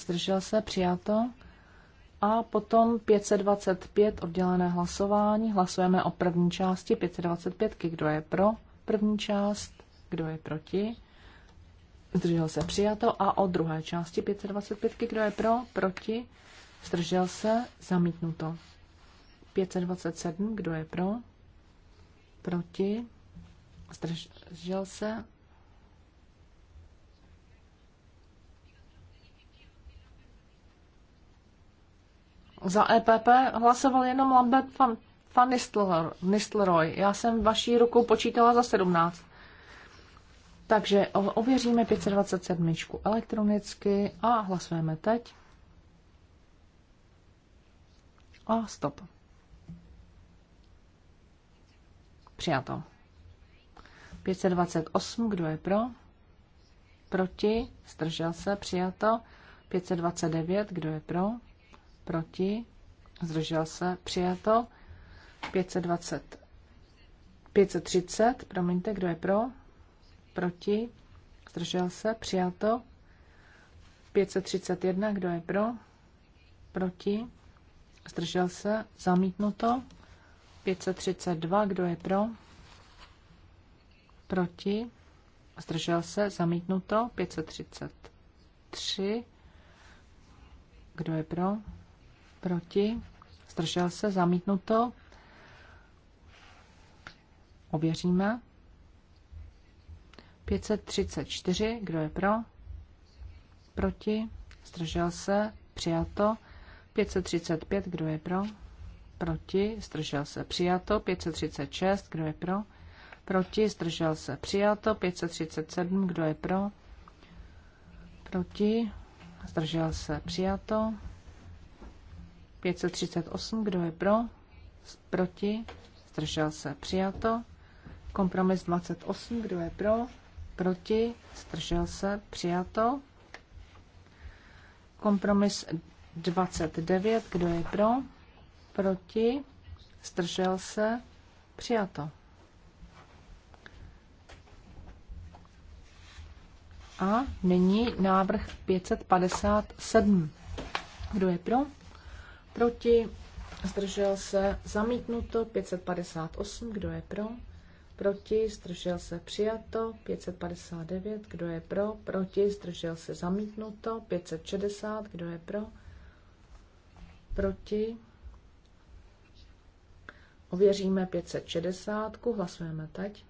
B: Zdržel se? Přijato. A potom 525 oddělené hlasování. Hlasujeme o první části 525. Kdo je pro první část? Kdo je proti? Zdržel se přijato. A o druhé části 525. Kdo je pro? Proti? Zdržel se? Zamítnuto. 527. Kdo je pro? Proti? Zdržel se? Za EPP hlasoval jenom Lambert van, van Nistleroy. Já jsem vaší rukou počítala za 17. Takže ověříme 527 elektronicky a hlasujeme teď. A stop. Přijato. 528, kdo je pro? Proti? Zdržel se? Přijato. 529, kdo je pro? Proti? Zdržel se? Přijato. 520, 530, promiňte, kdo je pro? Proti? Zdržel se? Přijato. 531, kdo je pro? Proti? Zdržel se? Zamítnuto. 532, kdo je pro? proti, zdržel se, zamítnuto, 533, kdo je pro, proti, zdržel se, zamítnuto, ověříme, 534, kdo je pro, proti, zdržel se, přijato, 535, kdo je pro, proti, zdržel se, přijato, 536, kdo je pro, Proti? Zdržel se. Přijato. 537. Kdo je pro? Proti? Zdržel se. Přijato. 538. Kdo je pro? Proti? Zdržel se. Přijato. Kompromis 28. Kdo je pro? Proti? Zdržel se. Přijato. Kompromis 29. Kdo je pro? Proti? Zdržel se. Přijato. A nyní návrh 557. Kdo je pro? Proti? Zdržel se zamítnuto 558. Kdo je pro? Proti? Zdržel se přijato 559. Kdo je pro? Proti? Zdržel se zamítnuto 560. Kdo je pro? Proti? Ověříme 560. Hlasujeme teď.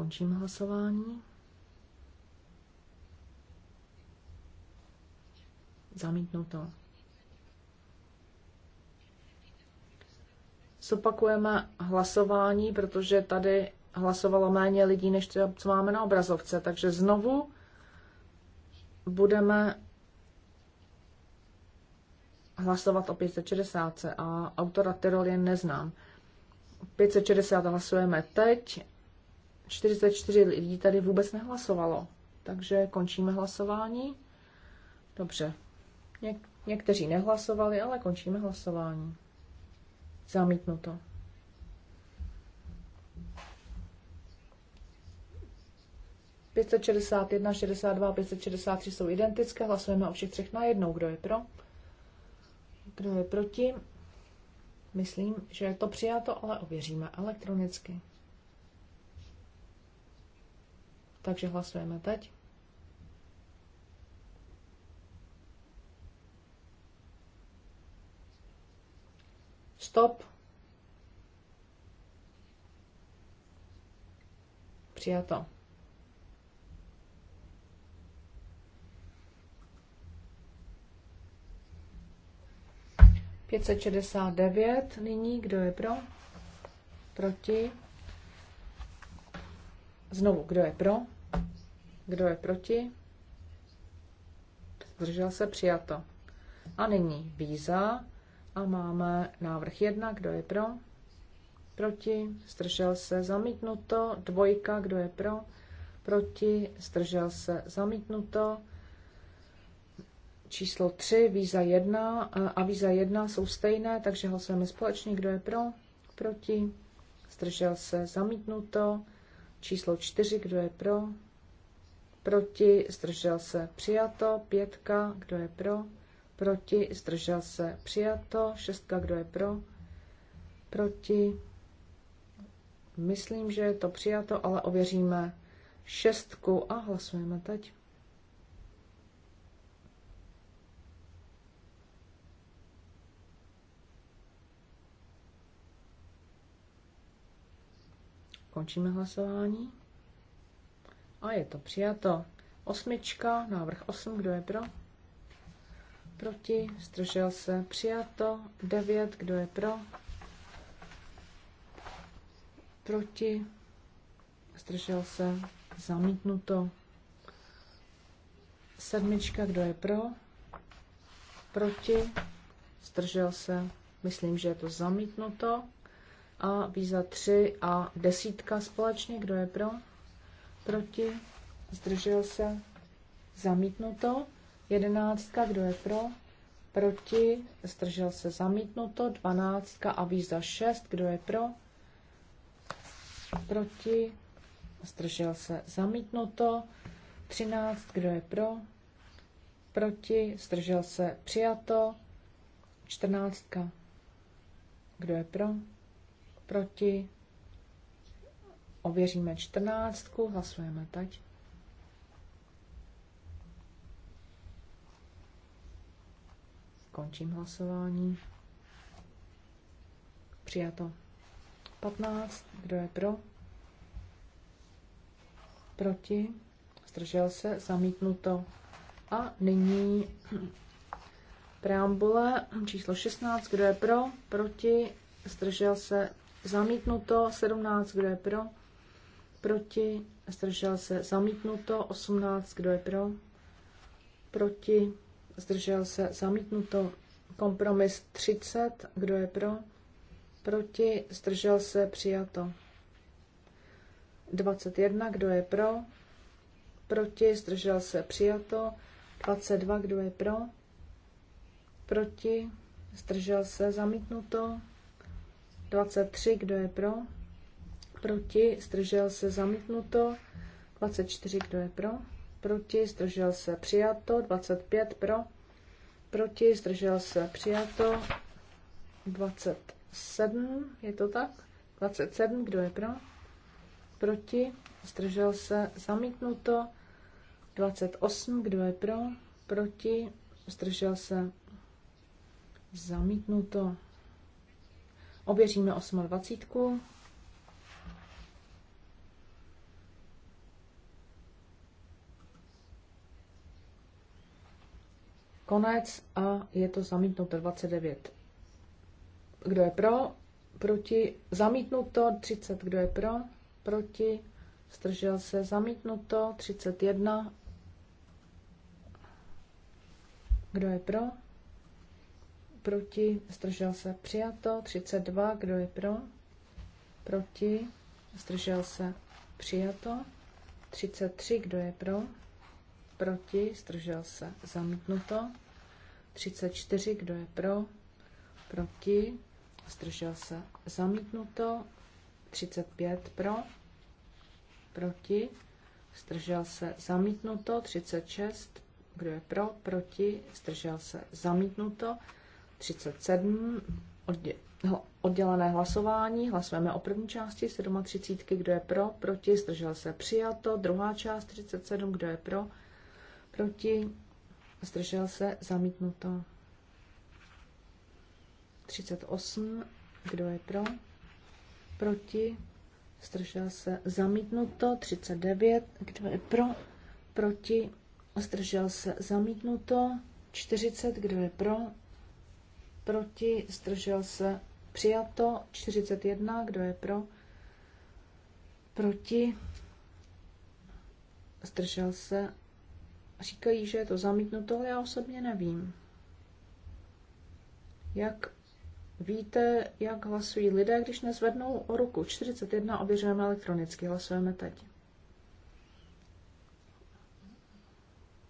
B: Končím hlasování. Zamítnuto. Zopakujeme hlasování, protože tady hlasovalo méně lidí, než to, co máme na obrazovce. Takže znovu budeme hlasovat o 560 a autora je neznám. 560 hlasujeme teď, 44 lidí tady vůbec nehlasovalo. Takže končíme hlasování. Dobře. Něk- někteří nehlasovali, ale končíme hlasování. Zamítnuto. to. 561, 62, 563 jsou identické. Hlasujeme o všech třech najednou. Kdo je pro? Kdo je proti? Myslím, že je to přijato, ale ověříme elektronicky. Takže hlasujeme teď. Stop. Přijato. Pětset šedesát devět. Nyní kdo je pro? Proti? Znovu, kdo je pro? Kdo je proti? Zdržel se přijato. A nyní víza. A máme návrh 1, kdo je pro? Proti, zdržel se, zamítnuto. Dvojka, kdo je pro? Proti, zdržel se, zamítnuto. Číslo 3, víza 1 a víza 1 jsou stejné, takže hlasujeme společně, kdo je pro? Proti, zdržel se, zamítnuto. Číslo čtyři, kdo je pro? Proti, zdržel se, přijato. Pětka, kdo je pro? Proti, zdržel se, přijato. Šestka, kdo je pro? Proti. Myslím, že je to přijato, ale ověříme šestku a hlasujeme teď. Končíme hlasování. A je to přijato. Osmička, návrh 8, kdo je pro? Proti, zdržel se, přijato. 9, kdo je pro? Proti, zdržel se, zamítnuto. Sedmička, kdo je pro? Proti, zdržel se, myslím, že je to zamítnuto a víza 3 a desítka společně. Kdo je pro? Proti? Zdržel se? Zamítnuto. Jedenáctka. Kdo je pro? Proti? Zdržel se? Zamítnuto. Dvanáctka a víza 6. Kdo je pro? Proti? Zdržel se? Zamítnuto. Třináct. Kdo je pro? Proti? Zdržel se? Přijato. Čtrnáctka. Kdo je pro? proti. Ověříme čtrnáctku, hlasujeme teď. Končím hlasování. Přijato 15. Kdo je pro? Proti? Zdržel se? Zamítnuto. A nyní preambule číslo 16. Kdo je pro? Proti? Zdržel se? zamítnuto, 17, kdo je pro, proti, zdržel se, zamítnuto, 18, kdo je pro, proti, zdržel se, zamítnuto, kompromis 30, kdo je pro, proti, zdržel se, přijato. 21, kdo je pro, proti, zdržel se, přijato. 22, kdo je pro, proti, zdržel se, zamítnuto. 23, kdo je pro? Proti, zdržel se zamítnuto. 24, kdo je pro? Proti, zdržel se přijato. 25 pro. Proti, zdržel se přijato. 27, je to tak? 27, kdo je pro? Proti, zdržel se zamítnuto. 28, kdo je pro? Proti, zdržel se zamítnuto. Ověříme 28. Konec a je to zamítnuto 29. Kdo je pro? Proti? Zamítnuto 30. Kdo je pro? Proti? Zdržel se zamítnuto 31. Kdo je pro? Proti? Zdržel se? Přijato. 32. Kdo je pro? Proti? Zdržel se? Přijato. 33. Kdo je pro? Proti? Zdržel se? Zamítnuto. 34. Kdo je pro? Proti? Zdržel se? Zamítnuto. 35. Pro? Proti? Zdržel se? Zamítnuto. 36. Kdo je pro? Proti? Zdržel se? Zamítnuto. 37, no, oddělené hlasování, hlasujeme o první části 37, kdo je pro, proti, zdržel se přijato, druhá část 37, kdo je pro, proti, zdržel se zamítnuto. 38, kdo je pro, proti, zdržel se zamítnuto, 39, kdo je pro, proti, zdržel se zamítnuto, 40, kdo je pro, proti, zdržel se, přijato. 41, kdo je pro, proti, zdržel se. Říkají, že je to zamítnuto, ale já osobně nevím. Jak víte, jak hlasují lidé, když nezvednou o ruku? 41 oběřujeme elektronicky, hlasujeme teď.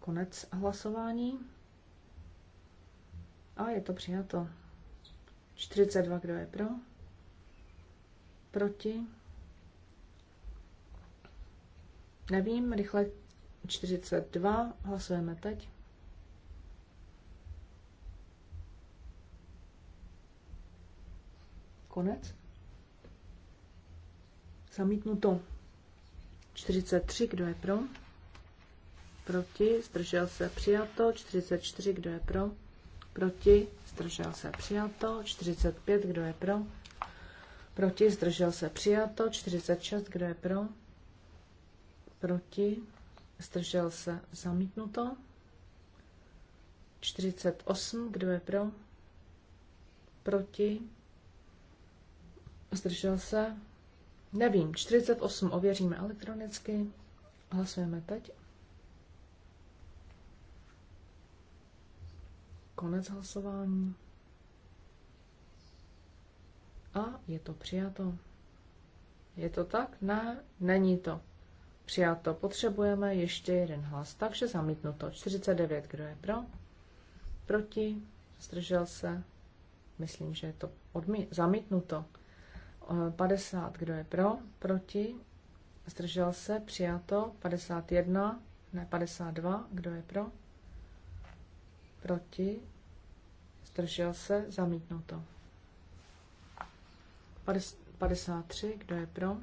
B: Konec hlasování. A je to přijato. 42, kdo je pro? Proti? Nevím, rychle 42, hlasujeme teď. Konec. Zamítnuto. 43, kdo je pro? Proti, zdržel se, přijato. 44, kdo je pro? Proti? Zdržel se přijato. 45. Kdo je pro? Proti? Zdržel se přijato. 46. Kdo je pro? Proti? Zdržel se zamítnuto. 48. Kdo je pro? Proti? Zdržel se? Nevím. 48 ověříme elektronicky. Hlasujeme teď. Konec hlasování. A je to přijato. Je to tak? Ne, není to. Přijato. Potřebujeme ještě jeden hlas, takže zamítnuto. 49, kdo je pro? Proti? Zdržel se? Myslím, že je to odmi- zamítnuto. 50, kdo je pro? Proti? Zdržel se? Přijato. 51, ne 52, kdo je pro? proti, zdržel se, zamítnuto. 53, kdo je pro,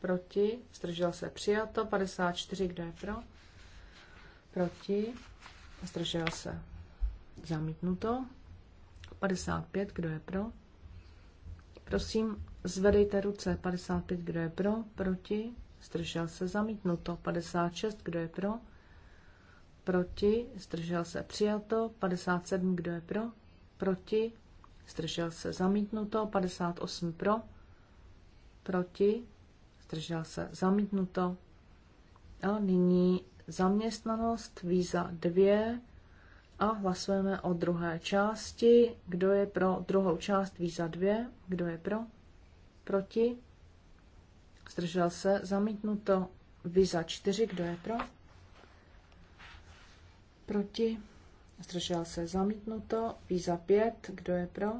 B: proti, zdržel se, přijato. 54, kdo je pro, proti, zdržel se, zamítnuto. 55, kdo je pro, prosím, zvedejte ruce. 55, kdo je pro, proti, zdržel se, zamítnuto. 56, kdo je pro, Proti? Zdržel se přijato. 57. Kdo je pro? Proti? Zdržel se zamítnuto. 58 pro. Proti? Zdržel se zamítnuto. A nyní zaměstnanost, víza 2 a hlasujeme o druhé části. Kdo je pro druhou část víza 2? Kdo je pro? Proti? Zdržel se zamítnuto. Víza 4. Kdo je pro? Proti? Zdržel se zamítnuto. Víza 5. Kdo je pro?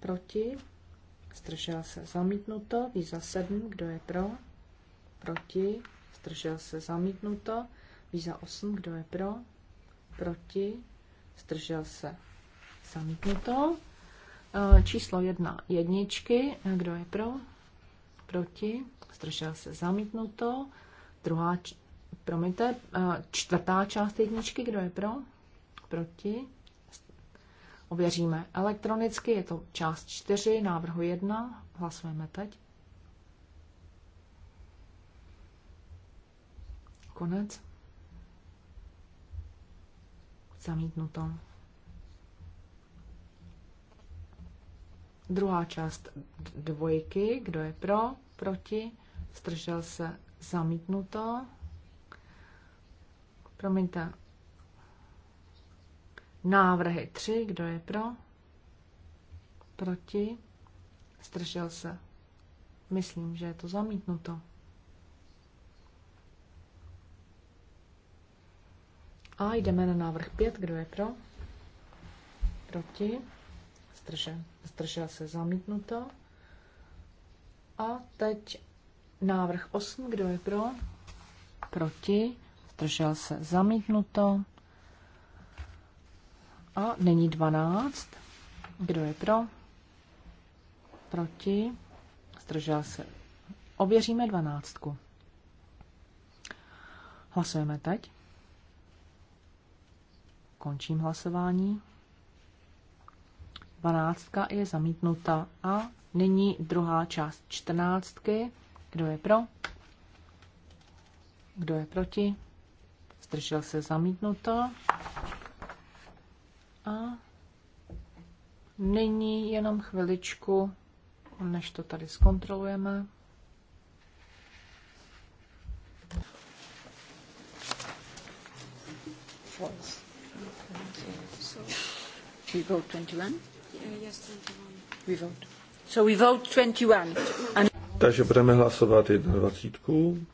B: Proti? Zdržel se zamítnuto. Víza 7. Kdo je pro? Proti? Zdržel se zamítnuto. Víza 8. Kdo je pro? Proti? Zdržel se zamítnuto. E, číslo 1. Jedničky. Kdo je pro? Proti? Zdržel se zamítnuto. Druhá promiňte, eh, čtvrtá část jedničky, kdo je pro, proti, ověříme elektronicky, je to část 4 návrhu 1, hlasujeme teď. Konec. Zamítnuto. Druhá část dvojky, kdo je pro, proti, zdržel se, zamítnuto promiňte, návrhy 3, kdo je pro, proti, zdržel se. Myslím, že je to zamítnuto. A jdeme na návrh 5, kdo je pro, proti, zdržel, zdržel se zamítnuto. A teď návrh 8, kdo je pro, proti, zdržel se zamítnuto. A není 12. Kdo je pro? Proti? Zdržel se. Ověříme dvanáctku. Hlasujeme teď. Končím hlasování. Dvanáctka je zamítnuta a nyní druhá část čtrnáctky. Kdo je pro? Kdo je proti? zdržel se zamítnuto. A nyní jenom chviličku, než to tady zkontrolujeme.
A: We vote Yes, 21. We vote. So we vote 21. And...
D: Takže budeme hlasovat 21.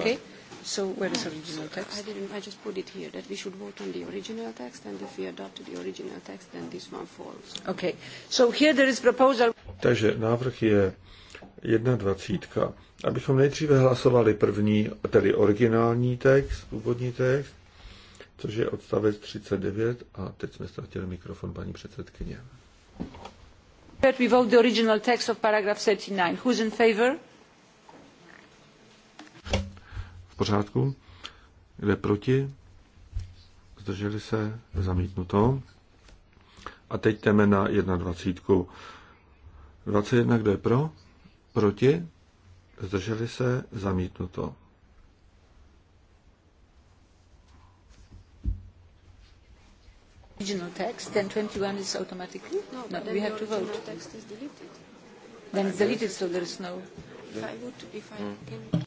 A: Okay? So where is original text? I didn't, I just put it here that we should vote on the original text and if we adopt the original text then this one falls. Okay. So here there is proposal.
D: Takže návrh je jedna dvacítka. Abychom nejdříve hlasovali první, tedy originální text, původní text, což je odstavec 39 a teď jsme ztratili mikrofon paní předsedkyně.
A: We vote the original text of paragraph 39. Who's in favor?
D: pořádku. Kde proti? Zdrželi se? Zamítnuto. A teď jdeme na 21. 21, kdo je pro? Proti? Zdrželi se? Zamítnuto.
A: original text, then 21 is automatically? No, no we have to vote. Text is deleted. Then it's deleted, so there is no. If I would, if I mm. can.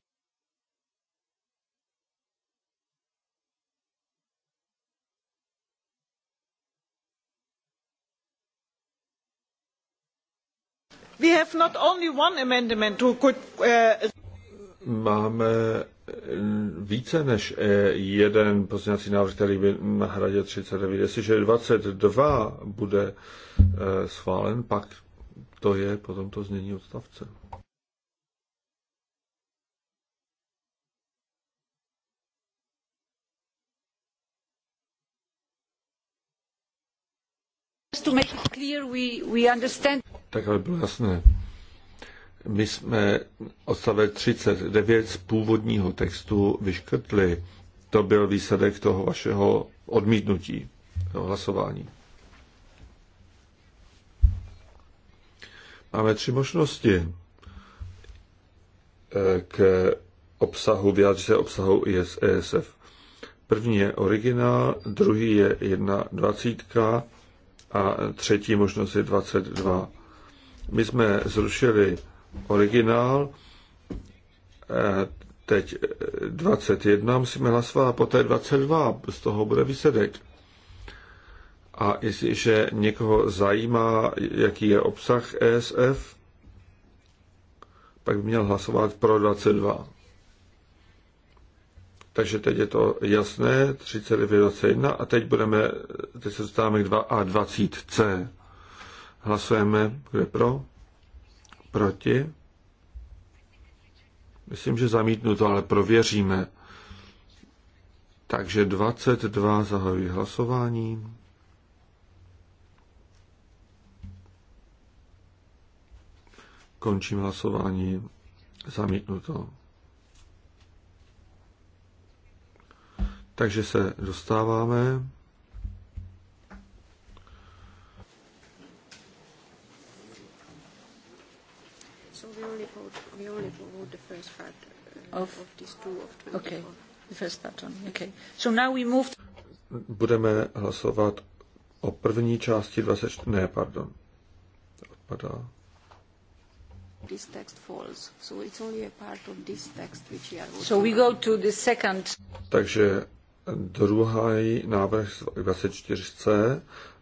A: We have not only one amendment
E: uh,
D: Máme více než eh, jeden pozměňovací návrh, který by nahradil 39. Jestliže 22 bude eh, schválen, pak to je potom to znění odstavce.
A: clear, we, we
D: tak aby bylo jasné. My jsme odstavec 39 z původního textu vyškrtli. To byl výsledek toho vašeho odmítnutí, toho hlasování. Máme tři možnosti eh, k obsahu, vyjádřit se obsahu IS, ESF. První je originál, druhý je jedna dvacítka a třetí možnost je 22. My jsme zrušili originál, eh, teď 21 musíme hlasovat a poté 22, z toho bude výsledek. A jestliže někoho zajímá, jaký je obsah ESF, pak by měl hlasovat pro 22. Takže teď je to jasné, 39.21 a teď budeme, teď se dostáváme k 2A20C. Hlasujeme, kdo je pro, proti. Myslím, že zamítnu to, ale prověříme. Takže 22 zahajuji hlasování. Končím hlasování. to. Takže se dostáváme Budeme hlasovat o první části 24. Ne, pardon. Odpadá.
A: This text falls. So it's only a part of this text which we are So we go to the second.
D: Takže druhý návrh 24C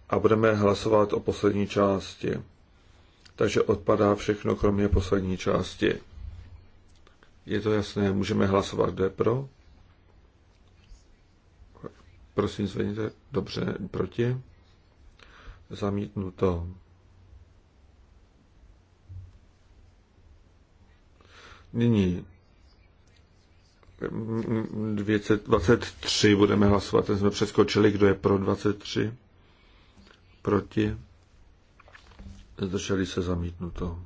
D: a budeme hlasovat o poslední části. Takže odpadá všechno, kromě poslední části. Je to jasné, můžeme hlasovat, kdo je pro? Prosím, zvedněte dobře proti. Zamítnuto. Nyní 223 budeme hlasovat, ten jsme přeskočili, kdo je pro 23, proti, zdrželi se zamítnuto.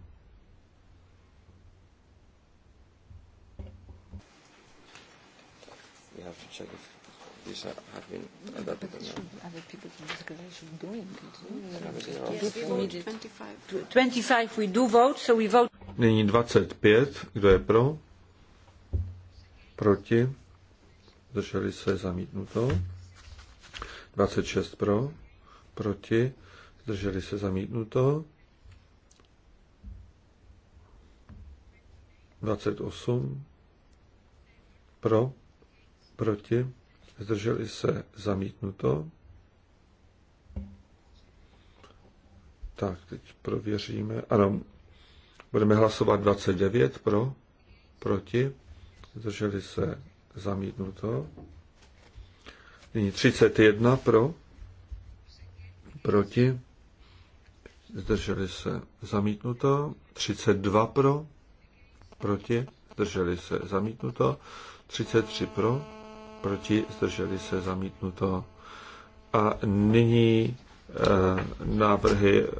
D: Nyní 25, kdo je pro? proti, zdrželi se zamítnuto, 26 pro, proti, zdrželi se zamítnuto, 28 pro, proti, zdrželi se zamítnuto. Tak, teď prověříme. Ano, budeme hlasovat 29 pro, proti, zdrželi se zamítnuto. Nyní 31 pro, proti, zdrželi se zamítnuto. 32 pro, proti, zdrželi se zamítnuto. 33 pro, proti, zdrželi se zamítnuto. A nyní eh, návrhy eh,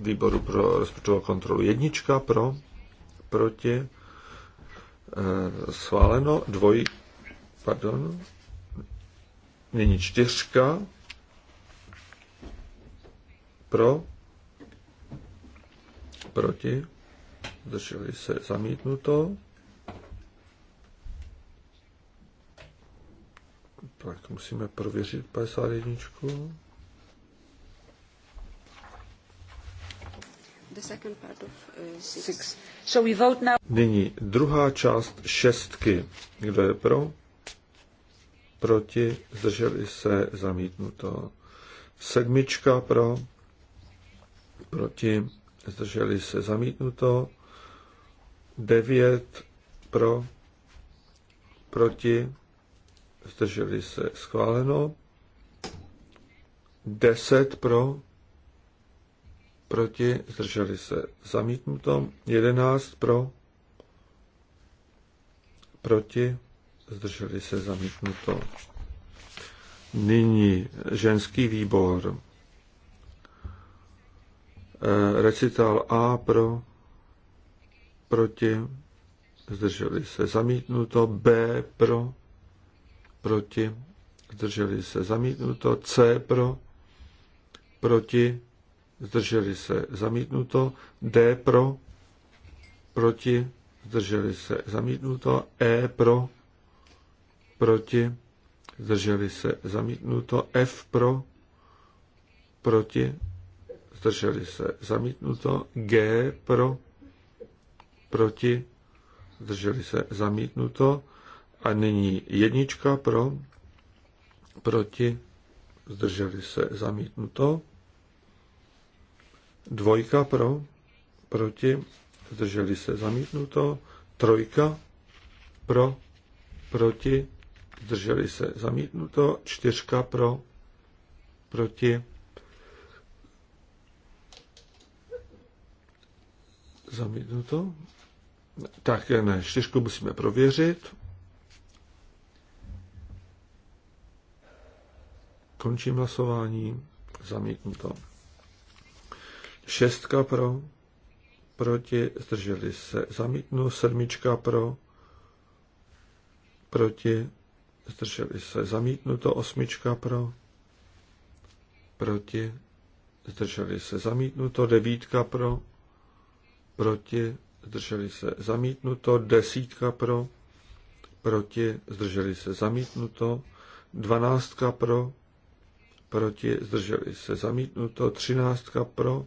D: výboru pro rozpočtovou kontrolu. Jednička pro, proti, Eh, schváleno dvoj, pardon, nyní čtyřka pro, proti, drželi se zamítnuto, tak musíme prověřit 51.
A: Uh,
D: Nyní druhá část šestky. Kdo je pro? Proti? Zdrželi se? Zamítnuto. Sedmička pro? Proti? Zdrželi se? Zamítnuto. Devět pro? Proti? Zdrželi se? Schváleno. Deset pro? proti, zdrželi se zamítnuto, 11 pro, proti, zdrželi se zamítnuto. Nyní ženský výbor. E, Recital A pro, proti, zdrželi se zamítnuto, B pro, proti, zdrželi se zamítnuto, C pro, proti, zdrželi se, zamítnuto, D pro, proti, zdrželi se, zamítnuto, E pro, proti, zdrželi se, zamítnuto, F pro, proti, zdrželi se, zamítnuto, G pro, proti, zdrželi se, zamítnuto, a nyní jednička pro, proti, zdrželi se, zamítnuto. Dvojka pro, proti, zdrželi se zamítnuto. Trojka pro, proti, zdrželi se zamítnuto. Čtyřka pro, proti, zamítnuto. Tak eh, ne, čtyřku musíme prověřit. Končím hlasování. Zamítnuto. Šestka pro, proti, zdrželi se. Zamítnu sedmička pro, proti, zdrželi se. zamítnu to osmička pro, proti, zdrželi se. zamítnu to devítka pro, proti, zdrželi se. zamítnu to desítka pro, proti, zdrželi se. zamítnu to dvanáctka pro, proti, zdrželi se. zamítnu to třináctka pro,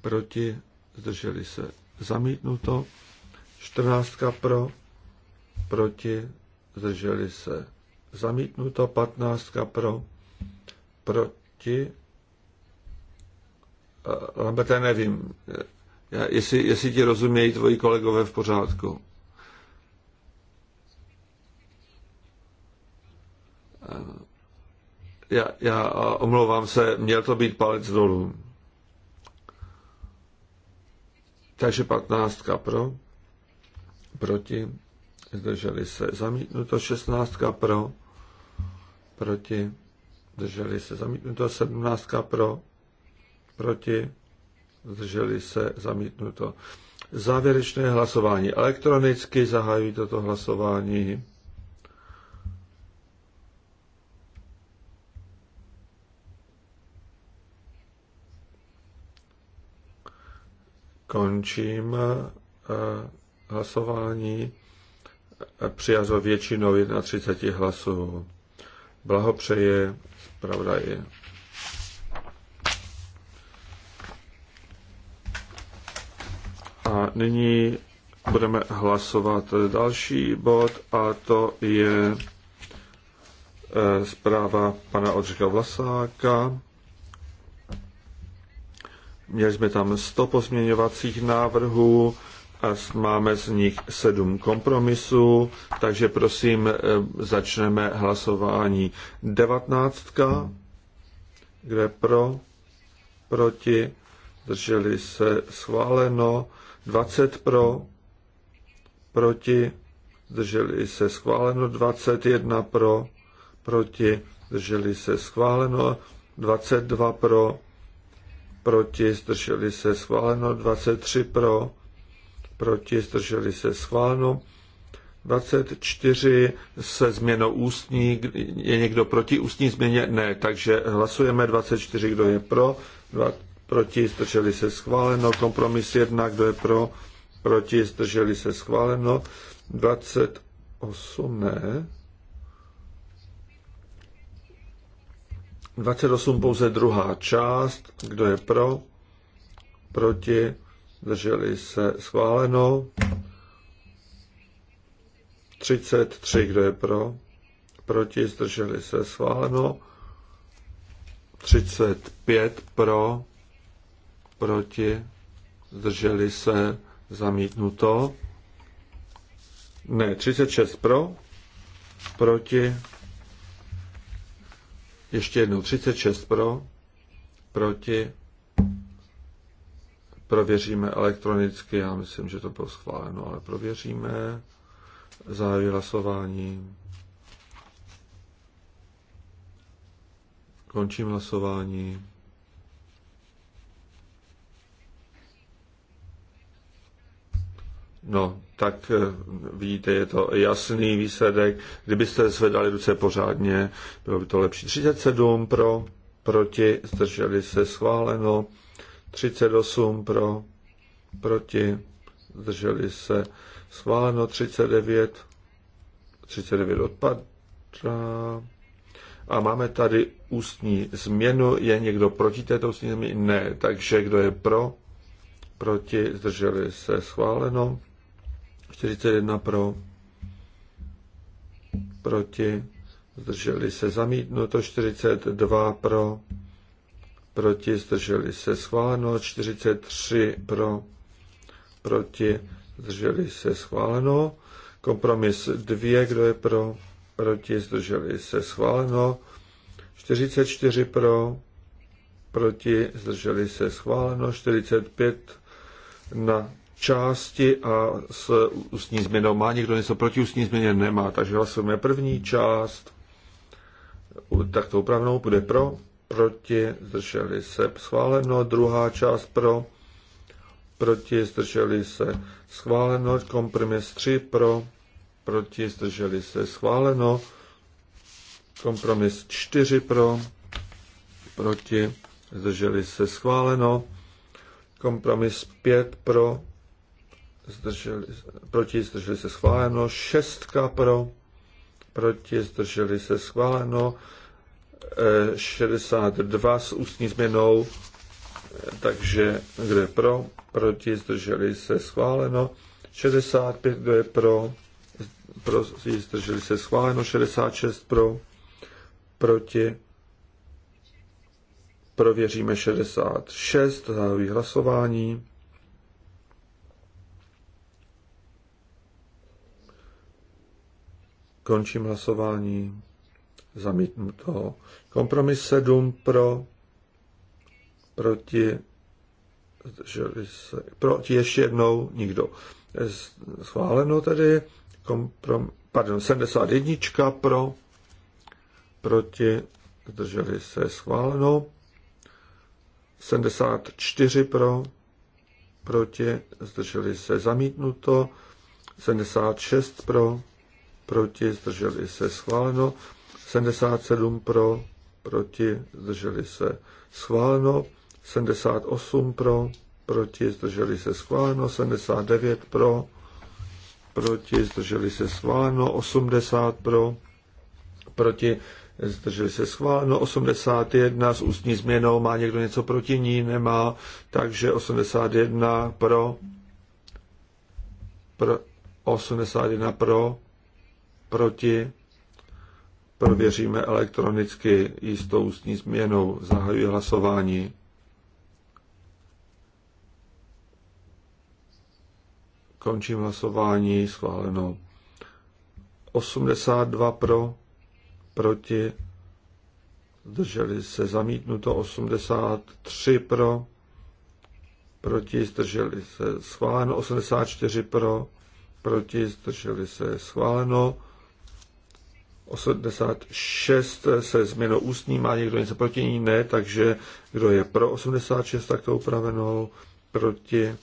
D: proti, zdrželi se zamítnuto, 14 pro, proti, zdrželi se zamítnuto, 15 pro, proti, eh, Lambete, nevím, já, eh, jestli, jestli ti rozumějí tvoji kolegové v pořádku. Eh, já, já omlouvám se, měl to být palec dolů. Takže 15 pro, proti, zdrželi se zamítnuto, 16 pro, proti, zdrželi se zamítnuto, 17 pro, proti, zdrželi se zamítnuto. Závěrečné hlasování. Elektronicky zahájí toto hlasování. Končím eh, hlasování. Eh, Přijazo většinou 31 hlasů. Blahopřeje zpravodaji. A nyní budeme hlasovat další bod a to je eh, zpráva pana Odřika Vlasáka. Měli jsme tam 100 pozměňovacích návrhů a máme z nich 7 kompromisů, takže prosím, eh, začneme hlasování. 19. Kde pro? Proti? Drželi se schváleno. 20 pro? Proti? Drželi se schváleno. 21 pro? Proti? Drželi se schváleno. 22 pro? proti, zdrželi se schváleno, 23 pro, proti, zdrželi se schváleno, 24 se změnou ústní, je někdo proti ústní změně? Ne, takže hlasujeme 24, kdo je pro, 2, proti, zdrželi se schváleno, kompromis 1, kdo je pro, proti, zdrželi se schváleno, 28 ne, 28 pouze druhá část. Kdo je pro? Proti? Drželi se schváleno. 33, kdo je pro? Proti? Zdrželi se schváleno. 35 pro? Proti? Zdrželi se zamítnuto. Ne, 36 pro? Proti? Ještě jednou 36 pro, proti, prověříme elektronicky, já myslím, že to bylo schváleno, ale prověříme, zahájí hlasování, končím hlasování. No, tak eh, vidíte, je to jasný výsledek. Kdybyste zvedali ruce pořádně, bylo by to lepší. 37 pro, proti, zdrželi se schváleno. 38 pro, proti, zdrželi se schváleno. 39, 39 odpadá. A máme tady ústní změnu. Je někdo proti této ústní změně? Ne. Takže kdo je pro? Proti, zdrželi se schváleno. 41 pro, proti, zdrželi se zamítnuto, 42 pro, proti, zdrželi se schváleno, 43 pro, proti, zdrželi se schváleno, kompromis 2, kdo je pro, proti, zdrželi se schváleno, 44 pro, proti, zdrželi se schváleno, 45 na části a s ústní změnou má někdo něco proti ústní změně? Nemá. Takže hlasujeme první část. Tak to upravenou bude pro, proti, zdrželi se, schváleno. Druhá část pro, proti, zdrželi se, schváleno. Kompromis 3 pro, proti, zdrželi se, schváleno. Kompromis 4 pro, proti, zdrželi se, schváleno. Kompromis 5 pro, zdrželi, proti, zdrželi se schváleno, šestka pro, proti, zdrželi se schváleno, 62 e, s ústní změnou, takže kde pro, proti, zdrželi se schváleno, 65, kdo je pro, proti, zdrželi se schváleno, 66 pro, proti, prověříme 66, zahájí hlasování. Končím hlasování. Zamítnuto. Kompromis 7 pro, proti, zdrželi se, proti ještě jednou, nikdo. Schváleno tedy, komprom, pardon, 71 pro, proti, zdrželi se, schváleno. 74 pro, proti, zdrželi se, zamítnuto. 76 pro, proti, zdrželi se schváleno, 77 pro, proti, zdrželi se schváleno, 78 pro, proti, zdrželi se schváleno, 79 pro, proti, zdrželi se schváleno, 80 pro, proti, zdrželi se schváleno, 81 s ústní změnou, má někdo něco proti ní, nemá, takže 81 pro, pro 81 pro, proti, prověříme elektronicky jistou ústní změnou. Zahajuji hlasování. Končím hlasování, schváleno. 82 pro, proti, zdrželi se zamítnuto, 83 pro, proti, zdrželi se schváleno, 84 pro, proti, zdrželi se schváleno. 86 se změnou ústní, má někdo něco proti ní? Ne, takže kdo je pro 86 takto upravenou, proti,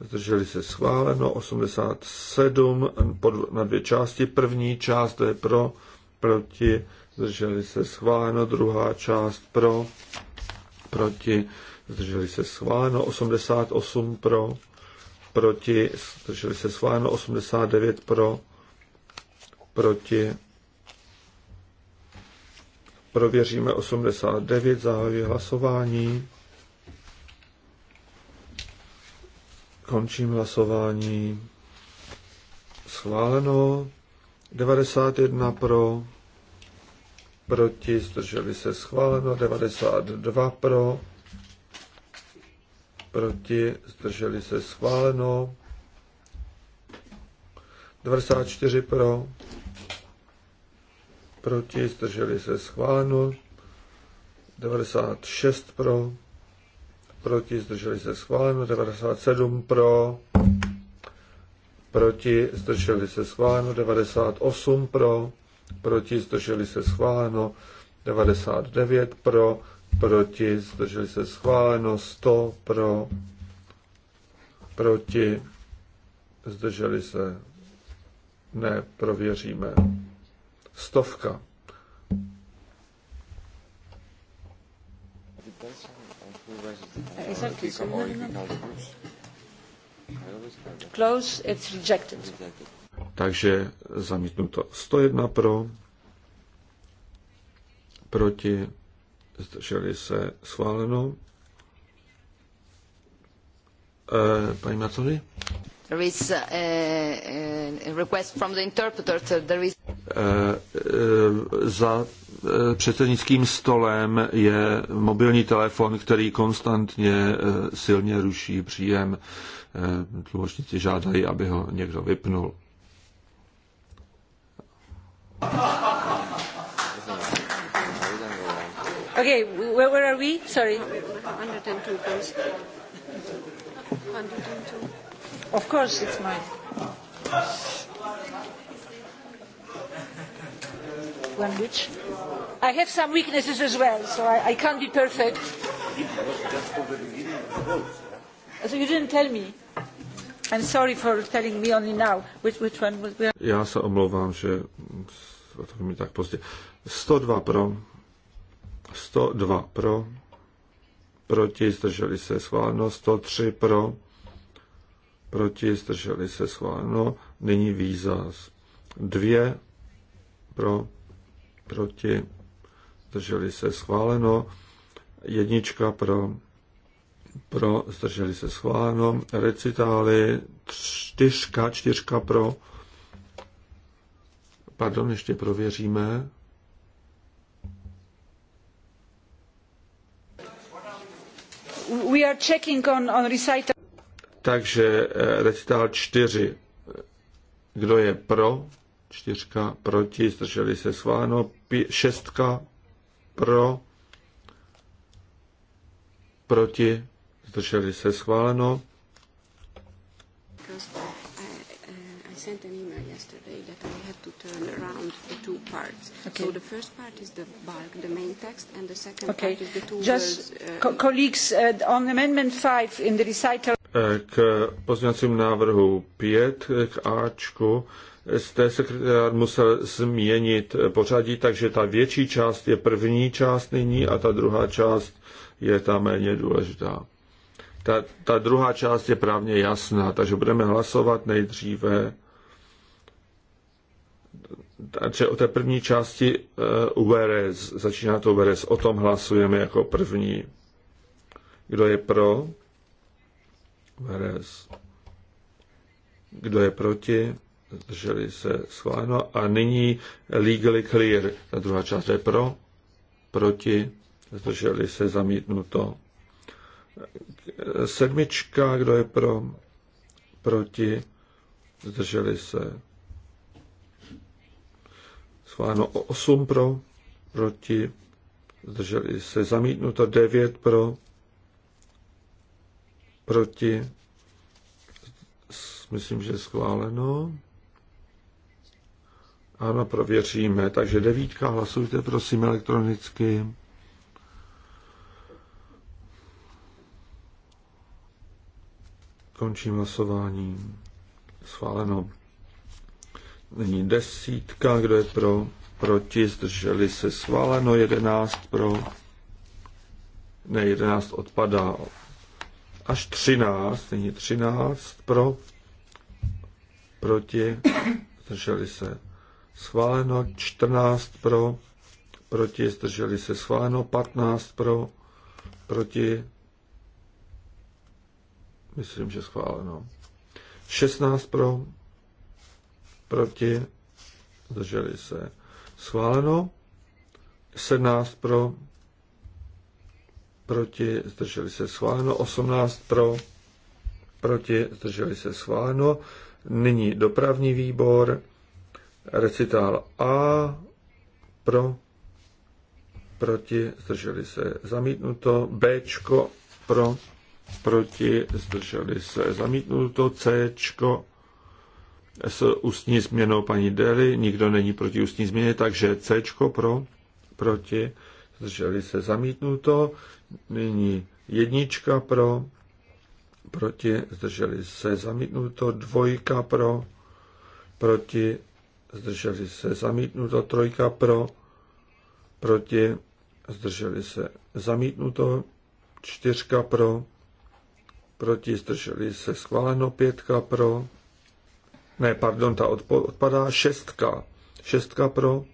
D: zdrželi se schváleno, 87 pod, na dvě části, první část to je pro, proti, zdrželi se schváleno, druhá část pro, proti, zdrželi se schváleno, 88 pro, proti, zdrželi se schváleno, 89 pro, proti, Prověříme 89, zahajuji hlasování. Končím hlasování. Schváleno. 91 pro, proti, zdrželi se schváleno. 92 pro, proti, zdrželi se schváleno. 94 pro, proti, zdrželi se schváleno, 96 pro, proti, zdrželi se schváleno, 97 pro, proti, zdrželi se schváleno, 98 pro, proti, zdrželi se schváleno, 99 pro, proti, zdrželi se schváleno, 100 pro, proti, zdrželi se, ne, prověříme stovka.
E: Takže So no,
A: Close, it's rejected.
D: Takže zamítnuto 101 pro, proti, zdrželi se schváleno. E, paní Macony?
C: There is a, uh, a uh, uh, request from the interpreter. There is
D: Eh, za eh, předsednickým stolem je mobilní telefon, který konstantně eh, silně ruší příjem. Tlumočníci žádají, aby ho někdo vypnul.
A: Okay, where, where are we? Sorry. 102 please. 102. Of course it's mine. language. I have some weaknesses as well, so I, I can't be perfect. So you didn't tell me. I'm sorry for telling me only now which, which one was...
D: Já se omlouvám, že to mi tak pozdě. 102 pro. 102 pro. Proti zdrželi se schváleno. 103 pro. Proti zdrželi se schváleno. Nyní výzaz. Dvě pro proti, zdrželi se schváleno, jednička pro, pro, zdrželi se schváleno, recitály, čtyřka, čtyřka pro, pardon, ještě prověříme,
A: We are checking on, on recital.
D: Takže eh, recital 4. Kdo je pro? čtyřka proti, zdrželi se schváleno, šestka pro, proti, zdrželi se schváleno. K pozměňovacím návrhu 5, eh, k Ačku, jste sekretariát musel změnit pořadí, takže ta větší část je první část nyní a ta druhá část je ta méně důležitá. Ta, ta druhá část je právně jasná, takže budeme hlasovat nejdříve takže o té první části uh, eh, URS, začíná to URS, o tom hlasujeme jako první. Kdo je pro? URS. Kdo je proti? zdrželi se schváleno. A nyní legally clear, ta druhá část je pro, proti, zdrželi se zamítnuto. Sedmička, kdo je pro, proti, zdrželi se schváleno osm pro, proti, zdrželi se zamítnuto devět pro, proti, myslím, že schváleno. Ano, prověříme. Takže devítka, hlasujte prosím elektronicky. Končím hlasování. Schváleno. Není desítka, kdo je pro, proti, zdrželi se schváleno, jedenáct pro, ne, jedenáct odpadá, až třináct, není třináct pro, proti, zdrželi se schváleno 14 pro, proti, zdrželi se schváleno 15 pro, proti, myslím, že schváleno 16 pro, proti, zdrželi se schváleno 17 pro, proti, zdrželi se schváleno 18 pro, proti, zdrželi se schváleno. Nyní dopravní výbor Recital A pro, proti, zdrželi se zamítnuto. B pro, proti, zdrželi se zamítnuto. C s ústní změnou paní Deli, nikdo není proti ústní změně, takže C pro, proti, zdrželi se zamítnuto. Nyní jednička pro, proti, zdrželi se zamítnuto, dvojka pro, proti, zdrželi se zamítnuto, trojka pro, proti, zdrželi se zamítnuto, čtyřka pro, proti, zdrželi se schváleno, pětka pro, ne, pardon, ta odpadá, šestka, šestka pro,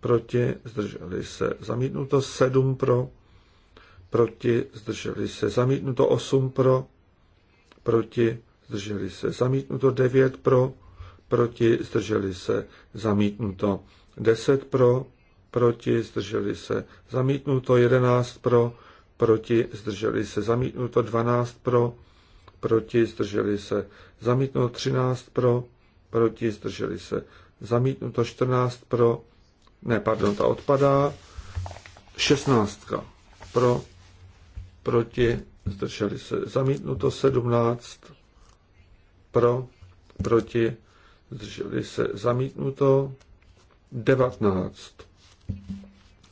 D: proti, zdrželi se zamítnuto, sedm pro, proti, zdrželi se zamítnuto, osm pro, proti, zdrželi se zamítnuto, devět pro, proti, zdrželi se, zamítnuto. 10 pro, proti, zdrželi se, zamítnuto. 11 pro, proti, zdrželi se, zamítnuto. 12 pro, proti, zdrželi se, zamítnuto. 13 pro, proti, zdrželi se, zamítnuto. 14 pro, ne, pardon, ta odpadá. 16 pro, proti, zdrželi se, zamítnuto. 17 pro, proti, zdrželi se zamítnuto 19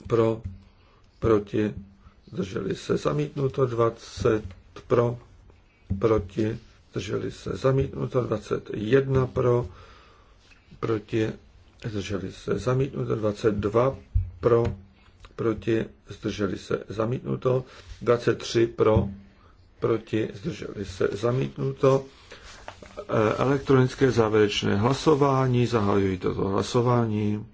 D: pro, proti, zdrželi se zamítnuto 20 pro, proti, zdrželi se zamítnuto 21 pro, proti, zdrželi se zamítnuto 22 pro, proti, zdrželi se zamítnuto 23 pro, proti, zdrželi se zamítnuto Eh, elektronické závěrečné hlasování. Zahajuji toto hlasování.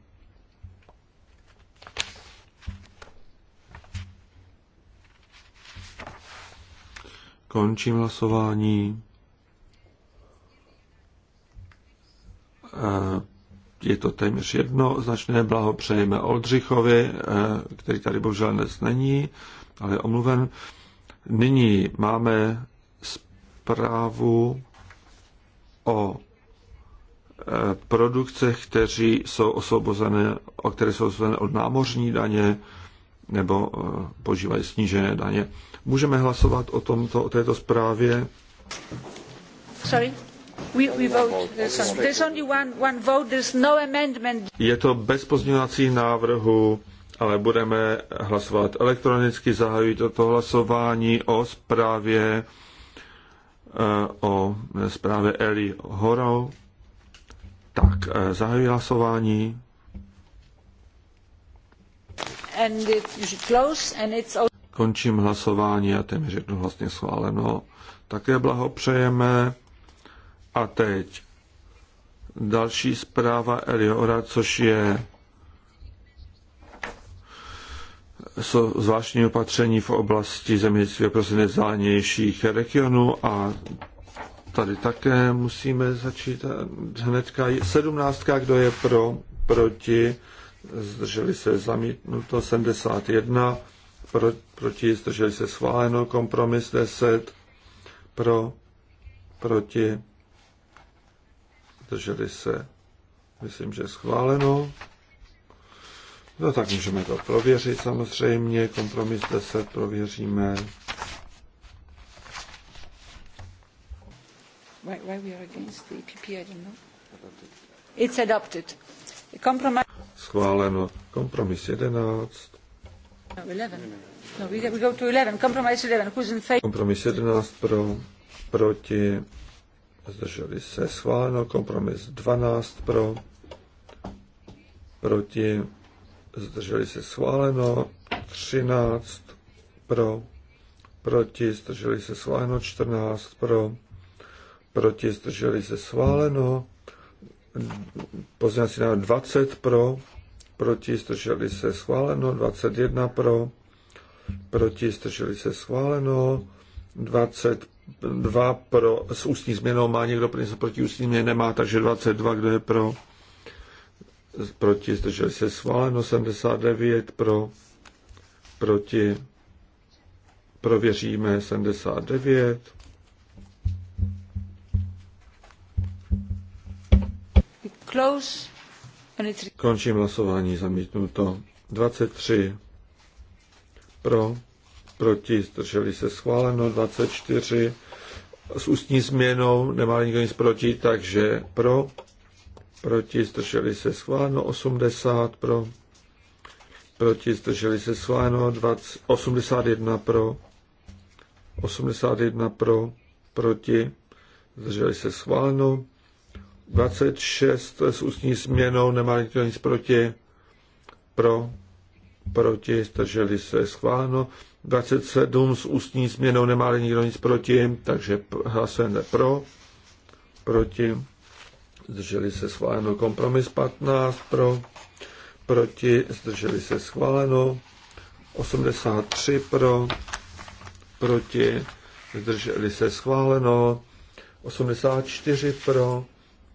D: Končím hlasování. Eh, je to téměř jedno. Značné blahopřejeme Oldřichovi, eh, který tady bohužel dnes není, ale je omluven. Nyní máme zprávu o e, produkcech, kteří jsou osvobozené, o které jsou osvobozené od námořní daně nebo e, požívají snížené daně. Můžeme hlasovat o, tomto, o této zprávě.
A: Sorry. We, vote. There's only one, one vote. There's no amendment.
D: Je to bez pozměňovacích návrhů, ale budeme hlasovat elektronicky. Zahajuji toto hlasování o zprávě Eh, o zprávě Eli Horou. Tak, eh, zahajuji hlasování.
A: And it close and it's...
D: Končím hlasování a řeknu vlastně schváleno. Také blahopřejeme. A teď další zpráva Eliora, což je jsou zvláštní opatření v oblasti zemědělství pro prostě nejvzdálenějších regionů a tady také musíme začít hnedka. Sedmnáctka, kdo je pro, proti, zdrželi se zamítnuto, 71, pro, proti, zdrželi se schváleno, kompromis 10, pro, proti, zdrželi se, myslím, že schváleno. No tak můžeme to prověřit samozřejmě, kompromis 10 prověříme. E schváleno. Kompromis 11.
A: No, no,
D: kompromis 11 pro, proti, zdrželi se, schváleno. Kompromis 12 pro, proti, zdrželi se schváleno, 13 pro, proti, zdrželi se schváleno, 14 pro, proti, zdrželi se schváleno, pozněvací návrh 20 pro, proti, zdrželi se schváleno, 21 pro, proti, zdrželi se schváleno, 22 pro, s ústní změnou má někdo proti ústní změně nemá, takže 22, kdo je pro, proti, zdrželi se schváleno, 79 pro, proti, prověříme 79. Close. Končím hlasování, zamítnuto. 23 pro, proti, zdrželi se schváleno, 24 s ústní změnou, nemá nikdo nic proti, takže pro, proti, zdrželi se schváleno 80 pro, proti, zdrželi se schváleno 81 pro, 81 pro, proti, zdrželi se schváleno 26 s ústní změnou, nemá nikdo nic proti, pro, proti, zdrželi se schváleno 27 s ústní změnou, nemá nikdo nic proti, takže hlasujeme pro, proti, zdrželi se schváleno. Kompromis 15 pro, proti, zdrželi se schváleno. 83 pro, proti, zdrželi se schváleno. 84 pro,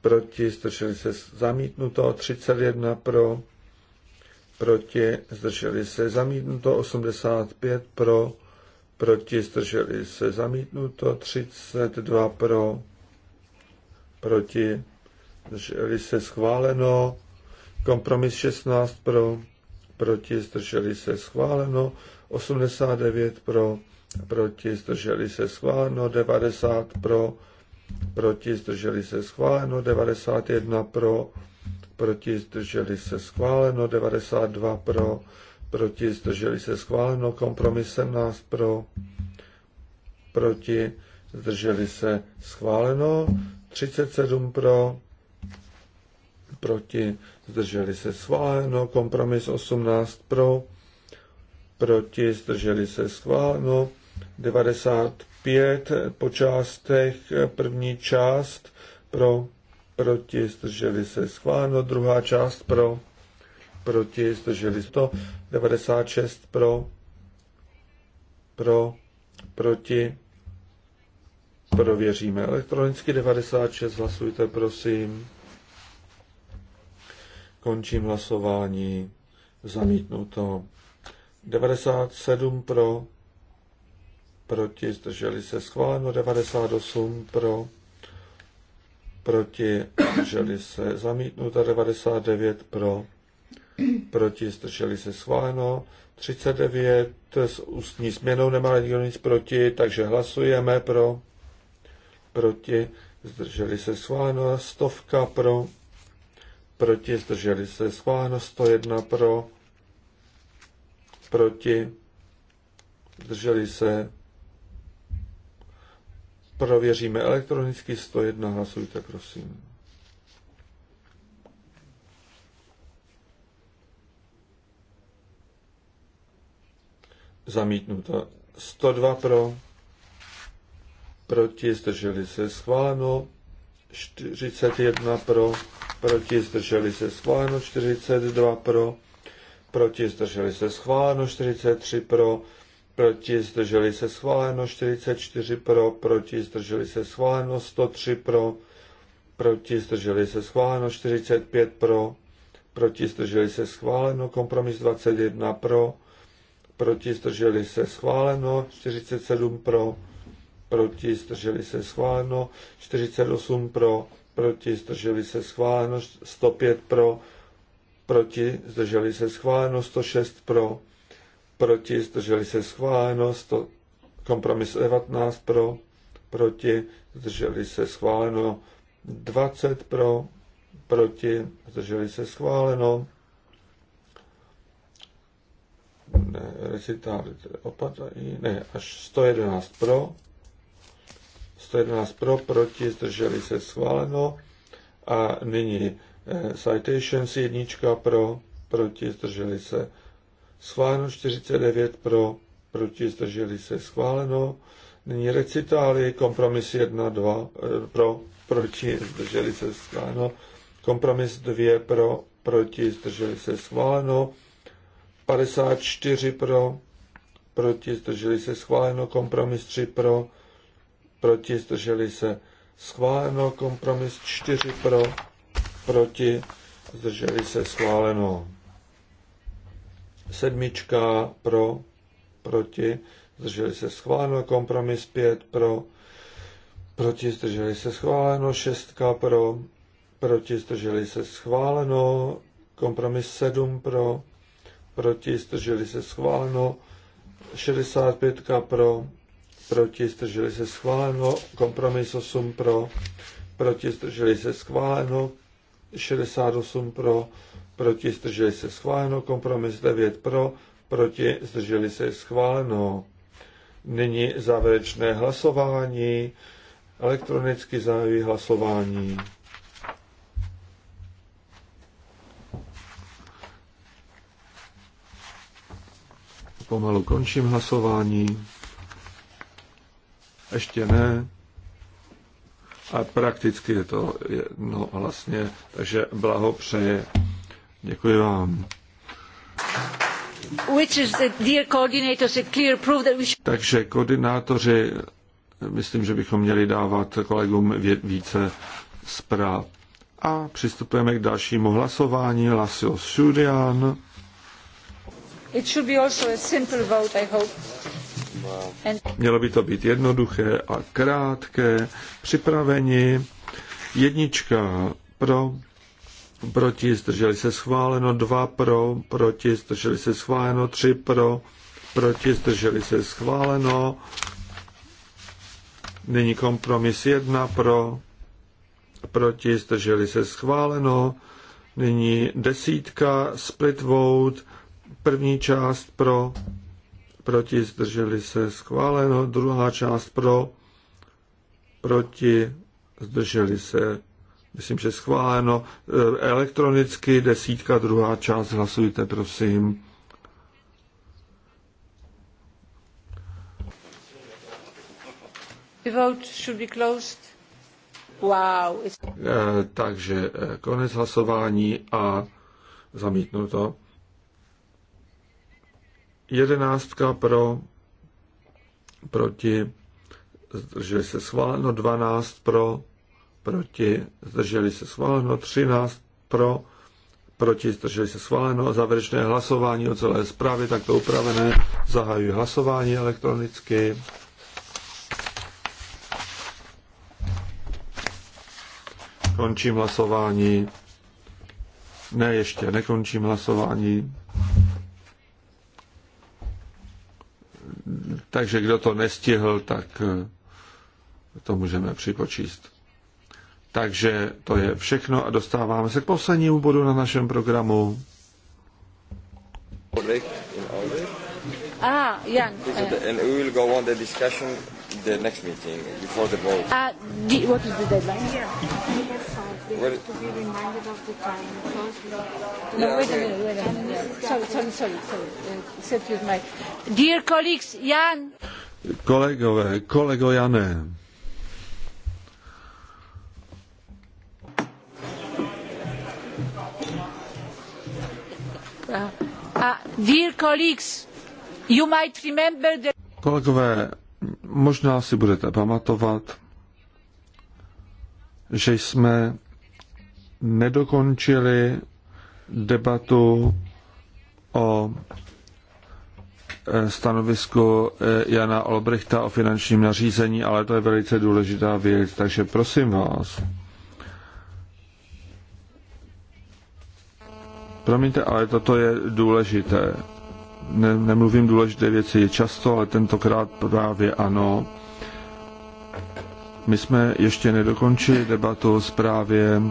D: proti, zdrželi se zamítnuto. 31 pro, proti, zdrželi se zamítnuto. 85 pro, proti, zdrželi se zamítnuto. 32 pro, proti, zdrželi se schváleno, kompromis 16 pro, proti, zdrželi se schváleno, 89 pro, proti, zdrželi se schváleno, 90 pro, proti, zdrželi se schváleno, 91 pro, proti, zdrželi se schváleno, 92 pro, proti, zdrželi se schváleno, kompromis 17 pro, proti, zdrželi se schváleno, 37 pro, proti, zdrželi se schváleno, kompromis 18 pro, proti, zdrželi se schváleno, 95 po částech, první část pro, proti, zdrželi se schváleno, druhá část pro, proti, zdrželi se to, 96 pro, pro, proti, prověříme elektronicky 96, hlasujte prosím. Končím hlasování. Zamítnuto. 97 pro, proti, zdrželi se schváleno. 98 pro, proti, zdrželi se zamítnuto. 99 pro, proti, zdrželi se schváleno. 39 s ústní změnou nemá nikdo nic proti, takže hlasujeme pro, proti, zdrželi se schváleno. Stovka pro, proti, zdrželi se, schváleno 101 pro, proti, zdrželi se, prověříme elektronicky 101, hlasujte prosím. Zamítnuto 102 pro, proti, zdrželi se, schváleno 41 pro, proti zdrželi se schváleno 42 pro, proti zdrželi se schváleno 43 pro, proti zdrželi se schváleno 44 pro, proti zdrželi se schváleno 103 pro, proti zdrželi se schváleno 45 pro, proti zdrželi se schváleno kompromis 21 pro, proti zdrželi se schváleno 47 pro, proti, zdrželi se schváleno, 48 pro, proti, zdrželi se schváleno, 105 pro, proti, zdrželi se schváleno, 106 pro, proti, zdrželi se schváleno, 100, kompromis 19 pro, proti, zdrželi se schváleno, 20 pro, proti, zdrželi se schváleno, ne, recitál ne, až 111 pro, 111 pro, proti, zdrželi se schváleno. A nyní eh, citations jednička pro, proti, zdrželi se schváleno. 49 pro, proti, zdrželi se schváleno. Nyní recitály, kompromis 1, 2 eh, pro, proti, zdrželi se schváleno. Kompromis 2 pro, proti, zdrželi se schváleno. 54 pro, proti, zdrželi se schváleno. Kompromis 3 pro, proti, zdrželi se schváleno, kompromis 4 pro, proti, zdrželi se schváleno. Sedmička pro, proti, zdrželi se schváleno, kompromis 5 pro, proti, zdrželi se schváleno, šestka pro, proti, zdrželi se schváleno, kompromis 7 pro, proti, zdrželi se schváleno, 65 pro, proti, zdrželi se schváleno, kompromis 8 pro, proti, zdrželi se schváleno, 68 pro, proti, zdrželi se schváleno, kompromis 9 pro, proti, zdrželi se schváleno. Nyní závěrečné hlasování, elektronicky zahajují hlasování. Pomalu končím hlasování ještě ne. A prakticky je to jedno vlastně, takže přeje. Děkuji vám.
A: Which is the dear coordinators a clear proof that we should...
D: Takže koordinátoři, myslím, že bychom měli dávat kolegům více zpráv. A přistupujeme k dalšímu hlasování. Lasio Surian.
A: It should be also a simple vote, I hope.
D: Mělo by to být jednoduché a krátké. Připraveni. Jednička pro, proti, zdrželi se schváleno. Dva pro, proti, zdrželi se schváleno. Tři pro, proti, zdrželi se schváleno. Nyní kompromis jedna pro, proti, zdrželi se schváleno. Nyní desítka, split vote, první část pro, proti, zdrželi se, schváleno. Druhá část pro, proti, zdrželi se, myslím, že schváleno. E, elektronicky desítka, druhá část, hlasujte, prosím.
A: The vote should be closed. Wow. E,
D: takže e, konec hlasování a zamítnu to jedenáctka pro, proti, zdrželi se schváleno, dvanáct pro, proti, zdrželi se schváleno, třináct pro, proti, zdrželi se schváleno, závěrečné hlasování o celé zprávě, takto upravené, zahajuji hlasování elektronicky. Končím hlasování. Ne, ještě nekončím hlasování. takže kdo to nestihl, tak eh, to můžeme připočíst. Takže to je všechno a dostáváme se k poslednímu bodu na našem programu.
A: Ah, yeah. And
D: we will go on the discussion the next meeting before the vote.
A: Uh, the, what is the deadline? Yeah, we have to be reminded of the time because No, yeah,
B: wait a minute, wait a minute. Sorry, sorry,
A: sorry, sorry. with uh, my dear colleagues, Jan.
D: Kolegové, kolego Jane.
A: Uh, uh, dear colleagues, you might remember the.
D: Kolegové, Možná si budete pamatovat, že jsme nedokončili debatu o eh, stanovisku eh, Jana Olbrichta o finančním nařízení, ale to je velice důležitá věc, takže prosím vás. Promiňte, ale toto je důležité ne, nemluvím důležité věci často, ale tentokrát právě ano. My jsme ještě nedokončili debatu o zprávě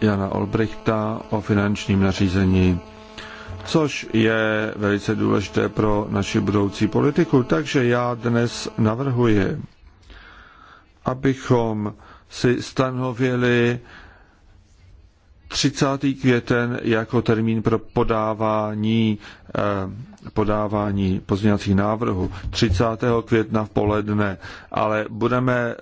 D: Jana Olbrichta o finančním nařízení, což je velice důležité pro naši budoucí politiku. Takže já dnes navrhuji, abychom si stanovili 30. květen jako termín pro podávání, eh, podávání pozměňovacích návrhů. 30. května v poledne, ale budeme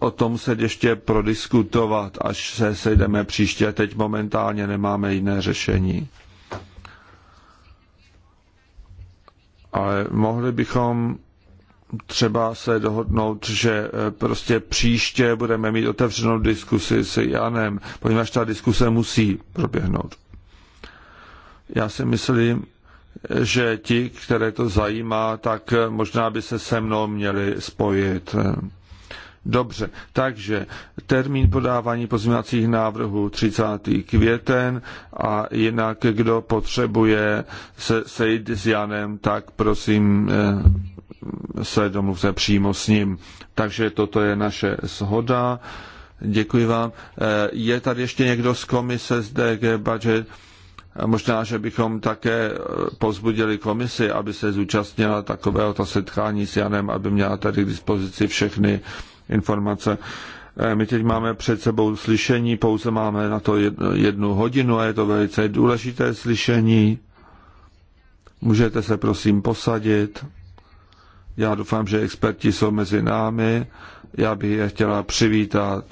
D: o tom se ještě prodiskutovat, až se sejdeme příště. Teď momentálně nemáme jiné řešení. Ale mohli bychom třeba se dohodnout, že eh, prostě příště budeme mít otevřenou diskusi s Janem, poněvadž ta diskuse musí proběhnout. Já si myslím, že ti, které to zajímá, tak eh, možná by se se mnou měli spojit. Dobře, takže termín podávání pozměňovacích návrhů 30. květen a jinak, kdo potřebuje se sejít s Janem, tak prosím eh, se domluvte přímo s ním. Takže toto je naše shoda. Děkuji vám. Eh, je tady ještě někdo z komise z DG Budget? Možná, že bychom také eh, pozbudili komisi, aby se zúčastnila takového setkání s Janem, aby měla tady k dispozici všechny informace. Eh, my teď máme před sebou slyšení, pouze máme na to jednu hodinu a je to velice důležité slyšení. Můžete se prosím posadit. Já doufám, že experti jsou mezi námi. Já bych je chtěla přivítat.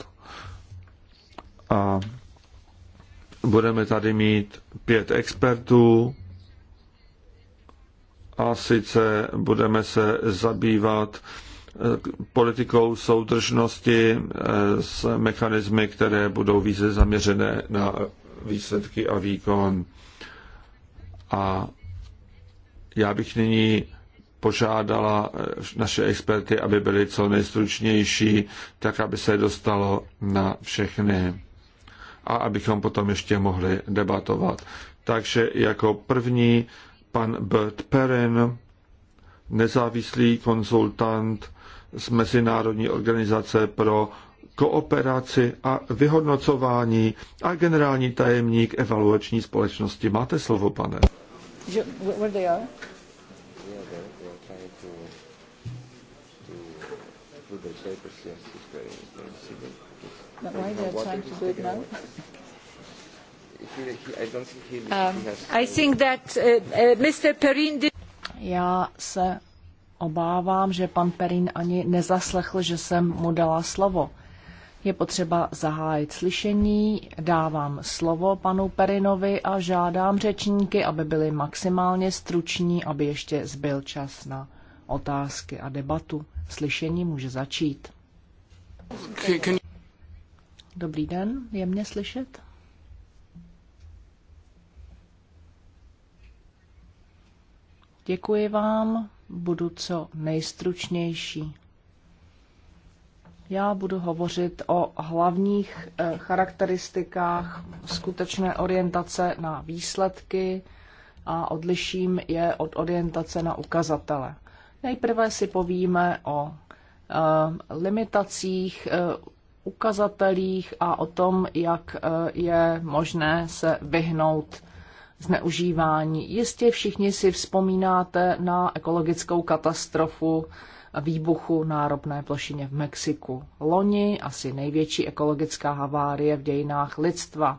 D: A budeme tady mít pět expertů. A sice budeme se zabývat politikou soudržnosti eh, s mechanismy, které budou více zaměřené na výsledky a výkon. A já bych nyní požádala eh, naše experty, aby byli co nejstručnější, tak aby se dostalo na všechny a abychom potom ještě mohli debatovat. Takže jako první pan Bert Perrin, nezávislý konzultant z Mezinárodní organizace pro kooperaci a vyhodnocování a generální tajemník evaluační společnosti. Máte slovo, pane.
B: Já se obávám, že pan Perín ani nezaslechl, že jsem mu dala slovo. Je potřeba zahájit slyšení, dávám slovo panu Perinovi a žádám řečníky, aby byli maximálně struční, aby ještě zbyl čas na otázky a debatu. Slyšení může začít. Dobrý den, je mě slyšet? Děkuji vám budu co nejstručnější. Já budu hovořit o hlavních eh, charakteristikách skutečné orientace na výsledky a odliším je od orientace na ukazatele. Nejprve si povíme o eh, limitacích, eh, ukazatelích a o tom, jak je možné se vyhnout zneužívání. Jistě všichni si vzpomínáte na ekologickou katastrofu výbuchu nárobné plošině v Mexiku. Loni asi největší ekologická havárie v dějinách lidstva.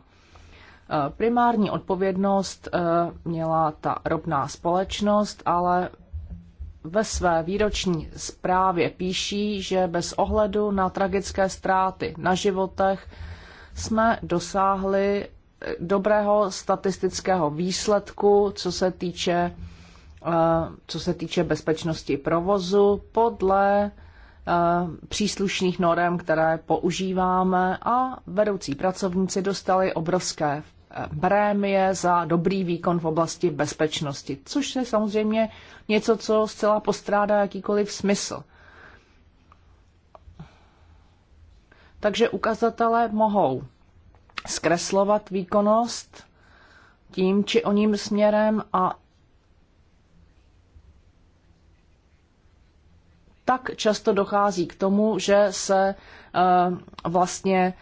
B: Eh, primární odpovědnost eh, měla ta ropná společnost, ale ve své výroční zprávě píší, že bez ohledu na tragické ztráty na životech jsme dosáhli dobrého statistického výsledku, co se týče, eh, co se týče bezpečnosti provozu podle eh, příslušných norem, které používáme a vedoucí pracovníci dostali obrovské brémie eh, za dobrý výkon v oblasti bezpečnosti, což je samozřejmě něco, co zcela postrádá jakýkoliv smysl. Takže ukazatele mohou zkreslovat výkonnost tím či oním směrem a tak často dochází k tomu, že se eh, vlastně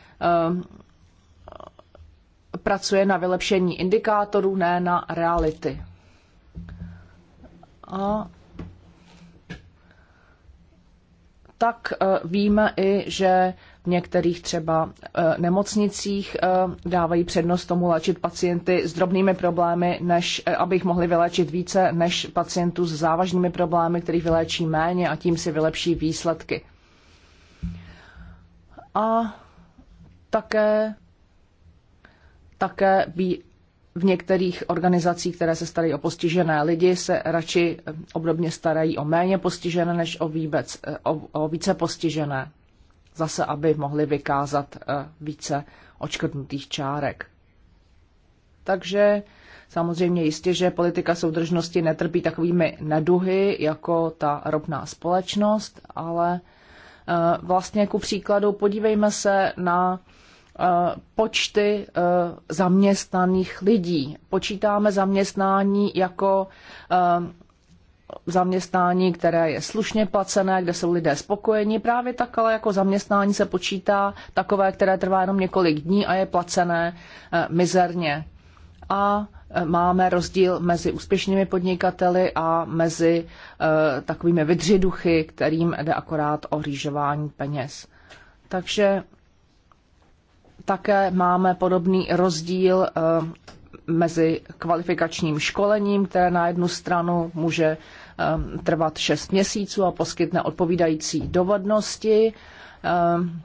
B: eh, pracuje na vylepšení indikátorů, ne na reality. A tak eh, víme i, že některých třeba eh, nemocnicích eh, dávají přednost tomu léčit pacienty s drobnými problémy, než eh, aby jich mohli vyléčit více, než pacientů s závažnými problémy, který vyléčí méně a tím si vylepší výsledky. A také, také by v některých organizacích, které se starají o postižené lidi, se radši obdobně starají o méně postižené než o, výbec, o, o více postižené zase aby mohli vykázat eh, více očkrtnutých čárek. Takže samozřejmě jistě, že politika soudržnosti netrpí takovými neduhy jako ta ropná společnost, ale eh, vlastně ku příkladu podívejme se na eh, počty zaměstnaných lidí. Počítáme zaměstnání jako zaměstnání, které je slušně placené, kde jsou lidé spokojeni. Právě tak, ale jako zaměstnání se počítá takové, které trvá jenom několik dní a je placené eh, mizerně. A eh, máme rozdíl mezi úspěšnými podnikateli a mezi eh, takovými vydřiduchy, kterým jde akorát o rýžování peněz. Takže také máme podobný rozdíl mezi kvalifikačním školením, které na jednu stranu může Um, trvat 6 měsíců a poskytne odpovídající dovednosti, um,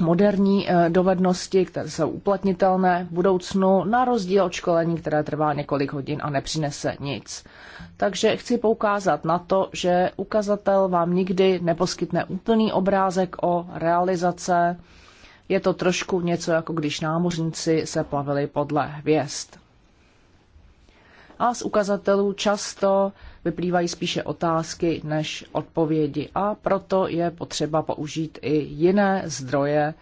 B: moderní uh, dovednosti, které jsou uplatnitelné v budoucnu, na rozdíl od školení, které trvá několik hodin a nepřinese nic. Takže chci poukázat na to, že ukazatel vám nikdy neposkytne úplný obrázek o realizace. Je to trošku něco, jako když námořníci se plavili podle hvězd. A z ukazatelů často vyplývají spíše otázky než odpovědi a proto je potřeba použít i jiné zdroje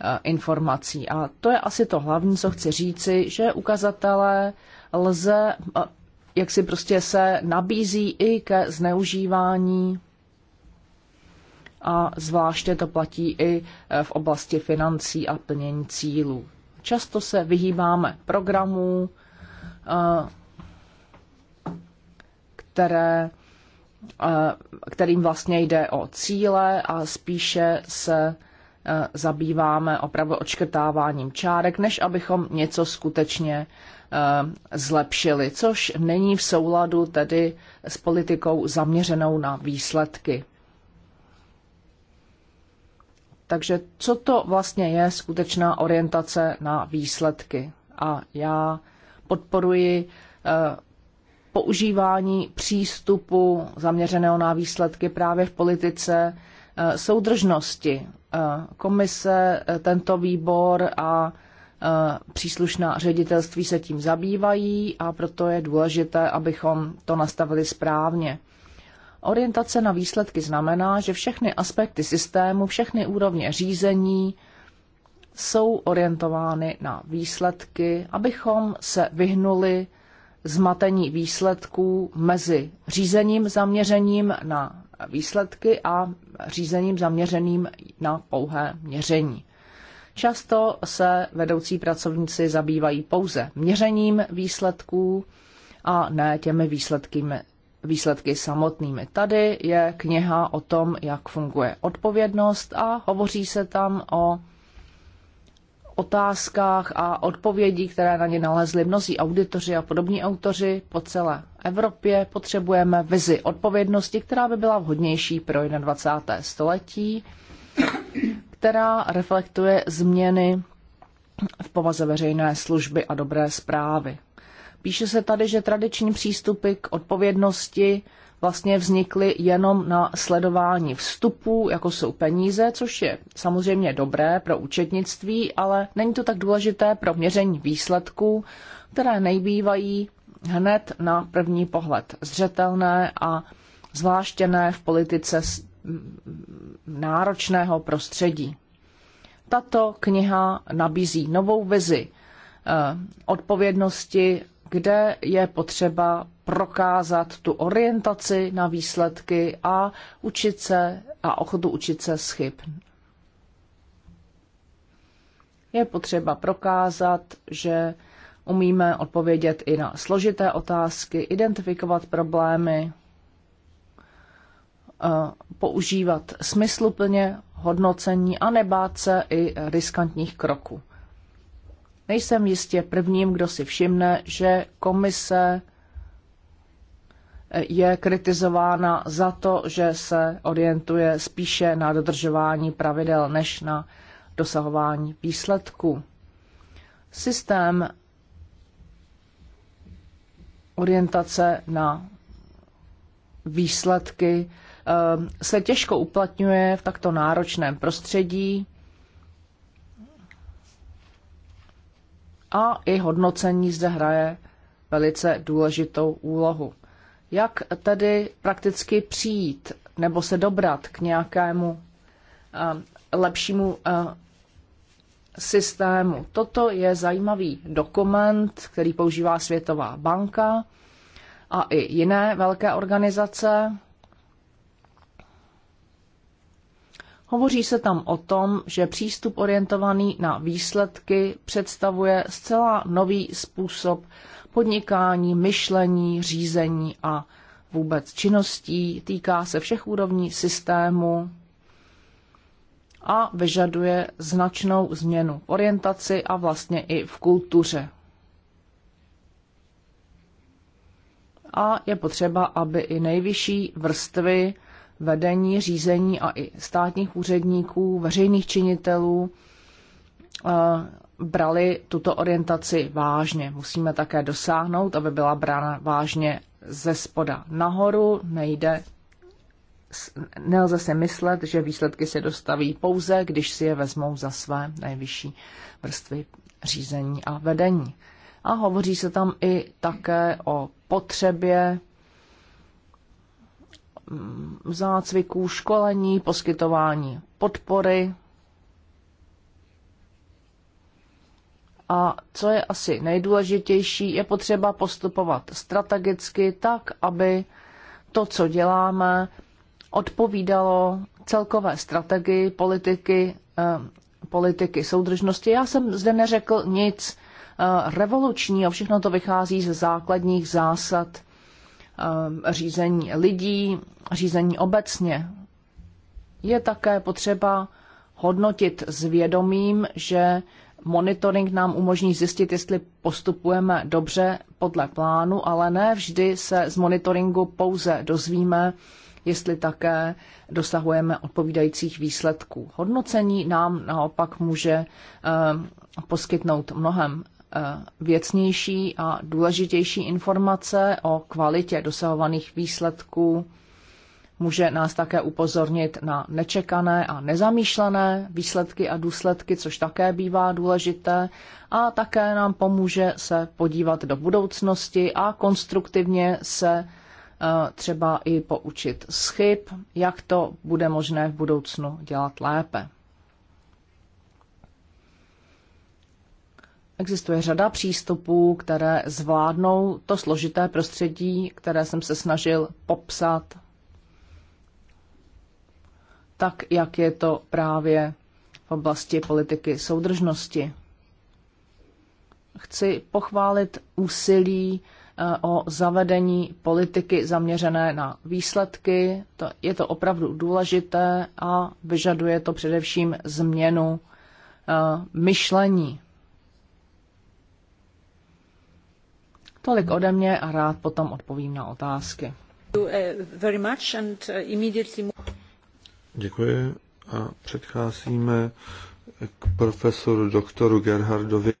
B: eh, informací. A to je asi to hlavní, co chci říci, že ukazatele lze, eh, jak si prostě se nabízí i ke zneužívání a zvláště to platí i eh, v oblasti financí a plnění cílů. Často se vyhýbáme programů, které, eh, kterým vlastně jde o cíle a spíše se eh, zabýváme opravdu očkrtáváním čárek, než abychom něco skutečně eh, zlepšili, což není v souladu tedy s politikou zaměřenou na výsledky. Takže co to vlastně je skutečná orientace na výsledky? A já podporuji používání přístupu zaměřeného na výsledky právě v politice eh, soudržnosti. Eh, komise, eh, tento výbor a příslušná ředitelství se tím zabývají a proto je důležité, abychom to nastavili správně. Orientace na výsledky znamená, že všechny aspekty systému, všechny úrovně řízení jsou orientovány na výsledky, abychom se vyhnuli zmatení výsledků mezi řízením zaměřením na výsledky a řízením zaměřeným na pouhé měření. Často se vedoucí pracovníci zabývají pouze měřením výsledků a ne těmi výsledky, výsledky samotnými. Tady je kniha o tom, jak funguje odpovědnost a hovoří se tam o otázkách a odpovědí, které na ně nalezli mnozí auditoři a podobní autoři po celé Evropě, potřebujeme vizi odpovědnosti, která by byla vhodnější pro 21. století, která reflektuje změny v povaze veřejné služby a dobré zprávy. Píše se tady, že tradiční přístupy k odpovědnosti vlastně vznikly jenom na sledování vstupů, jako jsou peníze, což je samozřejmě dobré pro účetnictví, ale není to tak důležité pro měření výsledků, které nejbývají hned na první pohled zřetelné a zvláštěné v politice náročného prostředí. Tato kniha nabízí novou vizi eh, odpovědnosti kde je potřeba prokázat tu orientaci na výsledky a učit se a ochotu učit se z chyb. Je potřeba prokázat, že umíme odpovědět i na složité otázky, identifikovat problémy, používat smysluplně hodnocení a nebát se i riskantních kroků. Nejsem jistě prvním, kdo si všimne, že komise eh, je kritizována za to, že se orientuje spíše na dodržování pravidel než na dosahování výsledků. Systém orientace na výsledky eh, se těžko uplatňuje v takto náročném prostředí a i hodnocení zde hraje velice důležitou úlohu. Jak tedy prakticky přijít nebo se dobrat k nějakému eh, lepšímu eh, systému. Toto je zajímavý dokument, který používá Světová banka a i jiné velké organizace. Hovoří se tam o tom, že přístup orientovaný na výsledky představuje zcela nový způsob podnikání, myšlení, řízení a vůbec činností, týká se všech úrovní systému a vyžaduje značnou změnu v orientaci a vlastně i v kultuře. A je potřeba, aby i nejvyšší vrstvy vedení, řízení a i státních úředníků, veřejných činitelů eh, brali tuto orientaci vážně. Musíme také dosáhnout, aby byla brána vážně ze spoda nahoru. Nejde, nelze si myslet, že výsledky se dostaví pouze, když si je vezmou za své nejvyšší vrstvy řízení a vedení. A hovoří se tam i také o potřebě Mm, zácviků, školení, poskytování podpory. A co je asi nejdůležitější, je potřeba postupovat strategicky tak, aby to, co děláme, odpovídalo celkové strategii politiky, eh, politiky soudržnosti. Já jsem zde neřekl nic eh, revolučního, všechno to vychází ze základních zásad Um, řízení lidí, řízení obecně. Je také potřeba hodnotit s vědomím, že monitoring nám umožní zjistit, jestli postupujeme dobře podle plánu, ale ne vždy se z monitoringu pouze dozvíme, jestli také dosahujeme odpovídajících výsledků. Hodnocení nám naopak může eh, poskytnout mnohem Eh, věcnější a důležitější informace o kvalitě dosahovaných výsledků. Může nás také upozornit na nečekané a nezamýšlené výsledky a důsledky, což také bývá důležité, a také nám pomůže se podívat do budoucnosti a konstruktivně se eh, třeba i poučit z chyb, jak to bude možné v budoucnu dělat lépe. Existuje řada přístupů, které zvládnou to složité prostředí, které jsem se snažil popsat, tak jak je to právě v oblasti politiky soudržnosti. Chci pochválit úsilí eh, o zavedení politiky zaměřené na výsledky. To, je to opravdu důležité a vyžaduje to především změnu eh, myšlení Tolik ode mě a rád potom odpovím na otázky.
A: Uh,
D: Děkuji a předcházíme k profesoru doktoru Gerhardovi.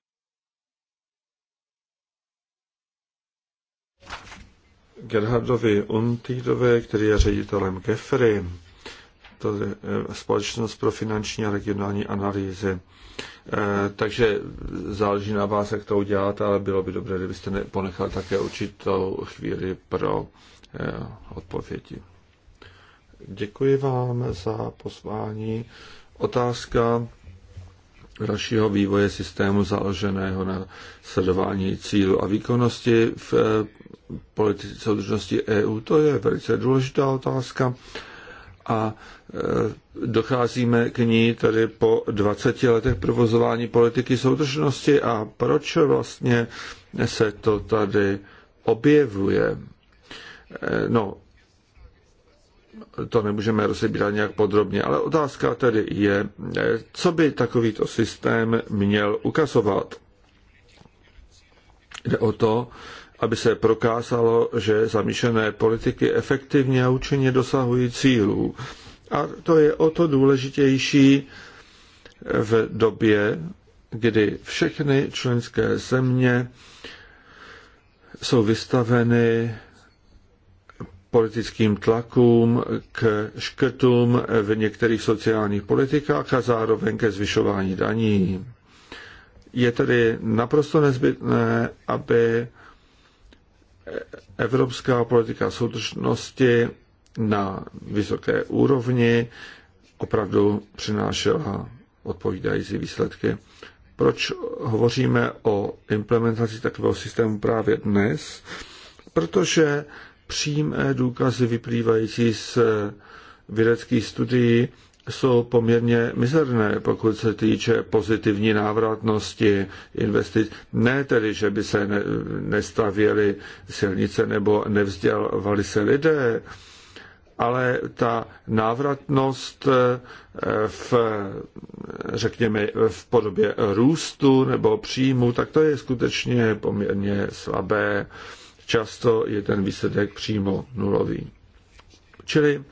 D: Gerhardovi Untýdové, který je ředitelem Kefry, to je eh, Společnost pro finanční a regionální analýzy. Eh, takže záleží na vás, jak to udělat, ale bylo by dobré, kdybyste ponechali také určitou chvíli pro eh, odpovědi. Děkuji vám za pozvání. Otázka dalšího vývoje systému založeného na sledování cílu a výkonnosti v eh, politice soudržnosti EU, to je velice důležitá otázka a e, docházíme k ní tedy po 20 letech provozování politiky soudržnosti a proč vlastně se to tady objevuje. E, no, to nemůžeme rozebírat nějak podrobně, ale otázka tedy je, e, co by takovýto systém měl ukazovat. Jde o to, aby se prokázalo, že zamýšlené politiky efektivně a účinně dosahují cílů. A to je o to důležitější v době, kdy všechny členské země jsou vystaveny politickým tlakům, k škrtům v některých sociálních politikách a zároveň ke zvyšování daní. Je tedy naprosto nezbytné, aby evropská politika soudržnosti na vysoké úrovni opravdu přinášela odpovídající výsledky. Proč hovoříme o implementaci takového systému právě dnes? Protože přímé důkazy vyplývající z vědeckých studií jsou poměrně mizerné, pokud se týče pozitivní návratnosti investic. Ne tedy, že by se nestavěly silnice nebo nevzdělávali se lidé, ale ta návratnost eh, v, řekněme, v podobě růstu nebo příjmu, tak to je skutečně poměrně slabé. Často je ten výsledek přímo nulový. Čili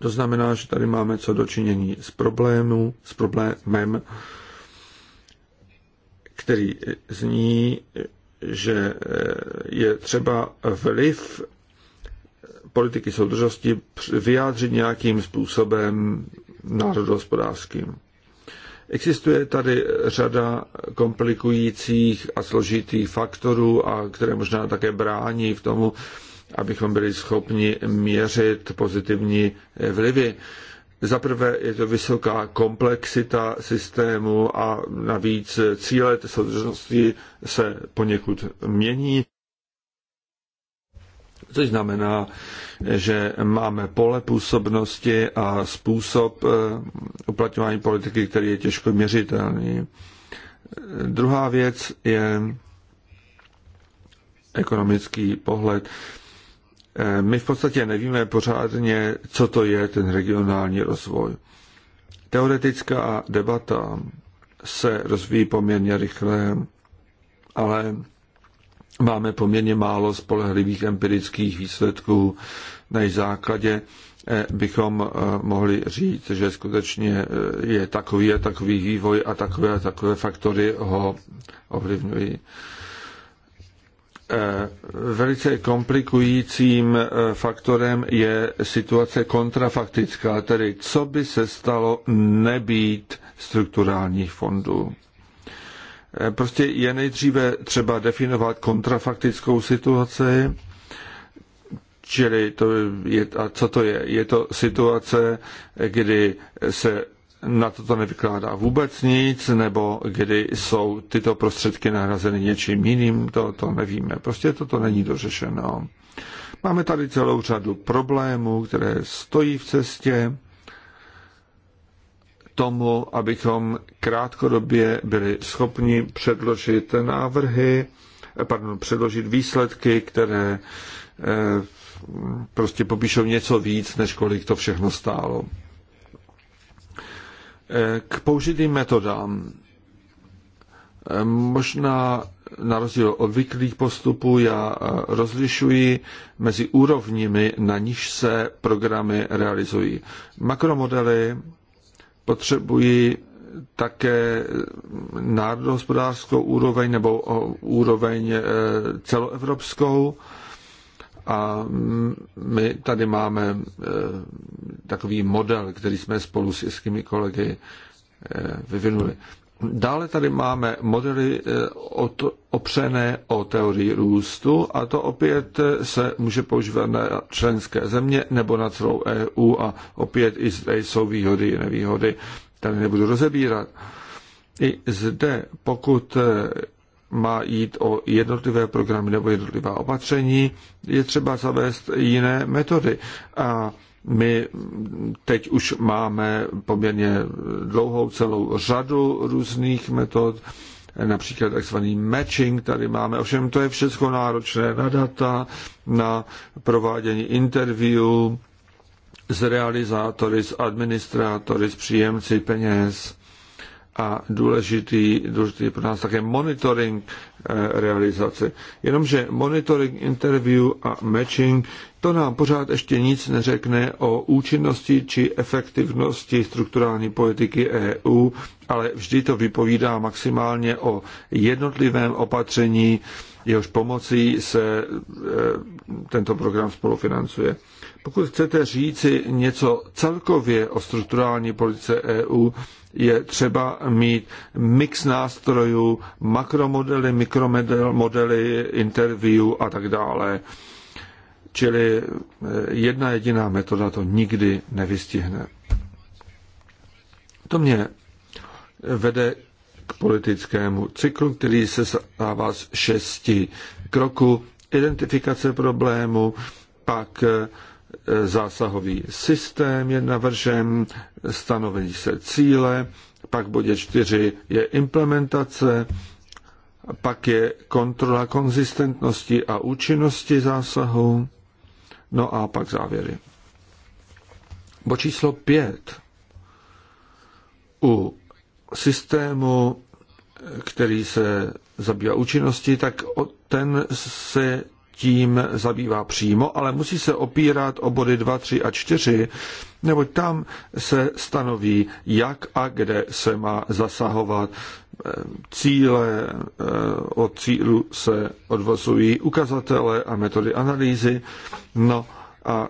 D: to znamená, že tady máme co dočinění s, problému, s problémem, který zní, že eh, je třeba vliv politiky soudržnosti vyjádřit nějakým způsobem národohospodářským. Existuje tady řada komplikujících a složitých faktorů, a které možná také brání v tomu, abychom byli schopni měřit pozitivní vlivy. Za prvé je to vysoká komplexita systému a navíc cíle té soudržnosti se poněkud mění, což znamená, že máme pole působnosti a způsob eh, uplatňování politiky, který je těžko měřitelný. Druhá věc je ekonomický pohled. Eh, my v podstatě nevíme pořádně, co to je ten regionální rozvoj. Teoretická debata se rozvíjí poměrně rychle, ale máme poměrně málo spolehlivých empirických výsledků, na jejich základě eh, bychom eh, mohli říct, že skutečně je takový a takový vývoj a takové a takové faktory ho ovlivňují. Eh, velice komplikujícím eh, faktorem je situace kontrafaktická, tedy co by se stalo nebýt strukturálních fondů. Eh, prostě je nejdříve třeba definovat kontrafaktickou situaci, čili to je, a co to je? Je to situace, kdy se na to to nevykládá vůbec nic, nebo kdy jsou tyto prostředky nahrazeny něčím jiným, to, to nevíme. Prostě toto není dořešeno. Máme tady celou řadu problémů, které stojí v cestě tomu, abychom krátkodobě byli schopni předložit návrhy, pardon, předložit výsledky, které eh, prostě popíšou něco víc, než kolik to všechno stálo. K použitým metodám. Možná na rozdíl od obvyklých postupů já rozlišuji mezi úrovněmi, na níž se programy realizují. Makromodely potřebují také národohospodářskou úroveň nebo úroveň eh, celoevropskou a my tady máme eh, takový model, který jsme spolu s jeskými kolegy eh, vyvinuli. Dále tady máme modely eh, opřené o teorii růstu a to opět se může používat na členské země nebo na celou EU a opět i zde jsou výhody i nevýhody. Tady nebudu rozebírat. I zde, pokud má jít o jednotlivé programy nebo jednotlivá opatření, je třeba zavést jiné metody. A my teď už máme poměrně dlouhou celou řadu různých metod, například takzvaný matching tady máme. Ovšem to je všechno náročné na data, na provádění interview s realizátory, s administrátory, s příjemci peněz a důležitý, důležitý pro nás také monitoring eh, realizace. Jenomže monitoring interview a matching, to nám pořád ještě nic neřekne o účinnosti či efektivnosti strukturální politiky EU, ale vždy to vypovídá maximálně o jednotlivém opatření, jehož pomocí se eh, tento program spolufinancuje. Pokud chcete říci něco celkově o strukturální politice EU, je třeba mít mix nástrojů, makromodely, mikromodely, interview a tak dále. Čili eh, jedna jediná metoda to nikdy nevystihne. To mě vede k politickému cyklu, který se stává z šesti kroků. Identifikace problému, pak eh, zásahový systém je navržen, stanoví se cíle, pak v bodě 4 je implementace, pak je kontrola konzistentnosti a účinnosti zásahu, no a pak závěry. Bo číslo 5. U systému, který se zabývá účinností, tak ten se tím zabývá přímo, ale musí se opírat o body 2, 3 a 4, neboť tam se stanoví, jak a kde se má zasahovat. Eh, cíle eh, od cílu se odvozují ukazatele a metody analýzy. No a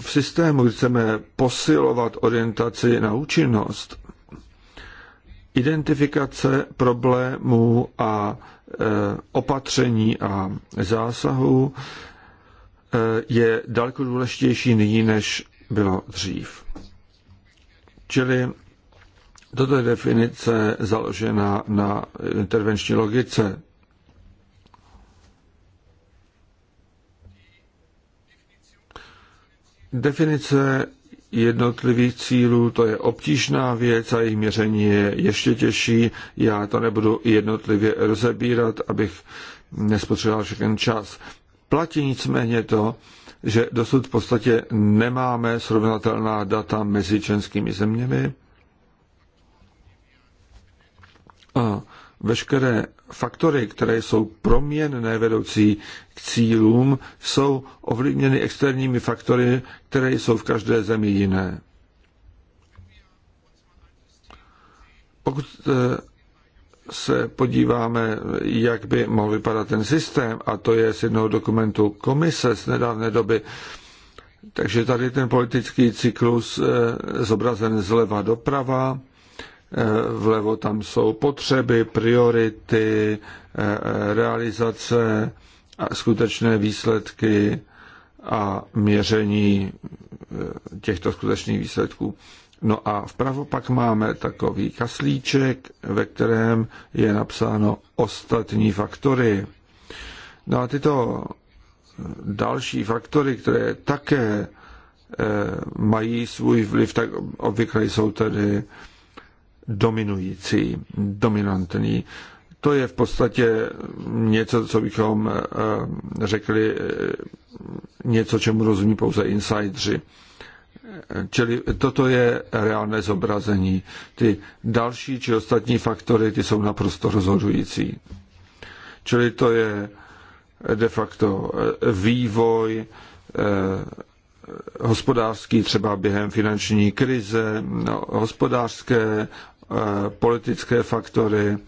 D: v systému, chceme posilovat orientaci na účinnost, identifikace problémů a e, opatření a zásahů e, je daleko důležitější nyní, než bylo dřív. Čili toto je definice založená na intervenční logice. Definice jednotlivých cílů, to je obtížná věc a jejich měření je ještě těžší. Já to nebudu jednotlivě rozebírat, abych nespotřeboval všechen čas. Platí nicméně to, že dosud v podstatě nemáme srovnatelná data mezi členskými zeměmi. A veškeré faktory, které jsou proměnné vedoucí k cílům, jsou ovlivněny externími faktory, které jsou v každé zemi jiné. Pokud eh, se podíváme, jak by mohl vypadat ten systém, a to je z jednoho dokumentu komise z nedávné doby, takže tady ten politický cyklus eh, zobrazen zleva doprava, Eh, vlevo tam jsou potřeby, priority, eh, realizace, a skutečné výsledky a měření eh, těchto skutečných výsledků. No a vpravo pak máme takový kaslíček, ve kterém je napsáno ostatní faktory. No a tyto další faktory, které také mají svůj vliv, tak obvykle jsou tedy dominující, dominantní. To je v podstatě něco, co bychom eh, řekli, eh, něco, čemu rozumí pouze insidři. Eh, čili toto je reálné zobrazení. Ty další či ostatní faktory, ty jsou naprosto rozhodující. Čili to je de facto vývoj hospodářský třeba během finanční krize, no, hospodářské Eh, politické faktory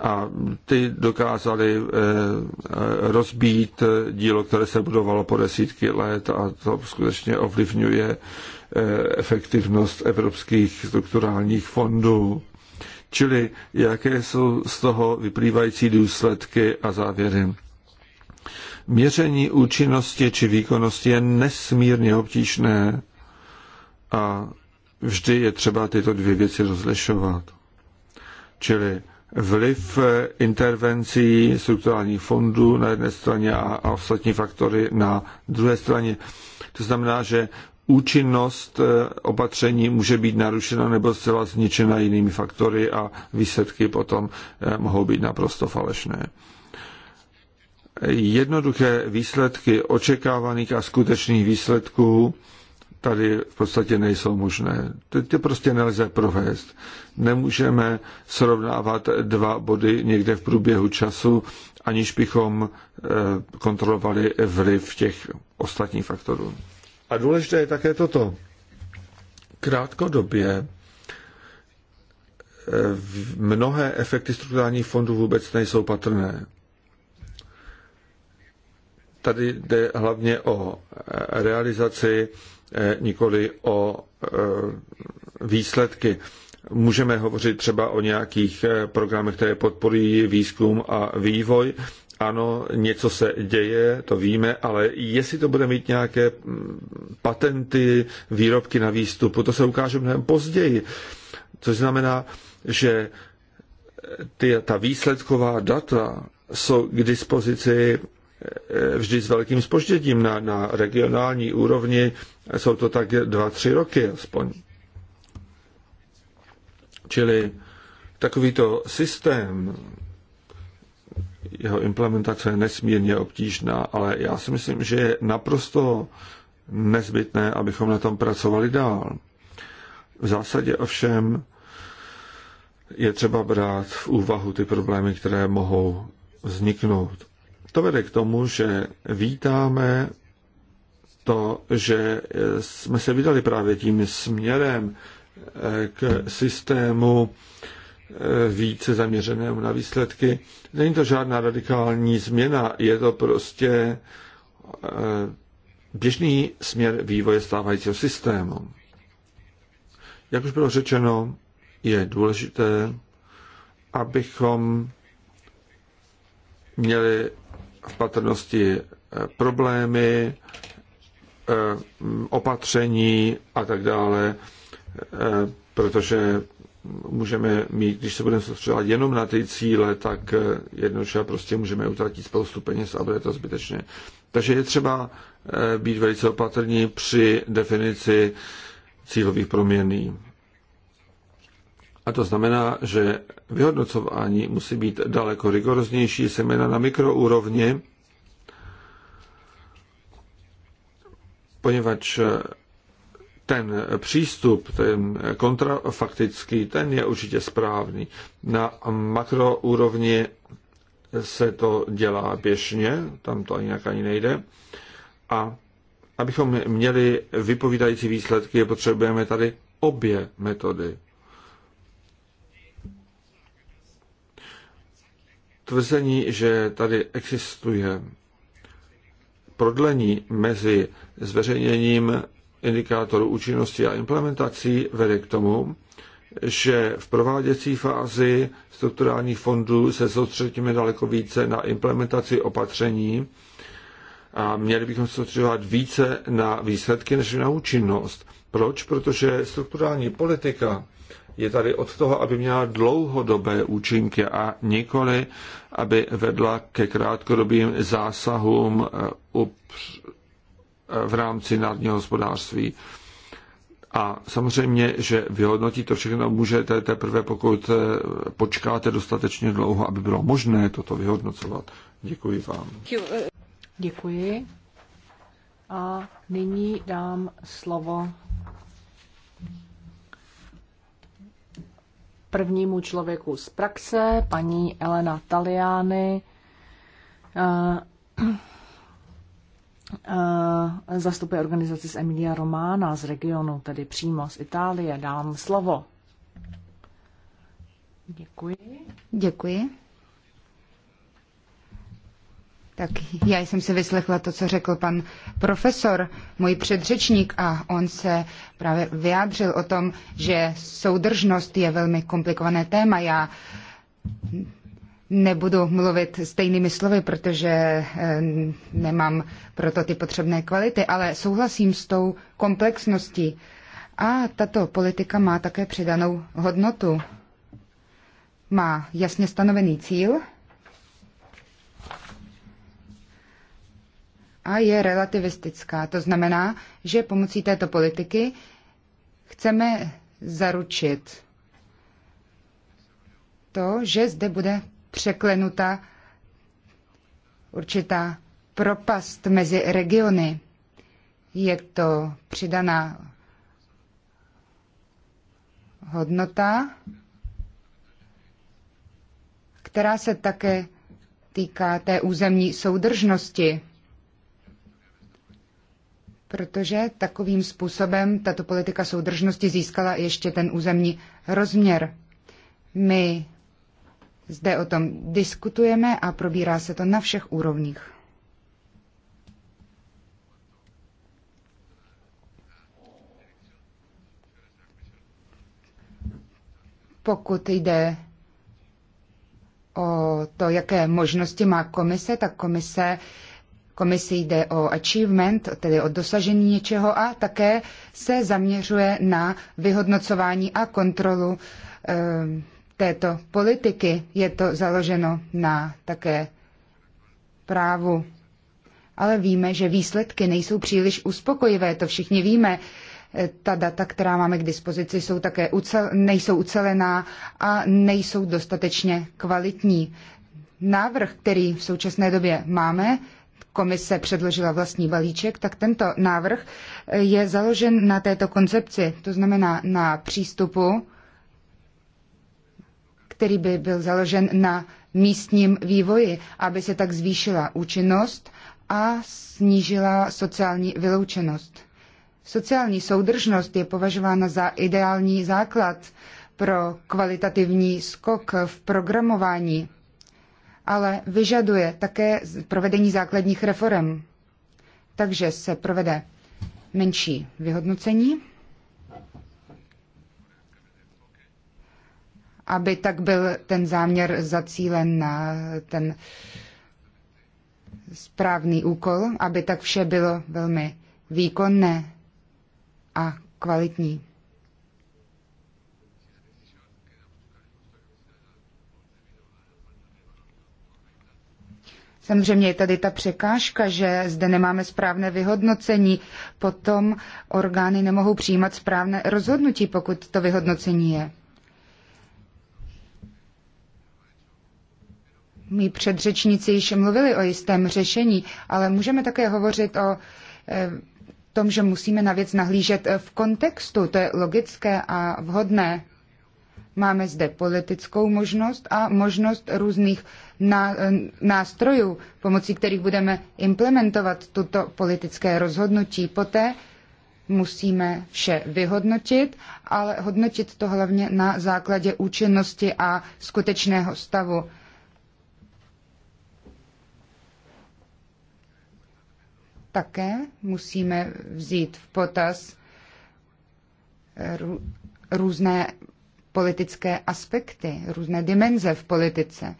D: a ty dokázali eh, eh, rozbít dílo, které se budovalo po desítky let a to skutečně ovlivňuje efektivnost evropských strukturálních fondů. Čili jaké jsou z toho vyplývající důsledky a závěry? Měření účinnosti či výkonnosti je nesmírně obtížné a vždy je třeba tyto dvě věci rozlišovat. Čili vliv eh, intervencí strukturálních fondů na jedné straně a, a ostatní faktory na druhé straně. To znamená, že účinnost eh, opatření může být narušena nebo zcela zničena jinými faktory a výsledky potom eh, mohou být naprosto falešné. Jednoduché výsledky očekávaných a skutečných výsledků tady v podstatě nejsou možné. To je prostě nelze provést. Nemůžeme srovnávat dva body někde v průběhu času, aniž bychom eh, kontrolovali vliv těch ostatních faktorů. A důležité je také toto. Krátkodobě eh, mnohé efekty strukturálních fondů vůbec nejsou patrné. Tady jde hlavně o eh, realizaci Eh, nikoli o eh, výsledky. Můžeme hovořit třeba o nějakých eh, programech, které podporují výzkum a vývoj. Ano, něco se děje, to víme, ale jestli to bude mít nějaké mm, patenty, výrobky na výstupu, to se ukáže mnohem později. Což znamená, že ty, ta výsledková data jsou k dispozici vždy s velkým spožděním na, na regionální úrovni. Jsou to tak dva, tři roky aspoň. Čili takovýto systém, jeho implementace je nesmírně obtížná, ale já si myslím, že je naprosto nezbytné, abychom na tom pracovali dál. V zásadě ovšem je třeba brát v úvahu ty problémy, které mohou vzniknout. To vede k tomu, že vítáme to, že jsme se vydali právě tím směrem eh, k systému eh, více zaměřenému na výsledky. Není to žádná radikální změna, je to prostě eh, běžný směr vývoje stávajícího systému. Jak už bylo řečeno, je důležité, abychom měli v patrnosti eh, problémy, eh, opatření a tak dále, eh, protože můžeme mít, když se budeme soustředovat jenom na ty cíle, tak jednoduše prostě můžeme utratit spoustu peněz a bude to zbytečné. Takže je třeba být velice opatrní při definici cílových proměnných. A to znamená, že vyhodnocování musí být daleko rigoroznější, semena na mikroúrovně, poněvadž ten přístup, ten kontrafaktický, ten je určitě správný. Na makroúrovni se to dělá běžně, tam to ani nějak ani nejde. A abychom měli vypovídající výsledky, potřebujeme tady obě metody. tvrzení, že tady existuje prodlení mezi zveřejněním indikátorů účinnosti a implementací vede k tomu, že v prováděcí fázi strukturálních fondů se soustředíme daleko více na implementaci opatření, a měli bychom se soustředovat více na výsledky než na účinnost. Proč? Protože strukturální politika je tady od toho, aby měla dlouhodobé účinky a nikoli, aby vedla ke krátkodobým zásahům eh, eh, v rámci národního hospodářství. A samozřejmě, že vyhodnotit to všechno můžete teprve, pokud eh, počkáte dostatečně dlouho, aby bylo možné toto vyhodnocovat. Děkuji vám.
B: Děkuji. A nyní dám slovo prvnímu člověku z praxe, paní Elena Taliány, eh, eh, zastupuje organizaci z Emilia Romana z regionu, tedy přímo z Itálie. Dám slovo. Děkuji.
C: Děkuji. Tak já jsem si vyslechla to, co řekl pan profesor, můj předřečník, a on se právě vyjádřil o tom, že soudržnost je velmi komplikované téma. Já nebudu mluvit stejnými slovy, protože eh, nemám proto ty potřebné kvality, ale souhlasím s tou komplexností. A tato politika má také přidanou hodnotu. Má jasně stanovený cíl, a je relativistická. To znamená, že pomocí této politiky chceme zaručit to, že zde bude překlenuta určitá propast mezi regiony. Je to přidaná hodnota, která se také týká té územní soudržnosti protože takovým způsobem tato politika soudržnosti získala ještě ten územní rozměr. My zde o tom diskutujeme a probírá se to na všech úrovních. Pokud jde o to, jaké možnosti má komise, tak komise Komisi jde o achievement, tedy o dosažení něčeho a také se zaměřuje na vyhodnocování a kontrolu e, této politiky. Je to založeno na také právu. Ale víme, že výsledky nejsou příliš uspokojivé, to všichni víme. Eh, ta data, která máme k dispozici, jsou také ucel, nejsou ucelená a nejsou dostatečně kvalitní. Návrh, který v současné době máme, komise předložila vlastní balíček, tak tento návrh je založen na této koncepci, to znamená na přístupu, který by byl založen na místním vývoji, aby se tak zvýšila účinnost a snížila sociální vyloučenost. Sociální soudržnost je považována za ideální základ pro kvalitativní skok v programování ale vyžaduje také provedení základních reform. Takže se provede menší vyhodnocení, aby tak byl ten záměr zacílen na ten správný úkol, aby tak vše bylo velmi výkonné a kvalitní. Samozřejmě je tady ta překážka, že zde nemáme správné vyhodnocení, potom orgány nemohou přijímat správné rozhodnutí, pokud to vyhodnocení je. Mí předřečníci již mluvili o jistém řešení, ale můžeme také hovořit o eh, tom, že musíme na věc nahlížet eh, v kontextu. To je logické a vhodné. Máme zde politickou možnost a možnost různých Eh, nástrojů, pomocí kterých budeme implementovat tuto politické rozhodnutí. Poté musíme vše vyhodnotit, ale hodnotit to hlavně na základě účinnosti a skutečného stavu. Také musíme vzít v potaz eh, různé politické aspekty, různé dimenze v politice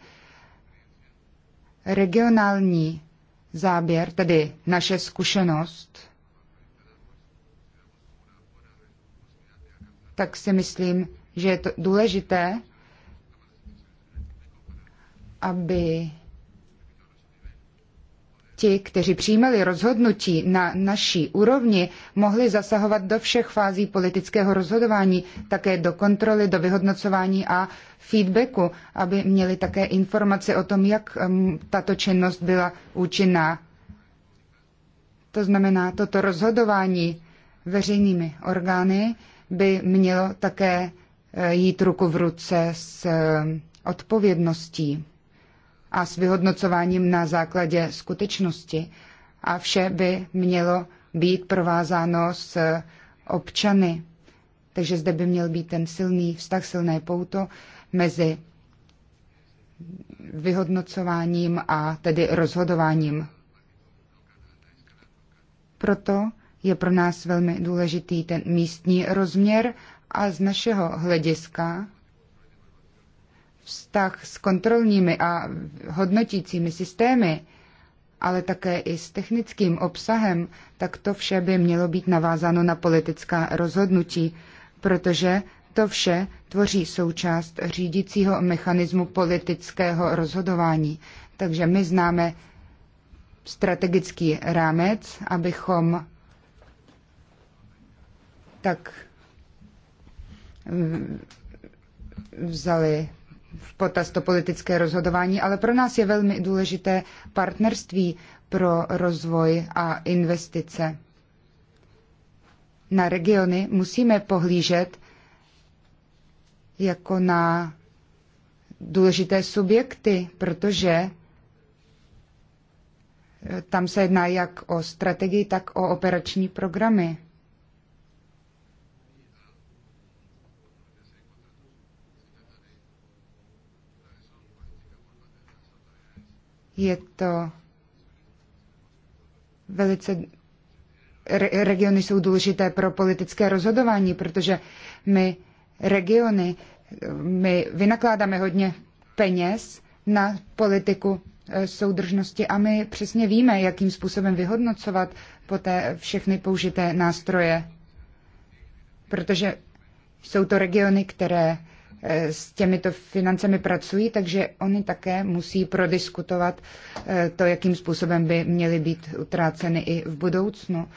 C: regionální záběr, tedy naše zkušenost, tak si myslím, že je to důležité, aby ti, kteří přijímali rozhodnutí na naší úrovni, mohli zasahovat do všech fází politického rozhodování, také do kontroly, do vyhodnocování a feedbacku, aby měli také informace o tom, jak tato činnost byla účinná. To znamená, toto rozhodování veřejnými orgány by mělo také eh, jít ruku v ruce s eh, odpovědností a s vyhodnocováním na základě skutečnosti. A vše by mělo být provázáno s eh, občany. Takže zde by měl být ten silný vztah, silné pouto mezi vyhodnocováním a tedy rozhodováním. Proto je pro nás velmi důležitý ten místní rozměr a z našeho hlediska vztah s kontrolními a hodnotícími systémy, ale také i s technickým obsahem, tak to vše by mělo být navázáno na politická rozhodnutí, protože to vše tvoří součást řídícího mechanismu politického rozhodování. Takže my známe strategický rámec, abychom tak vzali v potaz to politické rozhodování, ale pro nás je velmi důležité partnerství pro rozvoj a investice. Na regiony musíme pohlížet jako na důležité subjekty, protože eh, tam se jedná jak o strategii, tak o operační programy. Je to velice regiony jsou důležité pro politické rozhodování, protože my regiony, my vynakládáme hodně peněz na politiku eh, soudržnosti a my přesně víme, jakým způsobem vyhodnocovat poté všechny použité nástroje, protože jsou to regiony, které Eh, s těmito financemi pracují, takže oni také musí prodiskutovat eh, to, jakým způsobem by měly být utráceny i v budoucnu.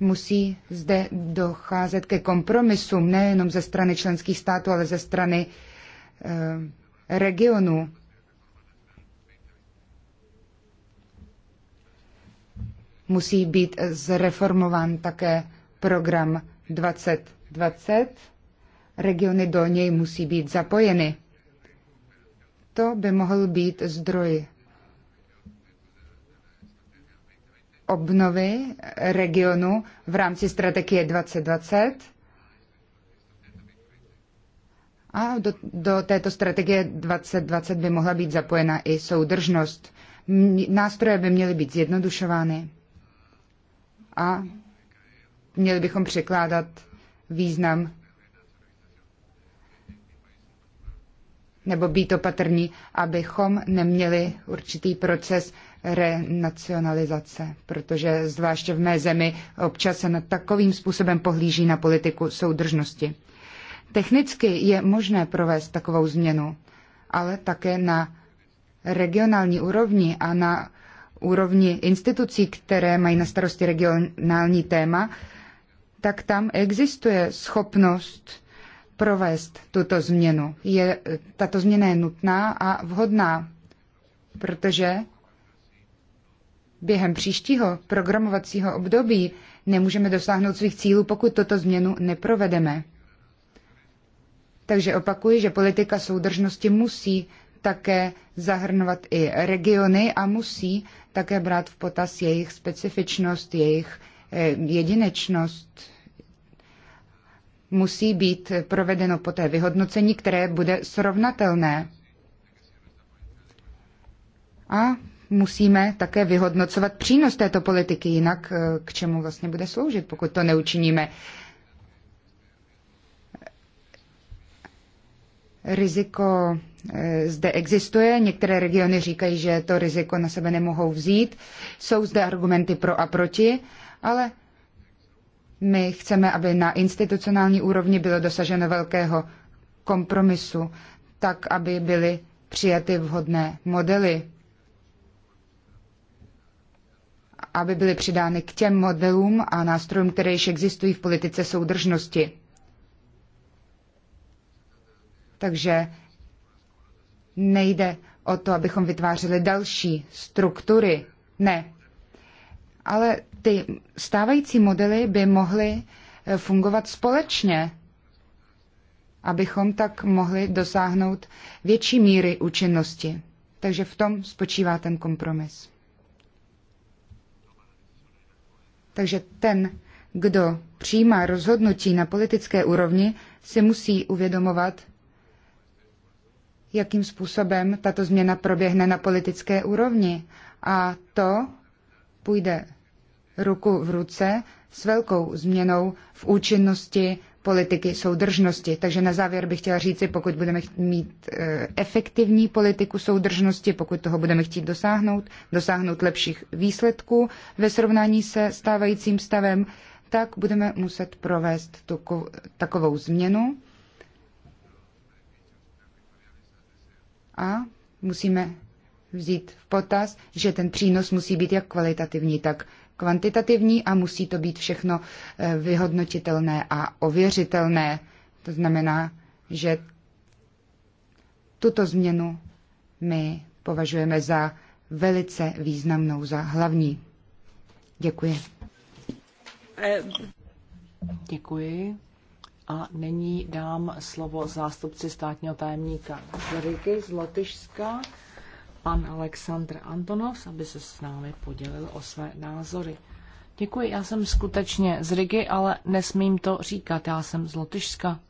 C: Musí zde docházet ke kompromisům nejenom ze strany členských států, ale ze strany eh, regionů. Musí být zreformován také program 2020 regiony do něj musí být zapojeny. To by mohl být zdroj obnovy regionu v rámci strategie 2020 a do, do této strategie 2020 by mohla být zapojena i soudržnost. Nástroje by měly být zjednodušovány a měli bychom překládat význam nebo být opatrní, abychom neměli určitý proces renacionalizace, protože zvláště v mé zemi občas se na takovým způsobem pohlíží na politiku soudržnosti. Technicky je možné provést takovou změnu, ale také na regionální úrovni a na úrovni institucí, které mají na starosti regionální téma, tak tam existuje schopnost provést tuto změnu. Je, tato změna je nutná a vhodná, protože během příštího programovacího období nemůžeme dosáhnout svých cílů, pokud tuto změnu neprovedeme. Takže opakuji, že politika soudržnosti musí také zahrnovat i regiony a musí také brát v potaz jejich specifičnost, jejich eh, jedinečnost, musí být provedeno poté vyhodnocení, které bude srovnatelné. A musíme také vyhodnocovat přínos této politiky, jinak eh, k čemu vlastně bude sloužit, pokud to neučiníme. Riziko eh, zde existuje, některé regiony říkají, že to riziko na sebe nemohou vzít, jsou zde argumenty pro a proti, ale my chceme, aby na institucionální úrovni bylo dosaženo velkého kompromisu, tak, aby byly přijaty vhodné modely, aby byly přidány k těm modelům a nástrojům, které již existují v politice soudržnosti. Takže nejde o to, abychom vytvářeli další struktury. Ne. Ale ty stávající modely by mohly eh, fungovat společně, abychom tak mohli dosáhnout větší míry účinnosti. Takže v tom spočívá ten kompromis. Takže ten, kdo přijímá rozhodnutí na politické úrovni, si musí uvědomovat, jakým způsobem tato změna proběhne na politické úrovni. A to půjde ruku v ruce s velkou změnou v účinnosti politiky soudržnosti. Takže na závěr bych chtěla říci, pokud budeme mít e, efektivní politiku soudržnosti, pokud toho budeme chtít dosáhnout, dosáhnout lepších výsledků ve srovnání se stávajícím stavem, tak budeme muset provést tu, takovou změnu a musíme vzít v potaz, že ten přínos musí být jak kvalitativní, tak kvantitativní a musí to být všechno eh, vyhodnotitelné a ověřitelné. To znamená, že tuto změnu my považujeme za velice významnou, za hlavní. Děkuji. Děkuji.
B: A nyní dám slovo zástupci státního tajemníka Zoriky z Lotyšska pan Aleksandr Antonov, aby se s námi podělil o své názory. Děkuji, já jsem skutečně z Rigy, ale nesmím to říkat, já jsem z Lotyšska.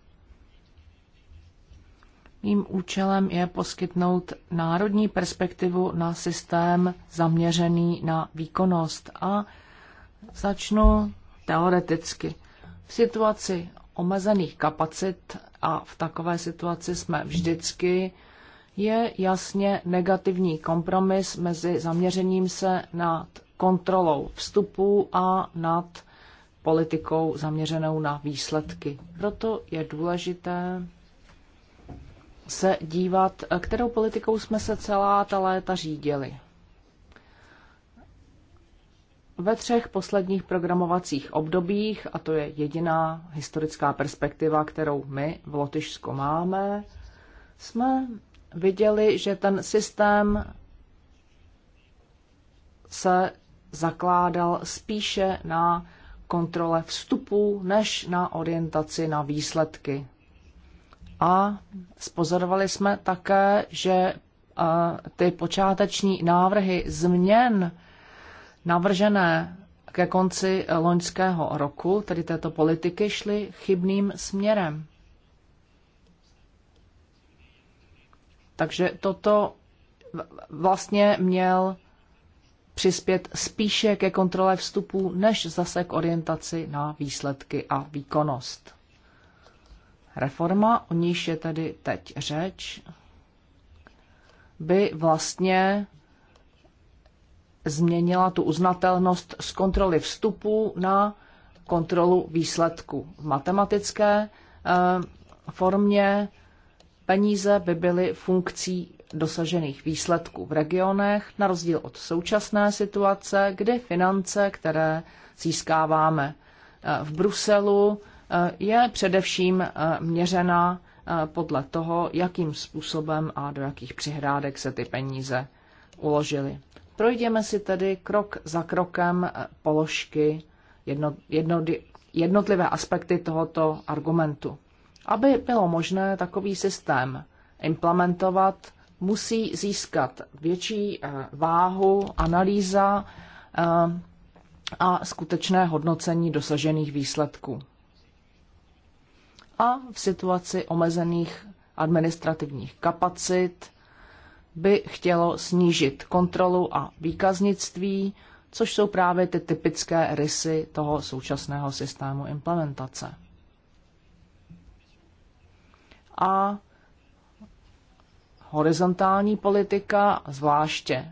B: Mým účelem je poskytnout národní perspektivu na systém zaměřený na výkonnost a začnu teoreticky. V situaci omezených kapacit a v takové situaci jsme vždycky je jasně negativní kompromis mezi zaměřením se nad kontrolou vstupů a nad politikou zaměřenou na výsledky. Proto je důležité se dívat, kterou politikou jsme se celá ta léta řídili. Ve třech posledních programovacích obdobích, a to je jediná historická perspektiva, kterou my v Lotyšsku máme, jsme viděli, že ten systém se zakládal spíše na kontrole vstupů než na orientaci na výsledky. A spozorovali jsme také, že eh, ty počáteční návrhy změn navržené ke konci loňského roku, tedy této politiky, šly chybným směrem. Takže toto vlastně měl přispět spíše ke kontrole vstupů, než zase k orientaci na výsledky a výkonnost. Reforma, o níž je tedy teď řeč, by vlastně změnila tu uznatelnost z kontroly vstupu na kontrolu výsledku. V matematické eh, formě Peníze by byly funkcí dosažených výsledků v regionech, na rozdíl od současné situace, kdy finance, které získáváme eh, v Bruselu, eh, je především eh, měřena podle toho, jakým způsobem a do jakých přihrádek se ty peníze uložily. Projdeme si tedy krok za krokem položky, jedno, jedno, jednotlivé aspekty tohoto argumentu. Aby bylo možné takový systém implementovat, musí získat větší eh, váhu analýza eh, a skutečné hodnocení dosažených výsledků. A v situaci omezených administrativních kapacit by chtělo snížit kontrolu a výkaznictví, což jsou právě ty typické rysy toho současného systému implementace a horizontální politika, zvláště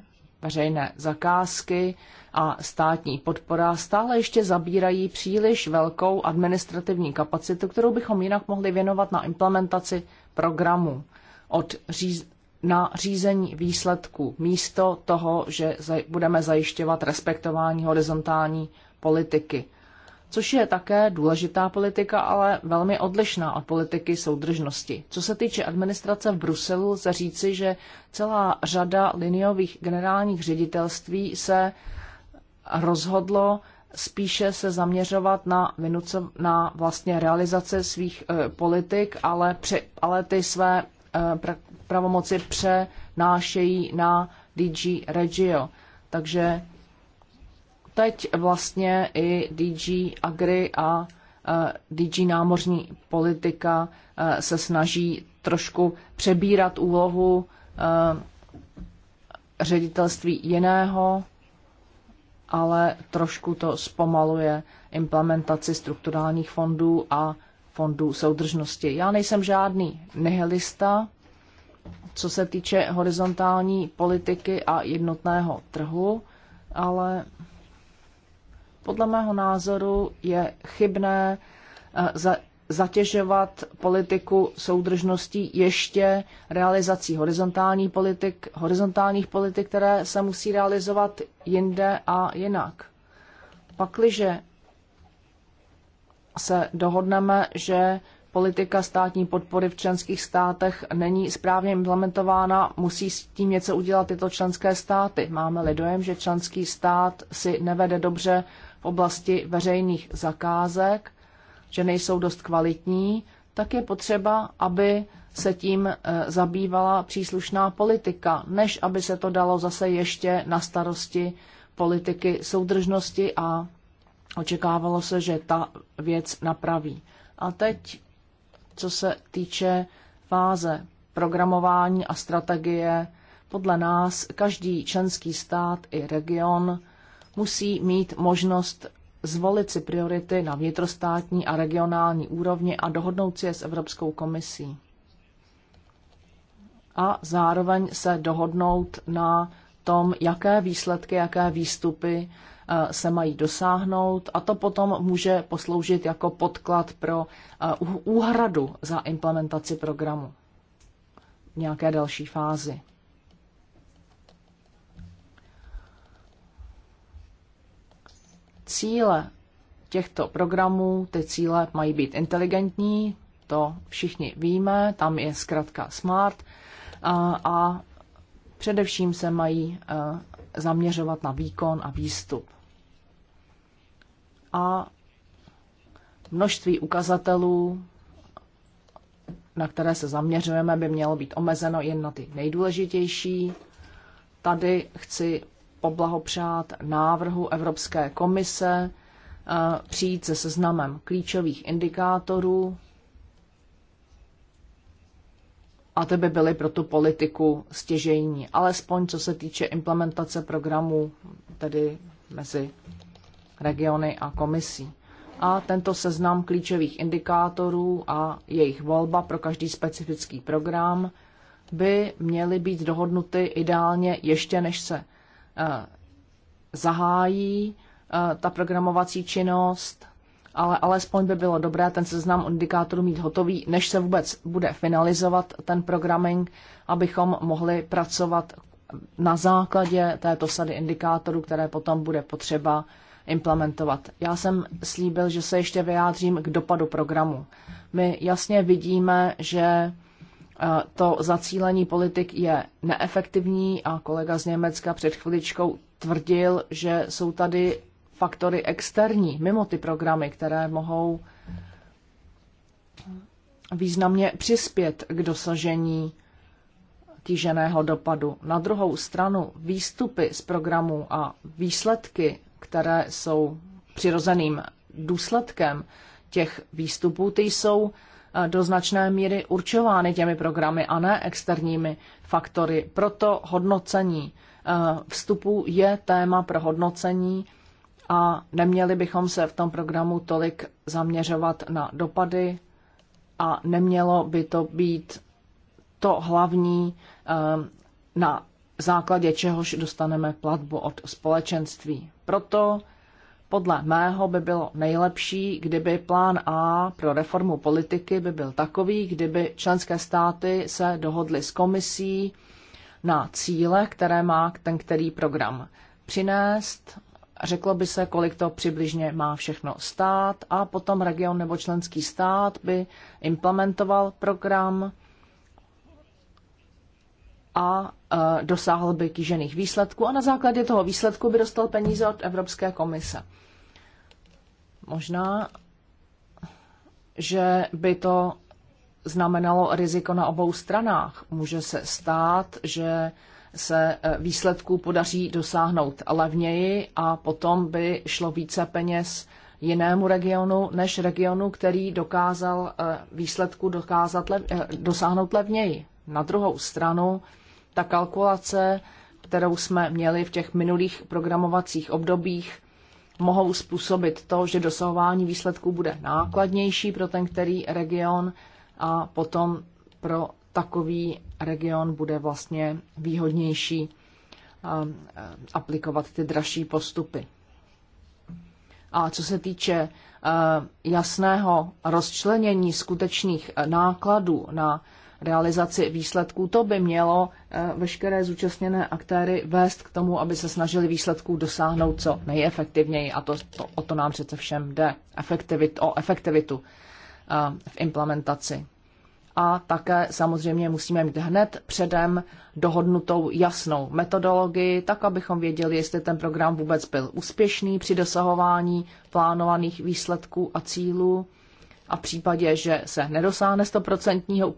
B: veřejné zakázky a státní podpora stále ještě zabírají příliš velkou administrativní kapacitu, kterou bychom jinak mohli věnovat na implementaci programu od říz- na řízení výsledků, místo toho, že budeme zajišťovat respektování horizontální politiky což je také důležitá politika, ale velmi odlišná od politiky soudržnosti. Co se týče administrace v Bruselu, se říci, že celá řada liniových generálních ředitelství se rozhodlo spíše se zaměřovat na, vynuce, na vlastně realizace svých e, politik, ale, pře, ale ty své e, pra, pravomoci přenášejí na DG Regio. Takže teď vlastně i DG Agri a eh, DG námořní politika eh, se snaží trošku přebírat úlohu eh, ředitelství jiného, ale trošku to zpomaluje implementaci strukturálních fondů a fondů soudržnosti. Já nejsem žádný nihilista, co se týče horizontální politiky a jednotného trhu, ale podle mého názoru je chybné eh, za, zatěžovat politiku soudržnosti ještě realizací horizontální politik, horizontálních politik, které se musí realizovat jinde a jinak. Pakliže se dohodneme, že politika státní podpory v členských státech není správně implementována, musí s tím něco udělat tyto členské státy. Máme-li dojem, že členský stát si nevede dobře v oblasti veřejných zakázek, že nejsou dost kvalitní, tak je potřeba, aby se tím eh, zabývala příslušná politika, než aby se to dalo zase ještě na starosti politiky soudržnosti a očekávalo se, že ta věc napraví. A teď, co se týče fáze programování a strategie, podle nás každý členský stát i region musí mít možnost zvolit si priority na vnitrostátní a regionální úrovni a dohodnout si je s Evropskou komisí. A zároveň se dohodnout na tom, jaké výsledky, jaké výstupy eh, se mají dosáhnout a to potom může posloužit jako podklad pro eh, úhradu za implementaci programu v nějaké další fázi. cíle těchto programů, ty cíle mají být inteligentní, to všichni víme, tam je zkrátka SMART a, a především se mají e, zaměřovat na výkon a výstup. A množství ukazatelů, na které se zaměřujeme, by mělo být omezeno jen na ty nejdůležitější. Tady chci poblahopřát návrhu Evropské komise eh, přijít se seznamem klíčových indikátorů a ty by byly pro tu politiku stěžejní, alespoň co se týče implementace programů, tedy mezi regiony a komisí. A tento seznam klíčových indikátorů a jejich volba pro každý specifický program by měly být dohodnuty ideálně ještě než se Eh, zahájí eh, ta programovací činnost, ale alespoň by bylo dobré ten seznam indikátorů mít hotový, než se vůbec bude finalizovat ten programming, abychom mohli pracovat na základě této sady indikátorů, které potom bude potřeba implementovat. Já jsem slíbil, že se ještě vyjádřím k dopadu programu. My jasně vidíme, že E, to zacílení politik je neefektivní a kolega z Německa před chviličkou tvrdil, že jsou tady faktory externí, mimo ty programy, které mohou významně přispět k dosažení tíženého dopadu. Na druhou stranu výstupy z programu a výsledky, které jsou přirozeným důsledkem těch výstupů, ty jsou E, do značné míry určovány těmi programy a ne externími faktory. Proto hodnocení e, vstupu je téma pro hodnocení a neměli bychom se v tom programu tolik zaměřovat na dopady a nemělo by to být to hlavní, e, na základě čehož dostaneme platbu od společenství. Proto podle mého by bylo nejlepší, kdyby plán A pro reformu politiky by byl takový, kdyby členské státy se dohodly s komisí na cíle, které má ten který program přinést, řeklo by se, kolik to přibližně má všechno stát a potom region nebo členský stát by implementoval program a dosáhl by kýžených výsledků a na základě toho výsledku by dostal peníze od Evropské komise. Možná, že by to znamenalo riziko na obou stranách. Může se stát, že se e, výsledků podaří dosáhnout levněji a potom by šlo více peněz jinému regionu než regionu, který dokázal e, výsledku dokázat lev, e, dosáhnout levněji. Na druhou stranu ta kalkulace, kterou jsme měli v těch minulých programovacích obdobích, mohou způsobit to, že dosahování výsledků bude nákladnější pro ten který region a potom pro takový region bude vlastně výhodnější um, eh, aplikovat ty dražší postupy. A co se týče eh, jasného rozčlenění skutečných eh, nákladů na realizaci výsledků. To by mělo eh, veškeré zúčastněné aktéry vést k tomu, aby se snažili výsledků dosáhnout co nejefektivněji. A to, to, o to nám přece všem jde. Efektivit, o efektivitu eh, v implementaci. A také samozřejmě musíme mít hned předem dohodnutou jasnou metodologii, tak abychom věděli, jestli ten program vůbec byl úspěšný při dosahování plánovaných výsledků a cílů. A v případě, že se nedosáhne stoprocentního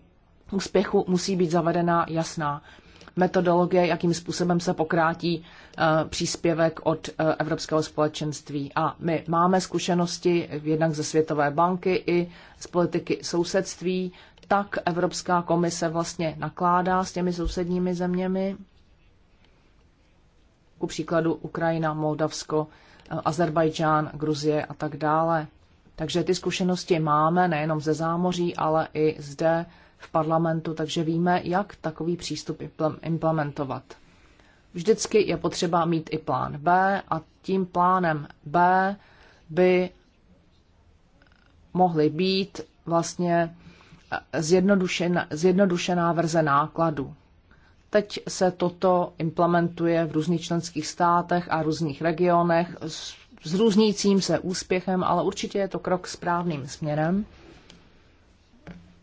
B: úspěchu musí být zavedena jasná metodologie, jakým způsobem se pokrátí eh, příspěvek od eh, Evropského společenství. A my máme zkušenosti jednak ze Světové banky i z politiky sousedství, tak Evropská komise vlastně nakládá s těmi sousedními zeměmi. Ku příkladu Ukrajina, Moldavsko, eh, Azerbajdžán, Gruzie a tak dále. Takže ty zkušenosti máme nejenom ze zámoří, ale i zde v parlamentu, takže víme, jak takový přístup implementovat. Vždycky je potřeba mít i plán B a tím plánem B by mohly být vlastně zjednodušená, zjednodušená verze nákladu. Teď se toto implementuje v různých členských státech a různých regionech s, s různícím se úspěchem, ale určitě je to krok správným směrem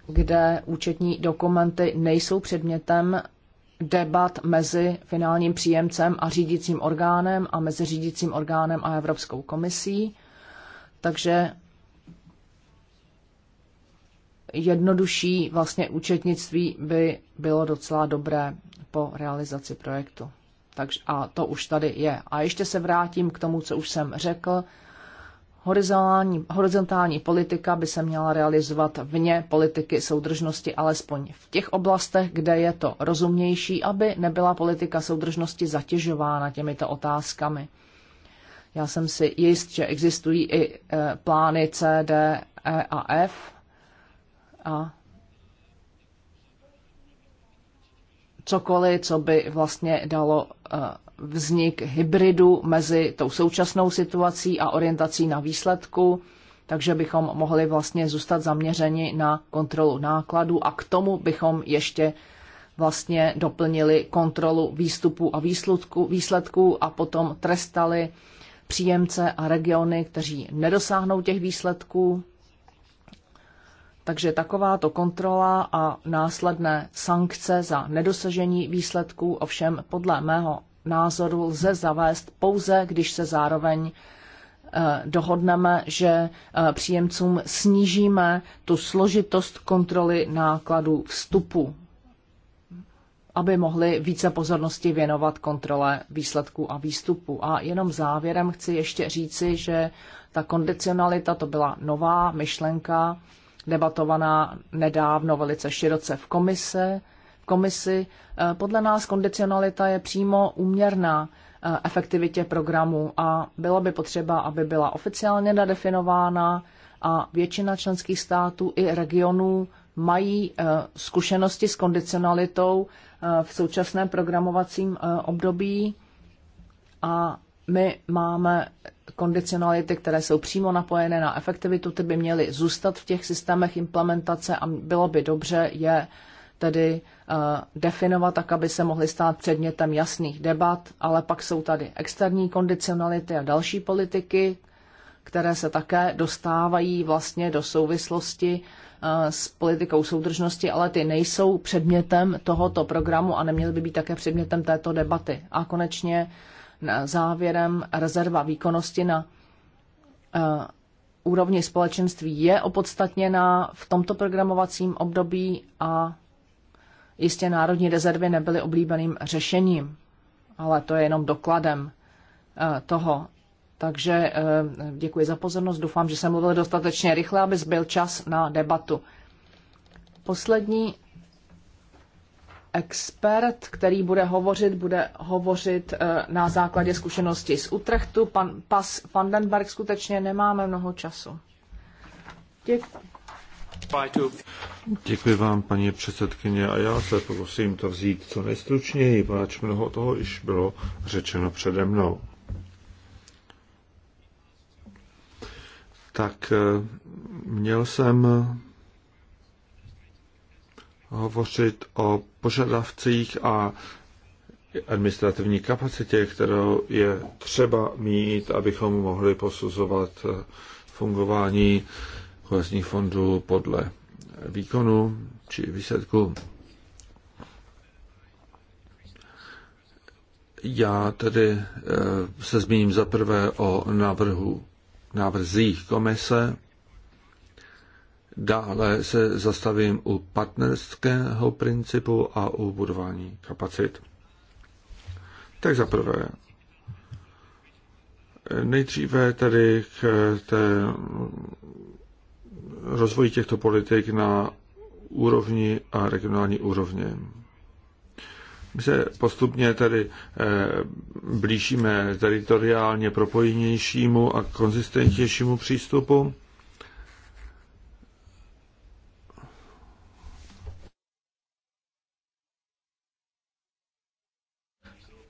B: kde účetní dokumenty nejsou předmětem debat mezi finálním příjemcem a řídícím orgánem a mezi řídícím orgánem a Evropskou komisí. Takže jednodušší vlastně účetnictví by bylo docela dobré po realizaci projektu. Takže, a to už tady je. A ještě se vrátím k tomu, co už jsem řekl horizontální, horizontální politika by se měla realizovat vně politiky soudržnosti, alespoň v těch oblastech, kde je to rozumnější, aby nebyla politika soudržnosti zatěžována těmito otázkami. Já jsem si jist, že existují i e, plány C, D, E a F. A cokoliv, co by vlastně dalo e, vznik hybridu mezi tou současnou situací a orientací na výsledku, takže bychom mohli vlastně zůstat zaměřeni na kontrolu nákladů a k tomu bychom ještě vlastně doplnili kontrolu výstupu a výsledku, výsledku a potom trestali příjemce a regiony, kteří nedosáhnou těch výsledků. Takže takováto kontrola a následné sankce za nedosažení výsledků ovšem podle mého názoru lze zavést pouze, když se zároveň eh, dohodneme, že eh, příjemcům snížíme tu složitost kontroly nákladů vstupu, aby mohli více pozornosti věnovat kontrole výsledků a výstupu. A jenom závěrem chci ještě říci, že ta kondicionalita to byla nová myšlenka, debatovaná nedávno velice široce v komise, komisi. Eh, podle nás kondicionalita je přímo úměrná eh, efektivitě programu a bylo by potřeba, aby byla oficiálně nadefinována a většina členských států i regionů mají eh, zkušenosti s kondicionalitou v současném programovacím období a my máme kondicionality, které jsou přímo napojené na efektivitu, ty by měly zůstat v těch systémech implementace a bylo by dobře je tedy eh, definovat tak, aby se mohly stát předmětem jasných debat, ale pak jsou tady externí kondicionality a další politiky, které se také dostávají vlastně do souvislosti eh, s politikou soudržnosti, ale ty nejsou předmětem tohoto programu a neměly by být také předmětem této debaty. A konečně eh, závěrem rezerva výkonnosti na úrovni společenství je opodstatněná v tomto programovacím období a Jistě národní rezervy nebyly oblíbeným řešením, ale to je jenom dokladem eh, toho. Takže eh, děkuji za pozornost. Doufám, že jsem mluvil dostatečně rychle, aby zbyl čas na debatu. Poslední expert, který bude hovořit, bude hovořit eh, na základě zkušenosti z Utrechtu. Pan Pas Vandenberg skutečně nemáme mnoho času. Děkuji.
D: Děkuji vám, paní předsedkyně, a já se pokusím to vzít co nejstručněji, poněvadž mnoho toho již bylo řečeno přede mnou. Tak eh, měl jsem hovořit o požadavcích a administrativní kapacitě, kterou je třeba mít, abychom mohli posuzovat eh, fungování kohezních fondů podle výkonu či výsledku. Já tedy eh, se zmíním zaprvé o návrhu, návrzích komise, dále se zastavím u partnerského principu a u budování kapacit. Tak zaprvé, nejdříve tedy k té rozvoji těchto politik na úrovni a regionální úrovně. My se postupně tedy eh, blížíme teritoriálně propojenějšímu a konzistentnějšímu přístupu.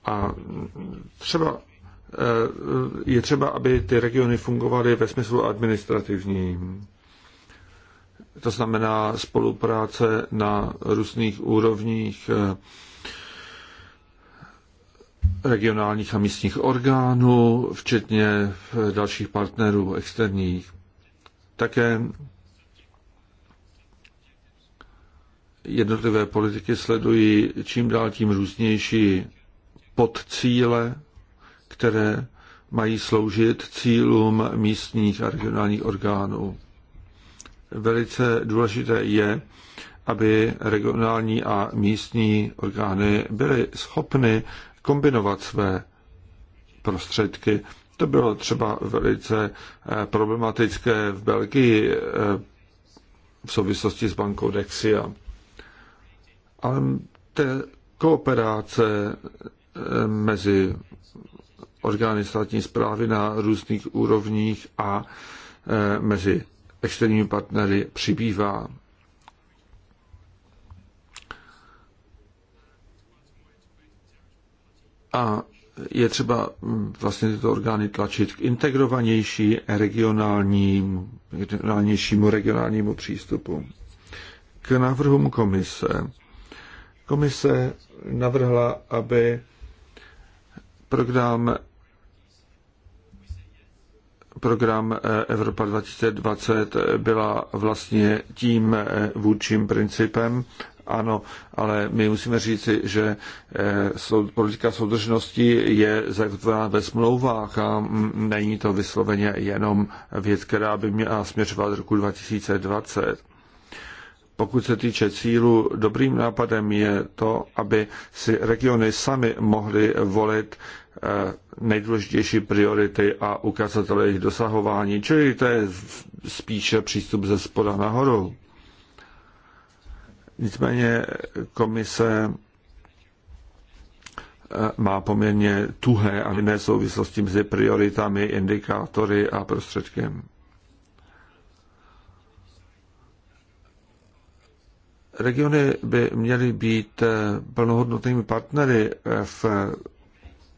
D: A třeba eh, je třeba, aby ty regiony fungovaly ve smyslu administrativním to znamená spolupráce na různých úrovních eh, regionálních a místních orgánů, včetně dalších partnerů externích. Také jednotlivé politiky sledují čím dál tím různější podcíle, které mají sloužit cílům místních a regionálních orgánů velice důležité je, aby regionální a místní orgány byly schopny kombinovat své prostředky. To bylo třeba velice eh, problematické v Belgii eh, v souvislosti s bankou Dexia. Ale té kooperace eh, mezi orgány státní zprávy na různých úrovních a mezi externími partnery přibývá. A je třeba vlastně tyto orgány tlačit k integrovanější regionálním, regionálnějšímu regionálnímu přístupu. K návrhům komise. Komise navrhla, aby program program eh, Evropa 2020 byla vlastně tím eh, vůdčím principem. Ano, ale my musíme říci, že eh, politika soudržnosti je zakotvená ve smlouvách a mm, není to vysloveně jenom věc, která by měla směřovat do roku 2020. Pokud se týče cílu, dobrým nápadem je to, aby si regiony sami mohly volit Eh, nejdůležitější priority a ukazatele jejich dosahování, čili to je spíše přístup ze spoda nahoru. Nicméně komise eh, má poměrně tuhé a jiné souvislosti mezi prioritami, indikátory a prostředkem. Regiony by měly být eh, plnohodnotnými partnery v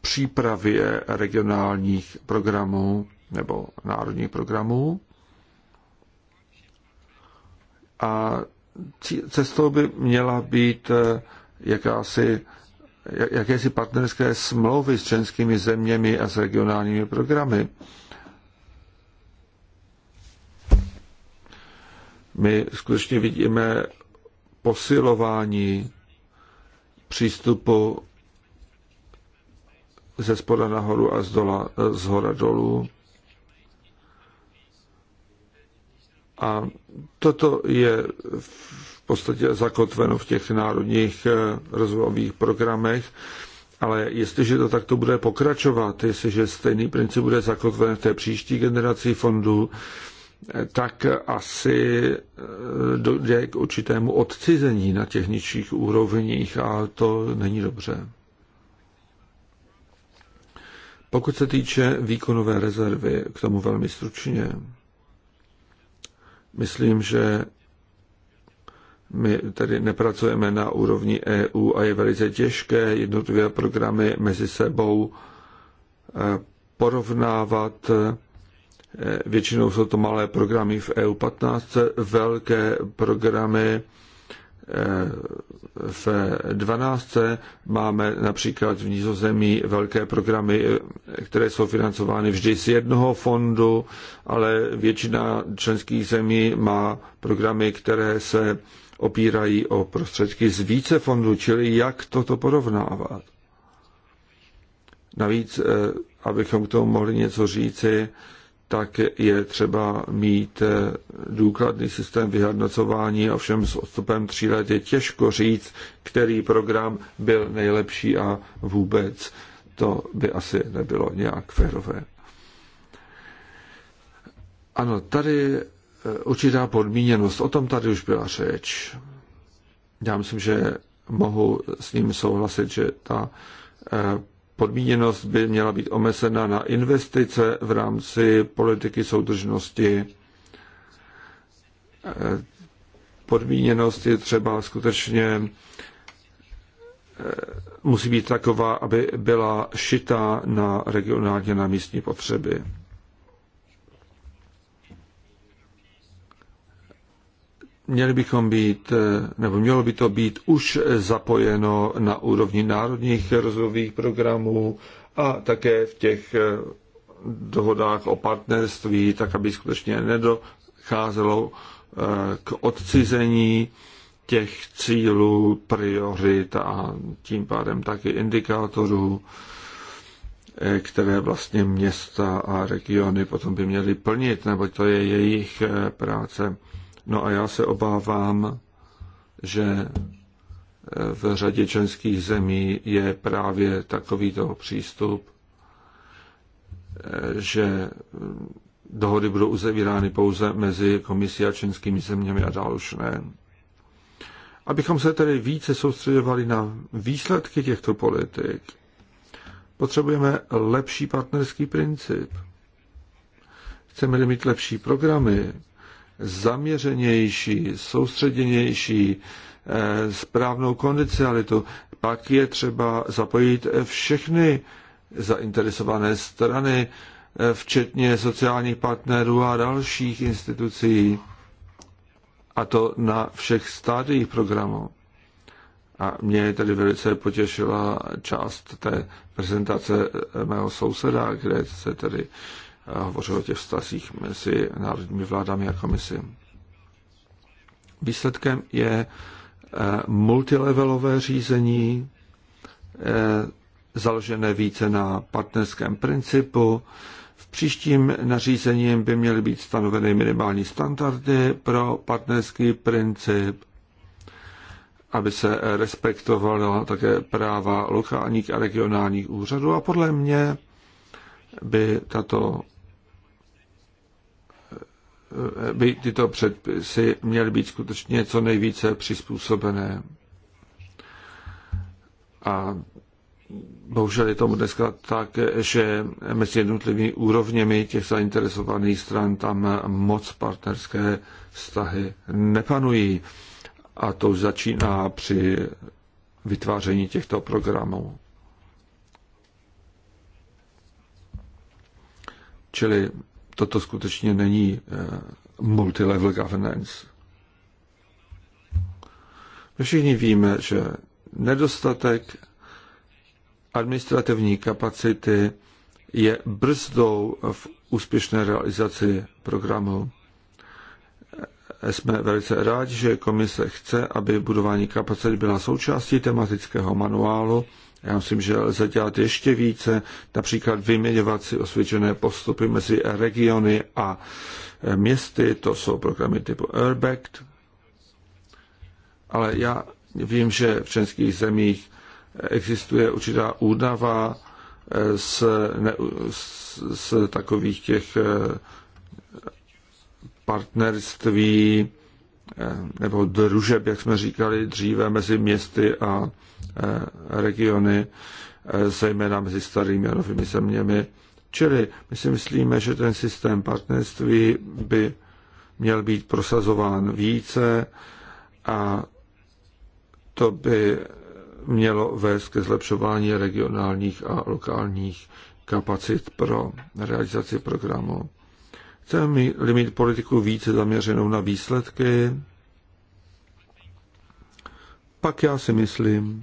D: přípravě regionálních programů nebo národních programů. A cestou by měla být eh, jakási, jakési partnerské smlouvy s členskými zeměmi a s regionálními programy. My skutečně vidíme posilování přístupu ze spoda nahoru a z, dola, eh, z hora dolů. A toto je v podstatě zakotveno v těch národních eh, rozvojových programech, ale jestliže to takto bude pokračovat, jestliže stejný princip bude zakotven v té příští generaci fondů, eh, tak asi dojde k určitému odcizení na těch nižších úrovních a to není dobře. Pokud se týče výkonové rezervy, k tomu velmi stručně. Myslím, že my tady nepracujeme na úrovni EU a je velice těžké jednotlivé programy mezi sebou eh, porovnávat. Eh, většinou jsou to malé programy v EU 15, velké programy v 12. máme například v Nizozemí velké programy, které jsou financovány vždy z jednoho fondu, ale většina členských zemí má programy, které se opírají o prostředky z více fondů, čili jak toto porovnávat. Navíc, eh, abychom k tomu mohli něco říci, tak je třeba mít eh, důkladný systém vyhodnocování, ovšem s odstupem tří let je těžko říct, který program byl nejlepší a vůbec to by asi nebylo nějak férové. Ano, tady eh, určitá podmíněnost, o tom tady už byla řeč. Já myslím, že mohu s ním souhlasit, že ta eh, podmíněnost by měla být omezena na investice v rámci politiky soudržnosti. Podmíněnost je třeba skutečně eh, musí být taková, aby byla šitá na regionálně na místní potřeby. Měli bychom být, eh, nebo mělo by to být už zapojeno na úrovni národních rozvojových programů a také v těch eh, dohodách o partnerství, tak aby skutečně nedocházelo eh, k odcizení těch cílů, priorit a tím pádem taky indikátorů, které vlastně města a regiony potom by měly plnit, nebo to je jejich práce. No a já se obávám, že eh, v řadě členských zemí je právě takovýto přístup, eh, že mm, dohody budou uzavírány pouze mezi komisí a členskými zeměmi a dál už ne. Abychom se tedy více soustředovali na výsledky těchto politik, potřebujeme lepší partnerský princip. Chceme-li mít lepší programy, zaměřenější, soustředěnější, eh, správnou kondicionalitu. Pak je třeba zapojit všechny zainteresované strany, eh, včetně sociálních partnerů a dalších institucí, a to na všech stádiích programu. A mě tedy velice potěšila část té prezentace mého souseda, kde se tedy hovořil o těch vztazích mezi národními vládami a komisi. Výsledkem je eh, multilevelové řízení, eh, založené více na partnerském principu. V příštím nařízením by měly být stanoveny minimální standardy pro partnerský princip, aby se respektovala také práva lokálních a regionálních úřadů a podle mě by tato Eh, by tyto předpisy měly být skutečně co nejvíce přizpůsobené. A bohužel je tomu dneska tak, že mezi jednotlivými úrovněmi těch zainteresovaných stran tam moc partnerské vztahy nepanují. A to už začíná při vytváření těchto programů. Čili toto skutečně není eh, multilevel governance. My všichni víme, že nedostatek administrativní kapacity je brzdou v úspěšné realizaci programu. Jsme velice rádi, že komise chce, aby budování kapacit byla součástí tematického manuálu já myslím, že lze dělat ještě více, například vyměňovat si osvědčené postupy mezi regiony a eh, městy, to jsou programy typu Urbact. Ale já vím, že v českých zemích existuje určitá údava eh, z, ne, z, z takových těch eh, partnerství nebo družeb, jak jsme říkali dříve, mezi městy a Eh, regiony, eh, zejména mezi starými a novými zeměmi. Čili my si myslíme, že ten systém partnerství by měl být prosazován více a to by mělo vést ke zlepšování regionálních a lokálních kapacit pro realizaci programu. Chceme mít politiku více zaměřenou na výsledky, pak já si myslím,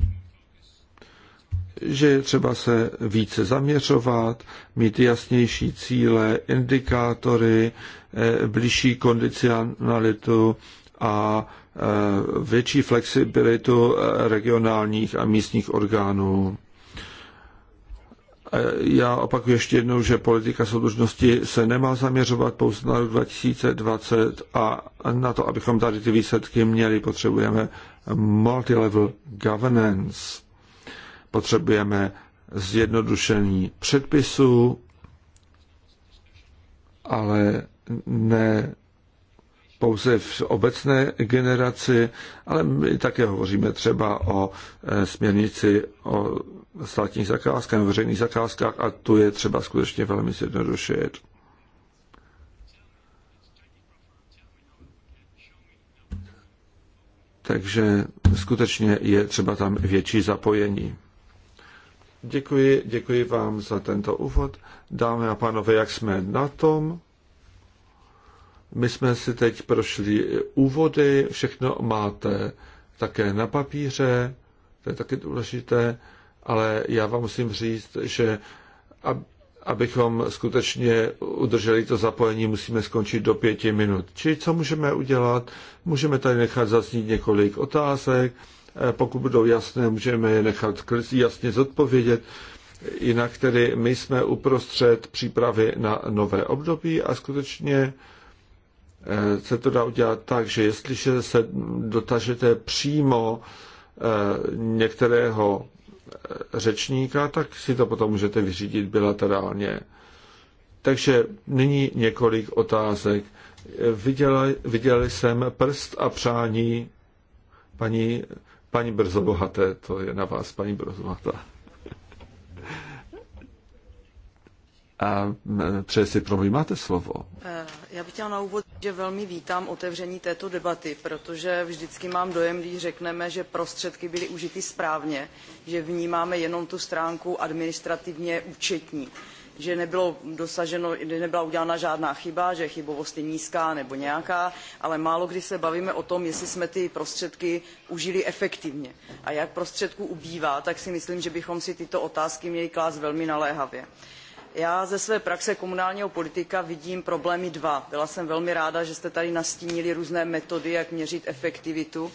D: že je třeba se více zaměřovat, mít jasnější cíle, indikátory, eh, blížší kondicionalitu a eh, větší flexibilitu eh, regionálních a místních orgánů. Já opakuji ještě jednou, že politika soudržnosti se nemá zaměřovat pouze na rok 2020 a na to, abychom tady ty výsledky měli, potřebujeme multilevel governance. Potřebujeme zjednodušení předpisů, ale ne pouze v obecné generaci, ale my také hovoříme třeba o e, směrnici o státních zakázkách, veřejných zakázkách a tu je třeba skutečně velmi zjednodušit. Takže skutečně je třeba tam větší zapojení. Děkuji, děkuji vám za tento úvod. Dámy a pánové, jak jsme na tom? My jsme si teď prošli úvody, všechno máte také na papíře, to je taky důležité ale já vám musím říct, že abychom skutečně udrželi to zapojení, musíme skončit do pěti minut. Čili co můžeme udělat? Můžeme tady nechat zaznít několik otázek, eh, pokud budou jasné, můžeme je nechat jasně zodpovědět. Jinak tedy my jsme uprostřed přípravy na nové období a skutečně eh, se to dá udělat tak, že jestliže se dotažete přímo eh, některého řečníka, tak si to potom můžete vyřídit bilaterálně. Takže nyní několik otázek. Viděla, viděli jsem prst a přání paní, paní Brzobohaté, to je na vás, paní Brzobohatá. a přeje e, si promluví. Máte slovo.
F: Eh, já bych chtěla na úvod, že velmi vítám otevření této debaty, protože vždycky mám dojem, když řekneme, že prostředky byly užity správně, že vnímáme jenom tu stránku administrativně účetní že nebylo dosaženo, nebyla udělána žádná chyba, že chybovost je nízká nebo nějaká, ale málo kdy se bavíme o tom, jestli jsme ty prostředky užili efektivně. A jak prostředků ubývá, tak si myslím, že bychom si tyto otázky měli klást velmi naléhavě já ze své praxe komunálního politika vidím problémy dva. Byla jsem velmi ráda, že jste tady nastínili různé metody, jak měřit efektivitu,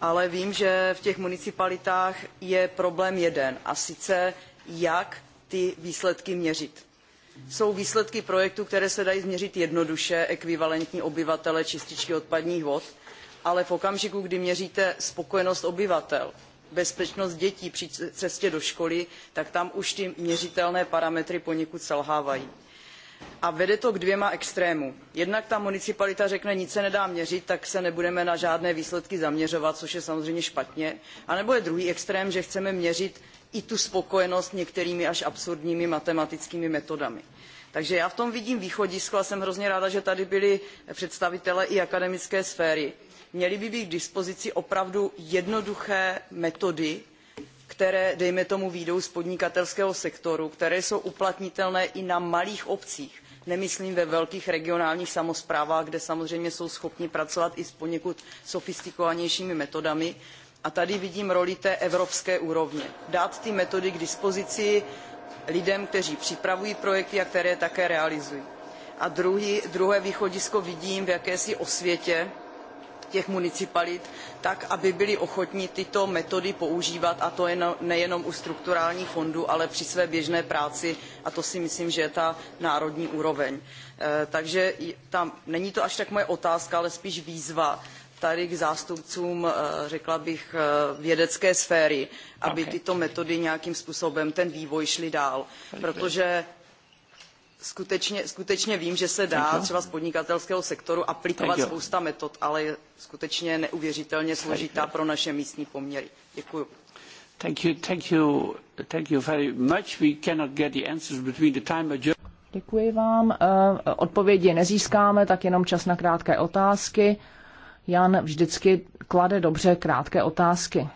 F: ale vím, že v těch municipalitách je problém jeden, a sice jak ty výsledky měřit. Jsou výsledky projektů, které se dají změřit jednoduše, ekvivalentní obyvatele čističky odpadních vod, ale v okamžiku, kdy měříte spokojenost obyvatel, bezpečnost dětí při cestě do školy, tak tam už ty měřitelné parametry poněkud selhávají. A vede to k dvěma extrémům. Jednak ta municipalita řekne, nic se nedá měřit, tak se nebudeme na žádné výsledky zaměřovat, což je samozřejmě špatně. A nebo je druhý extrém, že chceme měřit i tu spokojenost některými až absurdními matematickými metodami. Takže já v tom vidím východisko a jsem hrozně ráda, že tady byli představitelé i akademické sféry měly by být k dispozici opravdu jednoduché metody které dejme tomu vyjdou z podnikatelského sektoru které jsou uplatnitelné i na malých obcích nemyslím ve velkých regionálních samosprávách kde samozřejmě jsou schopni pracovat i s poněkud sofistikovanějšími metodami a tady vidím roli té evropské úrovně dát ty metody k dispozici lidem kteří připravují projekty a které také realizují. a druhé východisko vidím v jakési osvětě těch municipalit tak aby byly ochotny tyto metody používat a to no, nejenom u strukturálních fondů ale při své běžné práci a to si myslím že je ta národní úroveň. E, takže tam, není to až tak moje otázka ale spíš výzva tady k zástupcům, e, řekla bych, e, vědecké sféry, aby tyto metody nějakým způsobem ten vývoj šly dál. Protože skutečně, skutečně vím, že se dá třeba z podnikatelského sektoru aplikovat spousta metod, ale je skutečně neuvěřitelně složitá pro naše místní poměry. Děkuji.
B: Děkuji vám. Eh, odpovědi nezískáme, tak jenom čas na krátké otázky. Jan vždycky klade dobře krátké otázky.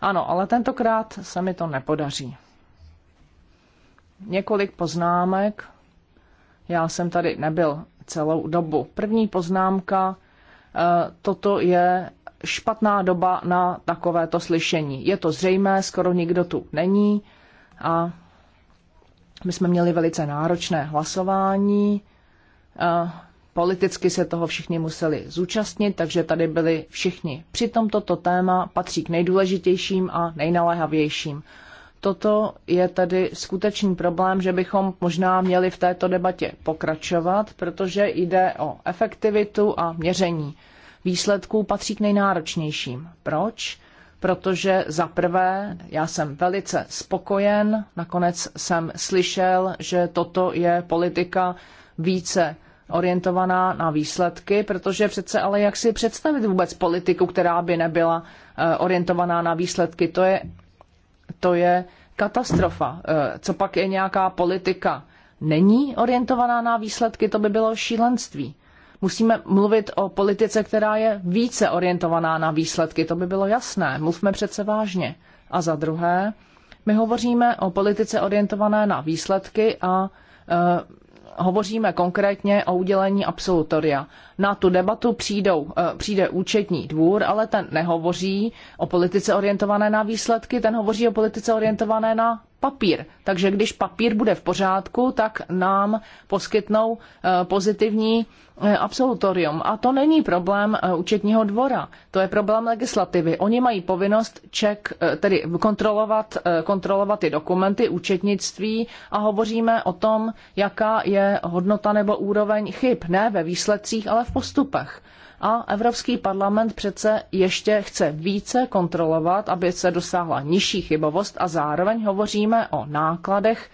B: Ano, ale tentokrát se mi to nepodaří. Několik poznámek. Já jsem tady nebyl celou dobu. První poznámka, eh, toto je špatná doba na takovéto slyšení. Je to zřejmé, skoro nikdo tu není a my jsme měli velice náročné hlasování. Eh, politicky se toho všichni museli zúčastnit, takže tady byli všichni. Přitom toto téma patří k nejdůležitějším a nejnaléhavějším toto je tedy skutečný problém, že bychom možná měli v této debatě pokračovat, protože jde o efektivitu a měření výsledků patří k nejnáročnějším. Proč? Protože za prvé, já jsem velice spokojen, nakonec jsem slyšel, že toto je politika více orientovaná na výsledky, protože přece ale jak si představit vůbec politiku, která by nebyla eh, orientovaná na výsledky, to je to je katastrofa. Eh, co pak je nějaká politika? Není orientovaná na výsledky, to by bylo šílenství. Musíme mluvit o politice, která je více orientovaná na výsledky, to by bylo jasné. Mluvme přece vážně. A za druhé, my hovoříme o politice orientované na výsledky a eh, hovoříme konkrétně o udělení absolutoria. Na tu debatu přijdou, eh, přijde účetní dvůr, ale ten nehovoří o politice orientované na výsledky, ten hovoří o politice orientované na papír. Takže když papír bude v pořádku, tak nám poskytnou eh, pozitivní eh, absolutorium. A to není problém eh, účetního dvora, to je problém legislativy. Oni mají povinnost ček, tedy kontrolovat, kontrolovat ty dokumenty účetnictví a hovoříme o tom, jaká je hodnota nebo úroveň chyb, ne ve výsledcích, ale v postupech. A Evropský parlament přece ještě chce více kontrolovat, aby se dosáhla nižší chybovost a zároveň hovoříme o nákladech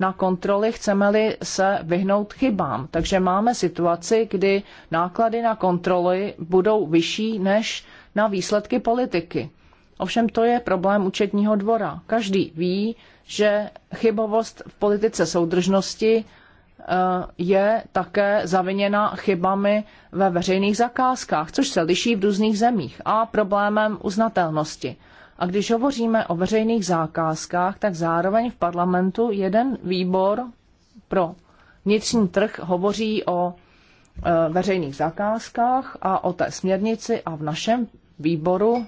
B: na kontroly, chceme-li se vyhnout chybám. Takže máme situaci, kdy náklady na kontroly budou vyšší než na výsledky politiky. Ovšem to je problém účetního dvora. Každý ví, že chybovost v politice soudržnosti Eh, je také zaviněna chybami ve veřejných zakázkách, což se liší v různých zemích a problémem uznatelnosti. A když hovoříme o veřejných zakázkách, tak zároveň v parlamentu jeden výbor pro vnitřní trh hovoří o eh, veřejných zakázkách a o té směrnici a v našem výboru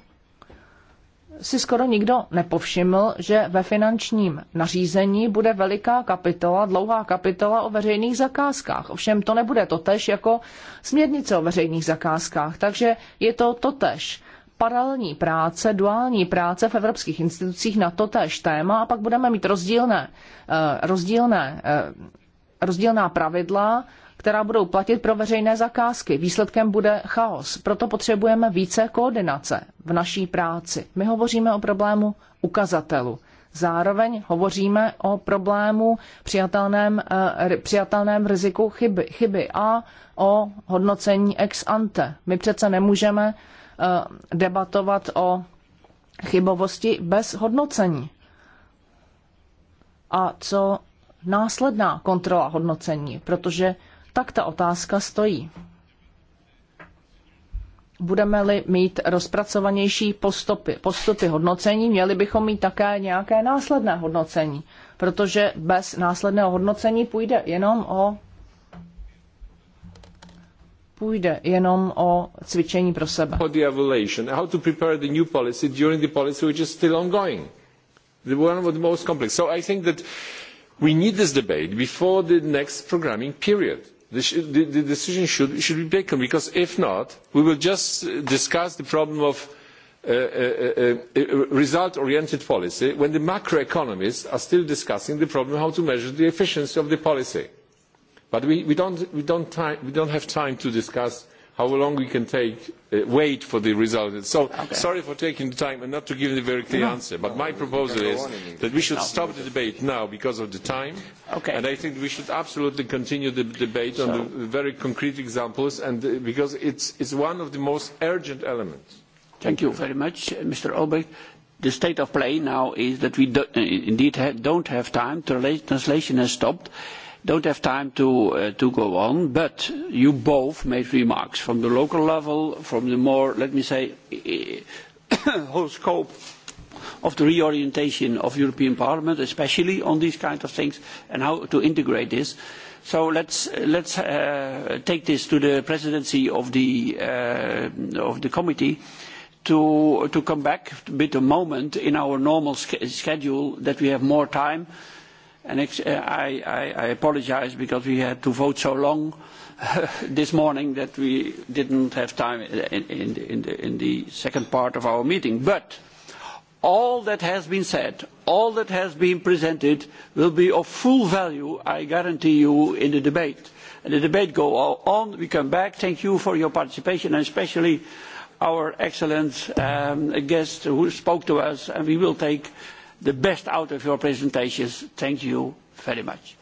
B: si skoro nikdo nepovšiml, že ve finančním nařízení bude veliká kapitola, dlouhá kapitola o veřejných zakázkách. Ovšem to nebude totež jako směrnice o veřejných zakázkách, takže je to totež paralelní práce, duální práce v evropských institucích na totéž téma a pak budeme mít rozdílné, eh, rozdílné, eh, rozdílná pravidla která budou platit pro veřejné zakázky. Výsledkem bude chaos. Proto potřebujeme více koordinace v naší práci. My hovoříme o problému ukazatelu. Zároveň hovoříme o problému přijatelném, eh, přijatelném riziku chyby, chyby a o hodnocení ex ante. My přece nemůžeme eh, debatovat o chybovosti bez hodnocení. A co následná kontrola hodnocení, protože tak ta otázka stojí. Budeme-li mít rozpracovanější postupy, postupy hodnocení, měli bychom mít také nějaké následné hodnocení, protože bez následného hodnocení půjde jenom o půjde jenom o cvičení pro sebe.
E: How to prepare the new policy during the policy which is still ongoing. The one of the most complex. So I think that we need this debate before the next programming period the, the, decision should, should be taken because if not we will just discuss the problem of uh, uh, uh, uh, uh result oriented policy when the macroeconomists are still discussing the problem of how to measure the efficiency of the policy. but we, we do not have time to discuss how long we can take, uh, wait for the result. So okay. sorry for taking the time and not to give a very clear no. answer. But no, my proposal is that we should stop the debate now because of the time. Okay. And I think we should absolutely continue the debate so. on the very concrete examples and uh, because it's, it's one of the most urgent elements. Thank you very much, uh, Mr. Obrecht. The state of play now is that we do, uh, indeed ha don't have time. The translation has stopped don't have time to, uh, to go on, but you both made remarks from the local level, from the more, let me say, whole scope of the reorientation of European Parliament, especially on these kind of things, and how to integrate this. So let's, uh, let's uh, take this to the presidency of the, of the committee to, to come back with a moment in our normal schedule that we have more time Uh, I, I apologize because we had to vote so long this morning that we didn't have time in, in, in, the, in the second part of our meeting. But all that has been said, all that has been presented will be of full value, I guarantee you, in the debate. And the debate goes on, we come back. Thank you for your participation and especially our excellent um, guest who spoke to us and we will take the best out of your presentations. Thank you very much.